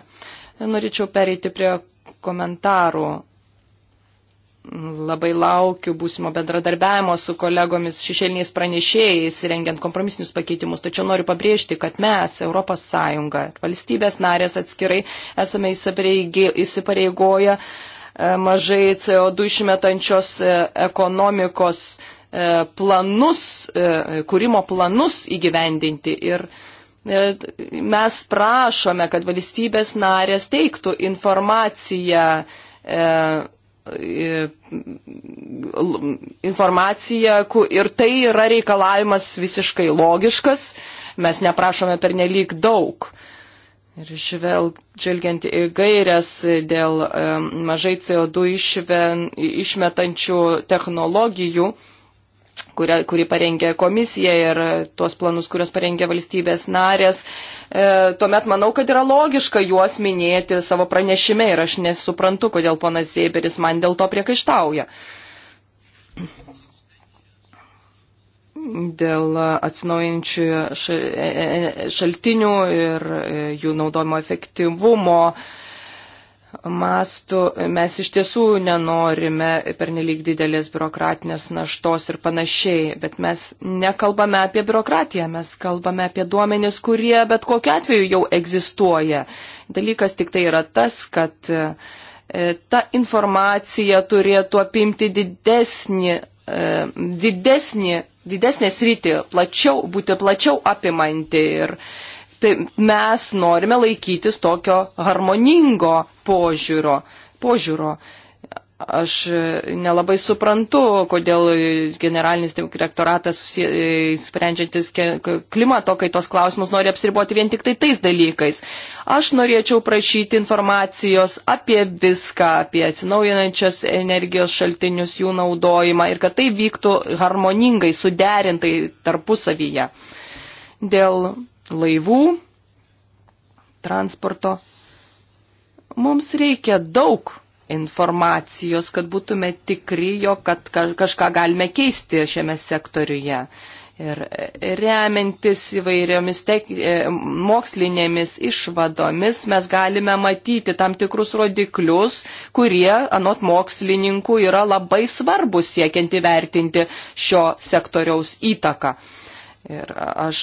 E, norėčiau pereiti prie komentarų labai laukiu būsimo bendradarbiavimo su kolegomis šešėliniais pranešėjais, rengiant kompromisinius pakeitimus. Tačiau noriu pabrėžti, kad mes, ES, valstybės narės atskirai, esame įsipareigoję e, mažai CO2 išmetančios e, ekonomikos e, planus, kūrimo planus įgyvendinti. Ir mes prašome, kad valstybės narės teiktų informaciją informacija ir tai yra reikalavimas visiškai logiškas, mes neprašome per nelik daug. Ir žvelgiant į gairias dėl mažai CO2 išven, išmetančių technologijų, kuri, kuri parengė komisija ir tuos planus, kuriuos parengė valstybės narės, e, tuomet manau, kad yra logiška juos minėti savo pranešime ir aš nesuprantu, kodėl ponas Zėberis man dėl to priekaištauja. Dėl atsinaujančių e- e- e- šaltinių ir jų naudojimo efektyvumo. E, mastu mes iš tiesų nenorime pernelyg didelės biurokratinės naštos ir panašiai, bet mes nekalbame apie biurokratiją, mes kalbame apie duomenis, kurie bet kokiu atveju jau egzistuoja. Dalykas tik tai yra tas, kad e, ta informacija turėtų apimti didesnį, e, didesnį didesnės rytį, plačiau, būti plačiau apimanti ir tai mes norime laikytis tokio harmoningo požiūrio. požiūro. Aš nelabai suprantu, kodėl generalinis direktoratas, sprendžiantis klimato kaitos klausimus, nori apsiriboti vien tik tai tais dalykais. Aš norėčiau prašyti informacijos apie viską, apie atsinaujinančias energijos šaltinius, jų naudojimą ir kad tai vyktų harmoningai, suderintai tarpusavyje. Dėl laivų, transporto. Mums reikia daug informacijos, kad būtume tikri, jog kad kažką galime keisti šiame sektoriuje. Ir remiantis įvairiomis tek, e, mokslinėmis išvadomis mes galime matyti tam tikrus rodiklius, kurie, anot mokslininkų, yra labai svarbus siekiant įvertinti šio sektoriaus įtaką. Ir aš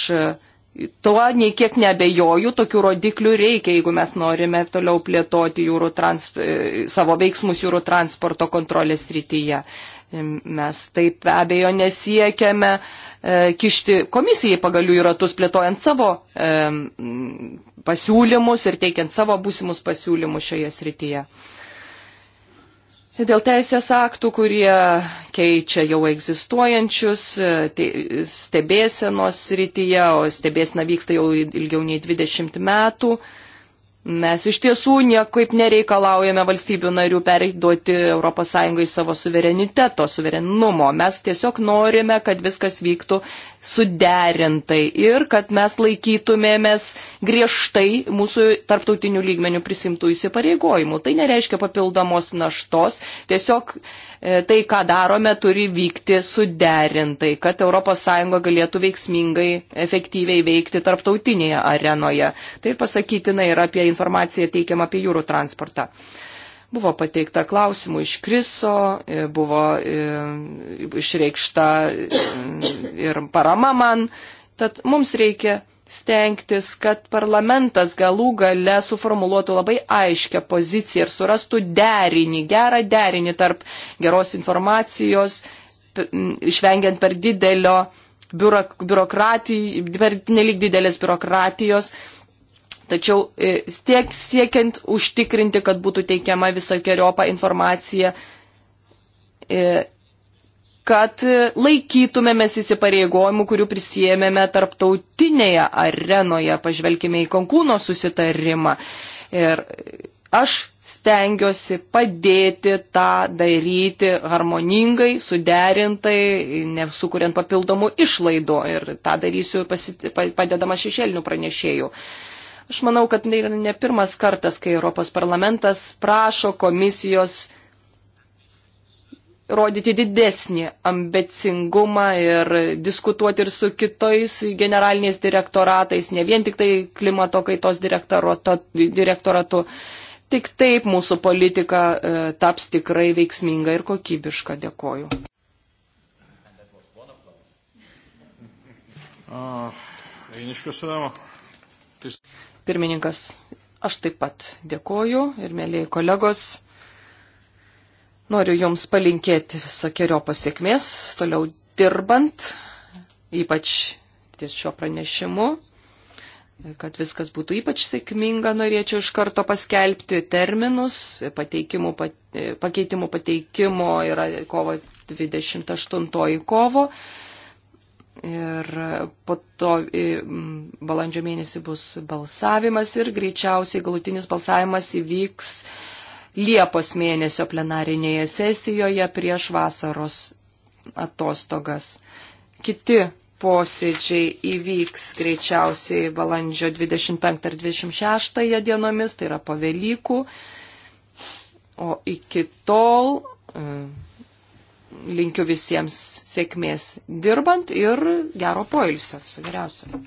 Tuo nei kiek nebejoju, tokių rodiklių reikia, jeigu mes norime toliau plėtoti jūrų trans, e, savo veiksmus jūrų transporto kontrolės rytyje. Mes taip be abejo nesiekiame e, kišti komisijai pagalių į ratus, plėtojant savo e, pasiūlymus ir teikiant savo būsimus pasiūlymus šioje srityje. E, Dėl teisės aktų, kurie keičia jau egzistuojančius, e, stebėsenos rytyje, o stebėsena vyksta jau ilgiau nei 20 metų, Mes iš tiesų niekaip nereikalaujame valstybių narių perduoti ES savo suvereniteto, suverenumo. Mes tiesiog norime, kad viskas vyktų suderintai ir kad mes laikytumėmės griežtai mūsų tarptautinių lygmenių prisimtų įsipareigojimų. Tai nereiškia papildomos naštos, tiesiog E, tai, ką darome, turi vykti suderintai, kad ES galėtų veiksmingai, efektyviai veikti tarptautinėje arenoje. Tai pasakytina yra apie informaciją teikiamą apie jūrų transportą. Buvo pateikta klausimų iš Kriso, e, buvo e, išreikšta ir parama man, tad mums reikia stengtis, kad parlamentas galų gale suformuluotų labai aiškę poziciją ir surastų derinį, gerą derinį tarp geros informacijos, išvengiant per didelio biurokratijos, per nelik didelės biurokratijos. Tačiau e, tiek siekiant užtikrinti, kad būtų teikiama visokiojopa informacija e, kad laikytumėmės įsipareigojimų, kurių prisėmėme tarptautinėje arenoje, pažvelkime į konkūno susitarimą. Ir aš stengiuosi padėti tą daryti harmoningai, suderintai, nesukuriant papildomų išlaidų ir tą darysiu padedama šešėlinių pranešėjų. Aš manau, kad tai yra ne pirmas kartas, kai Europos parlamentas prašo komisijos rodyti didesnį ambicingumą ir diskutuoti ir su kitais generaliniais direktoratais, ne vien tik tai klimato kaitos direktoratu. Tik taip mūsų politika e, taps tikrai veiksminga ir kokybiška. Dėkoju. Pirmininkas, aš taip pat dėkoju ir mėlyje kolegos. Noriu Jums palinkėti visokiojo pasiekmės, toliau dirbant, ypač ties šio pranešimu, kad viskas būtų ypač sėkminga, norėčiau iš karto paskelbti terminus, pateikimų, pakeitimų pateikimo yra kovo 28 kovo. Ir po to balandžio mėnesį bus balsavimas ir greičiausiai galutinis balsavimas įvyks Liepos mėnesio plenarinėje sesijoje prieš vasaros atostogas. Kiti posėdžiai įvyks greičiausiai balandžio 25 ar 26 dienomis, tai yra po Velykų. O iki tol e, linkiu visiems sėkmės dirbant ir gero poilsio. Viso geriausio.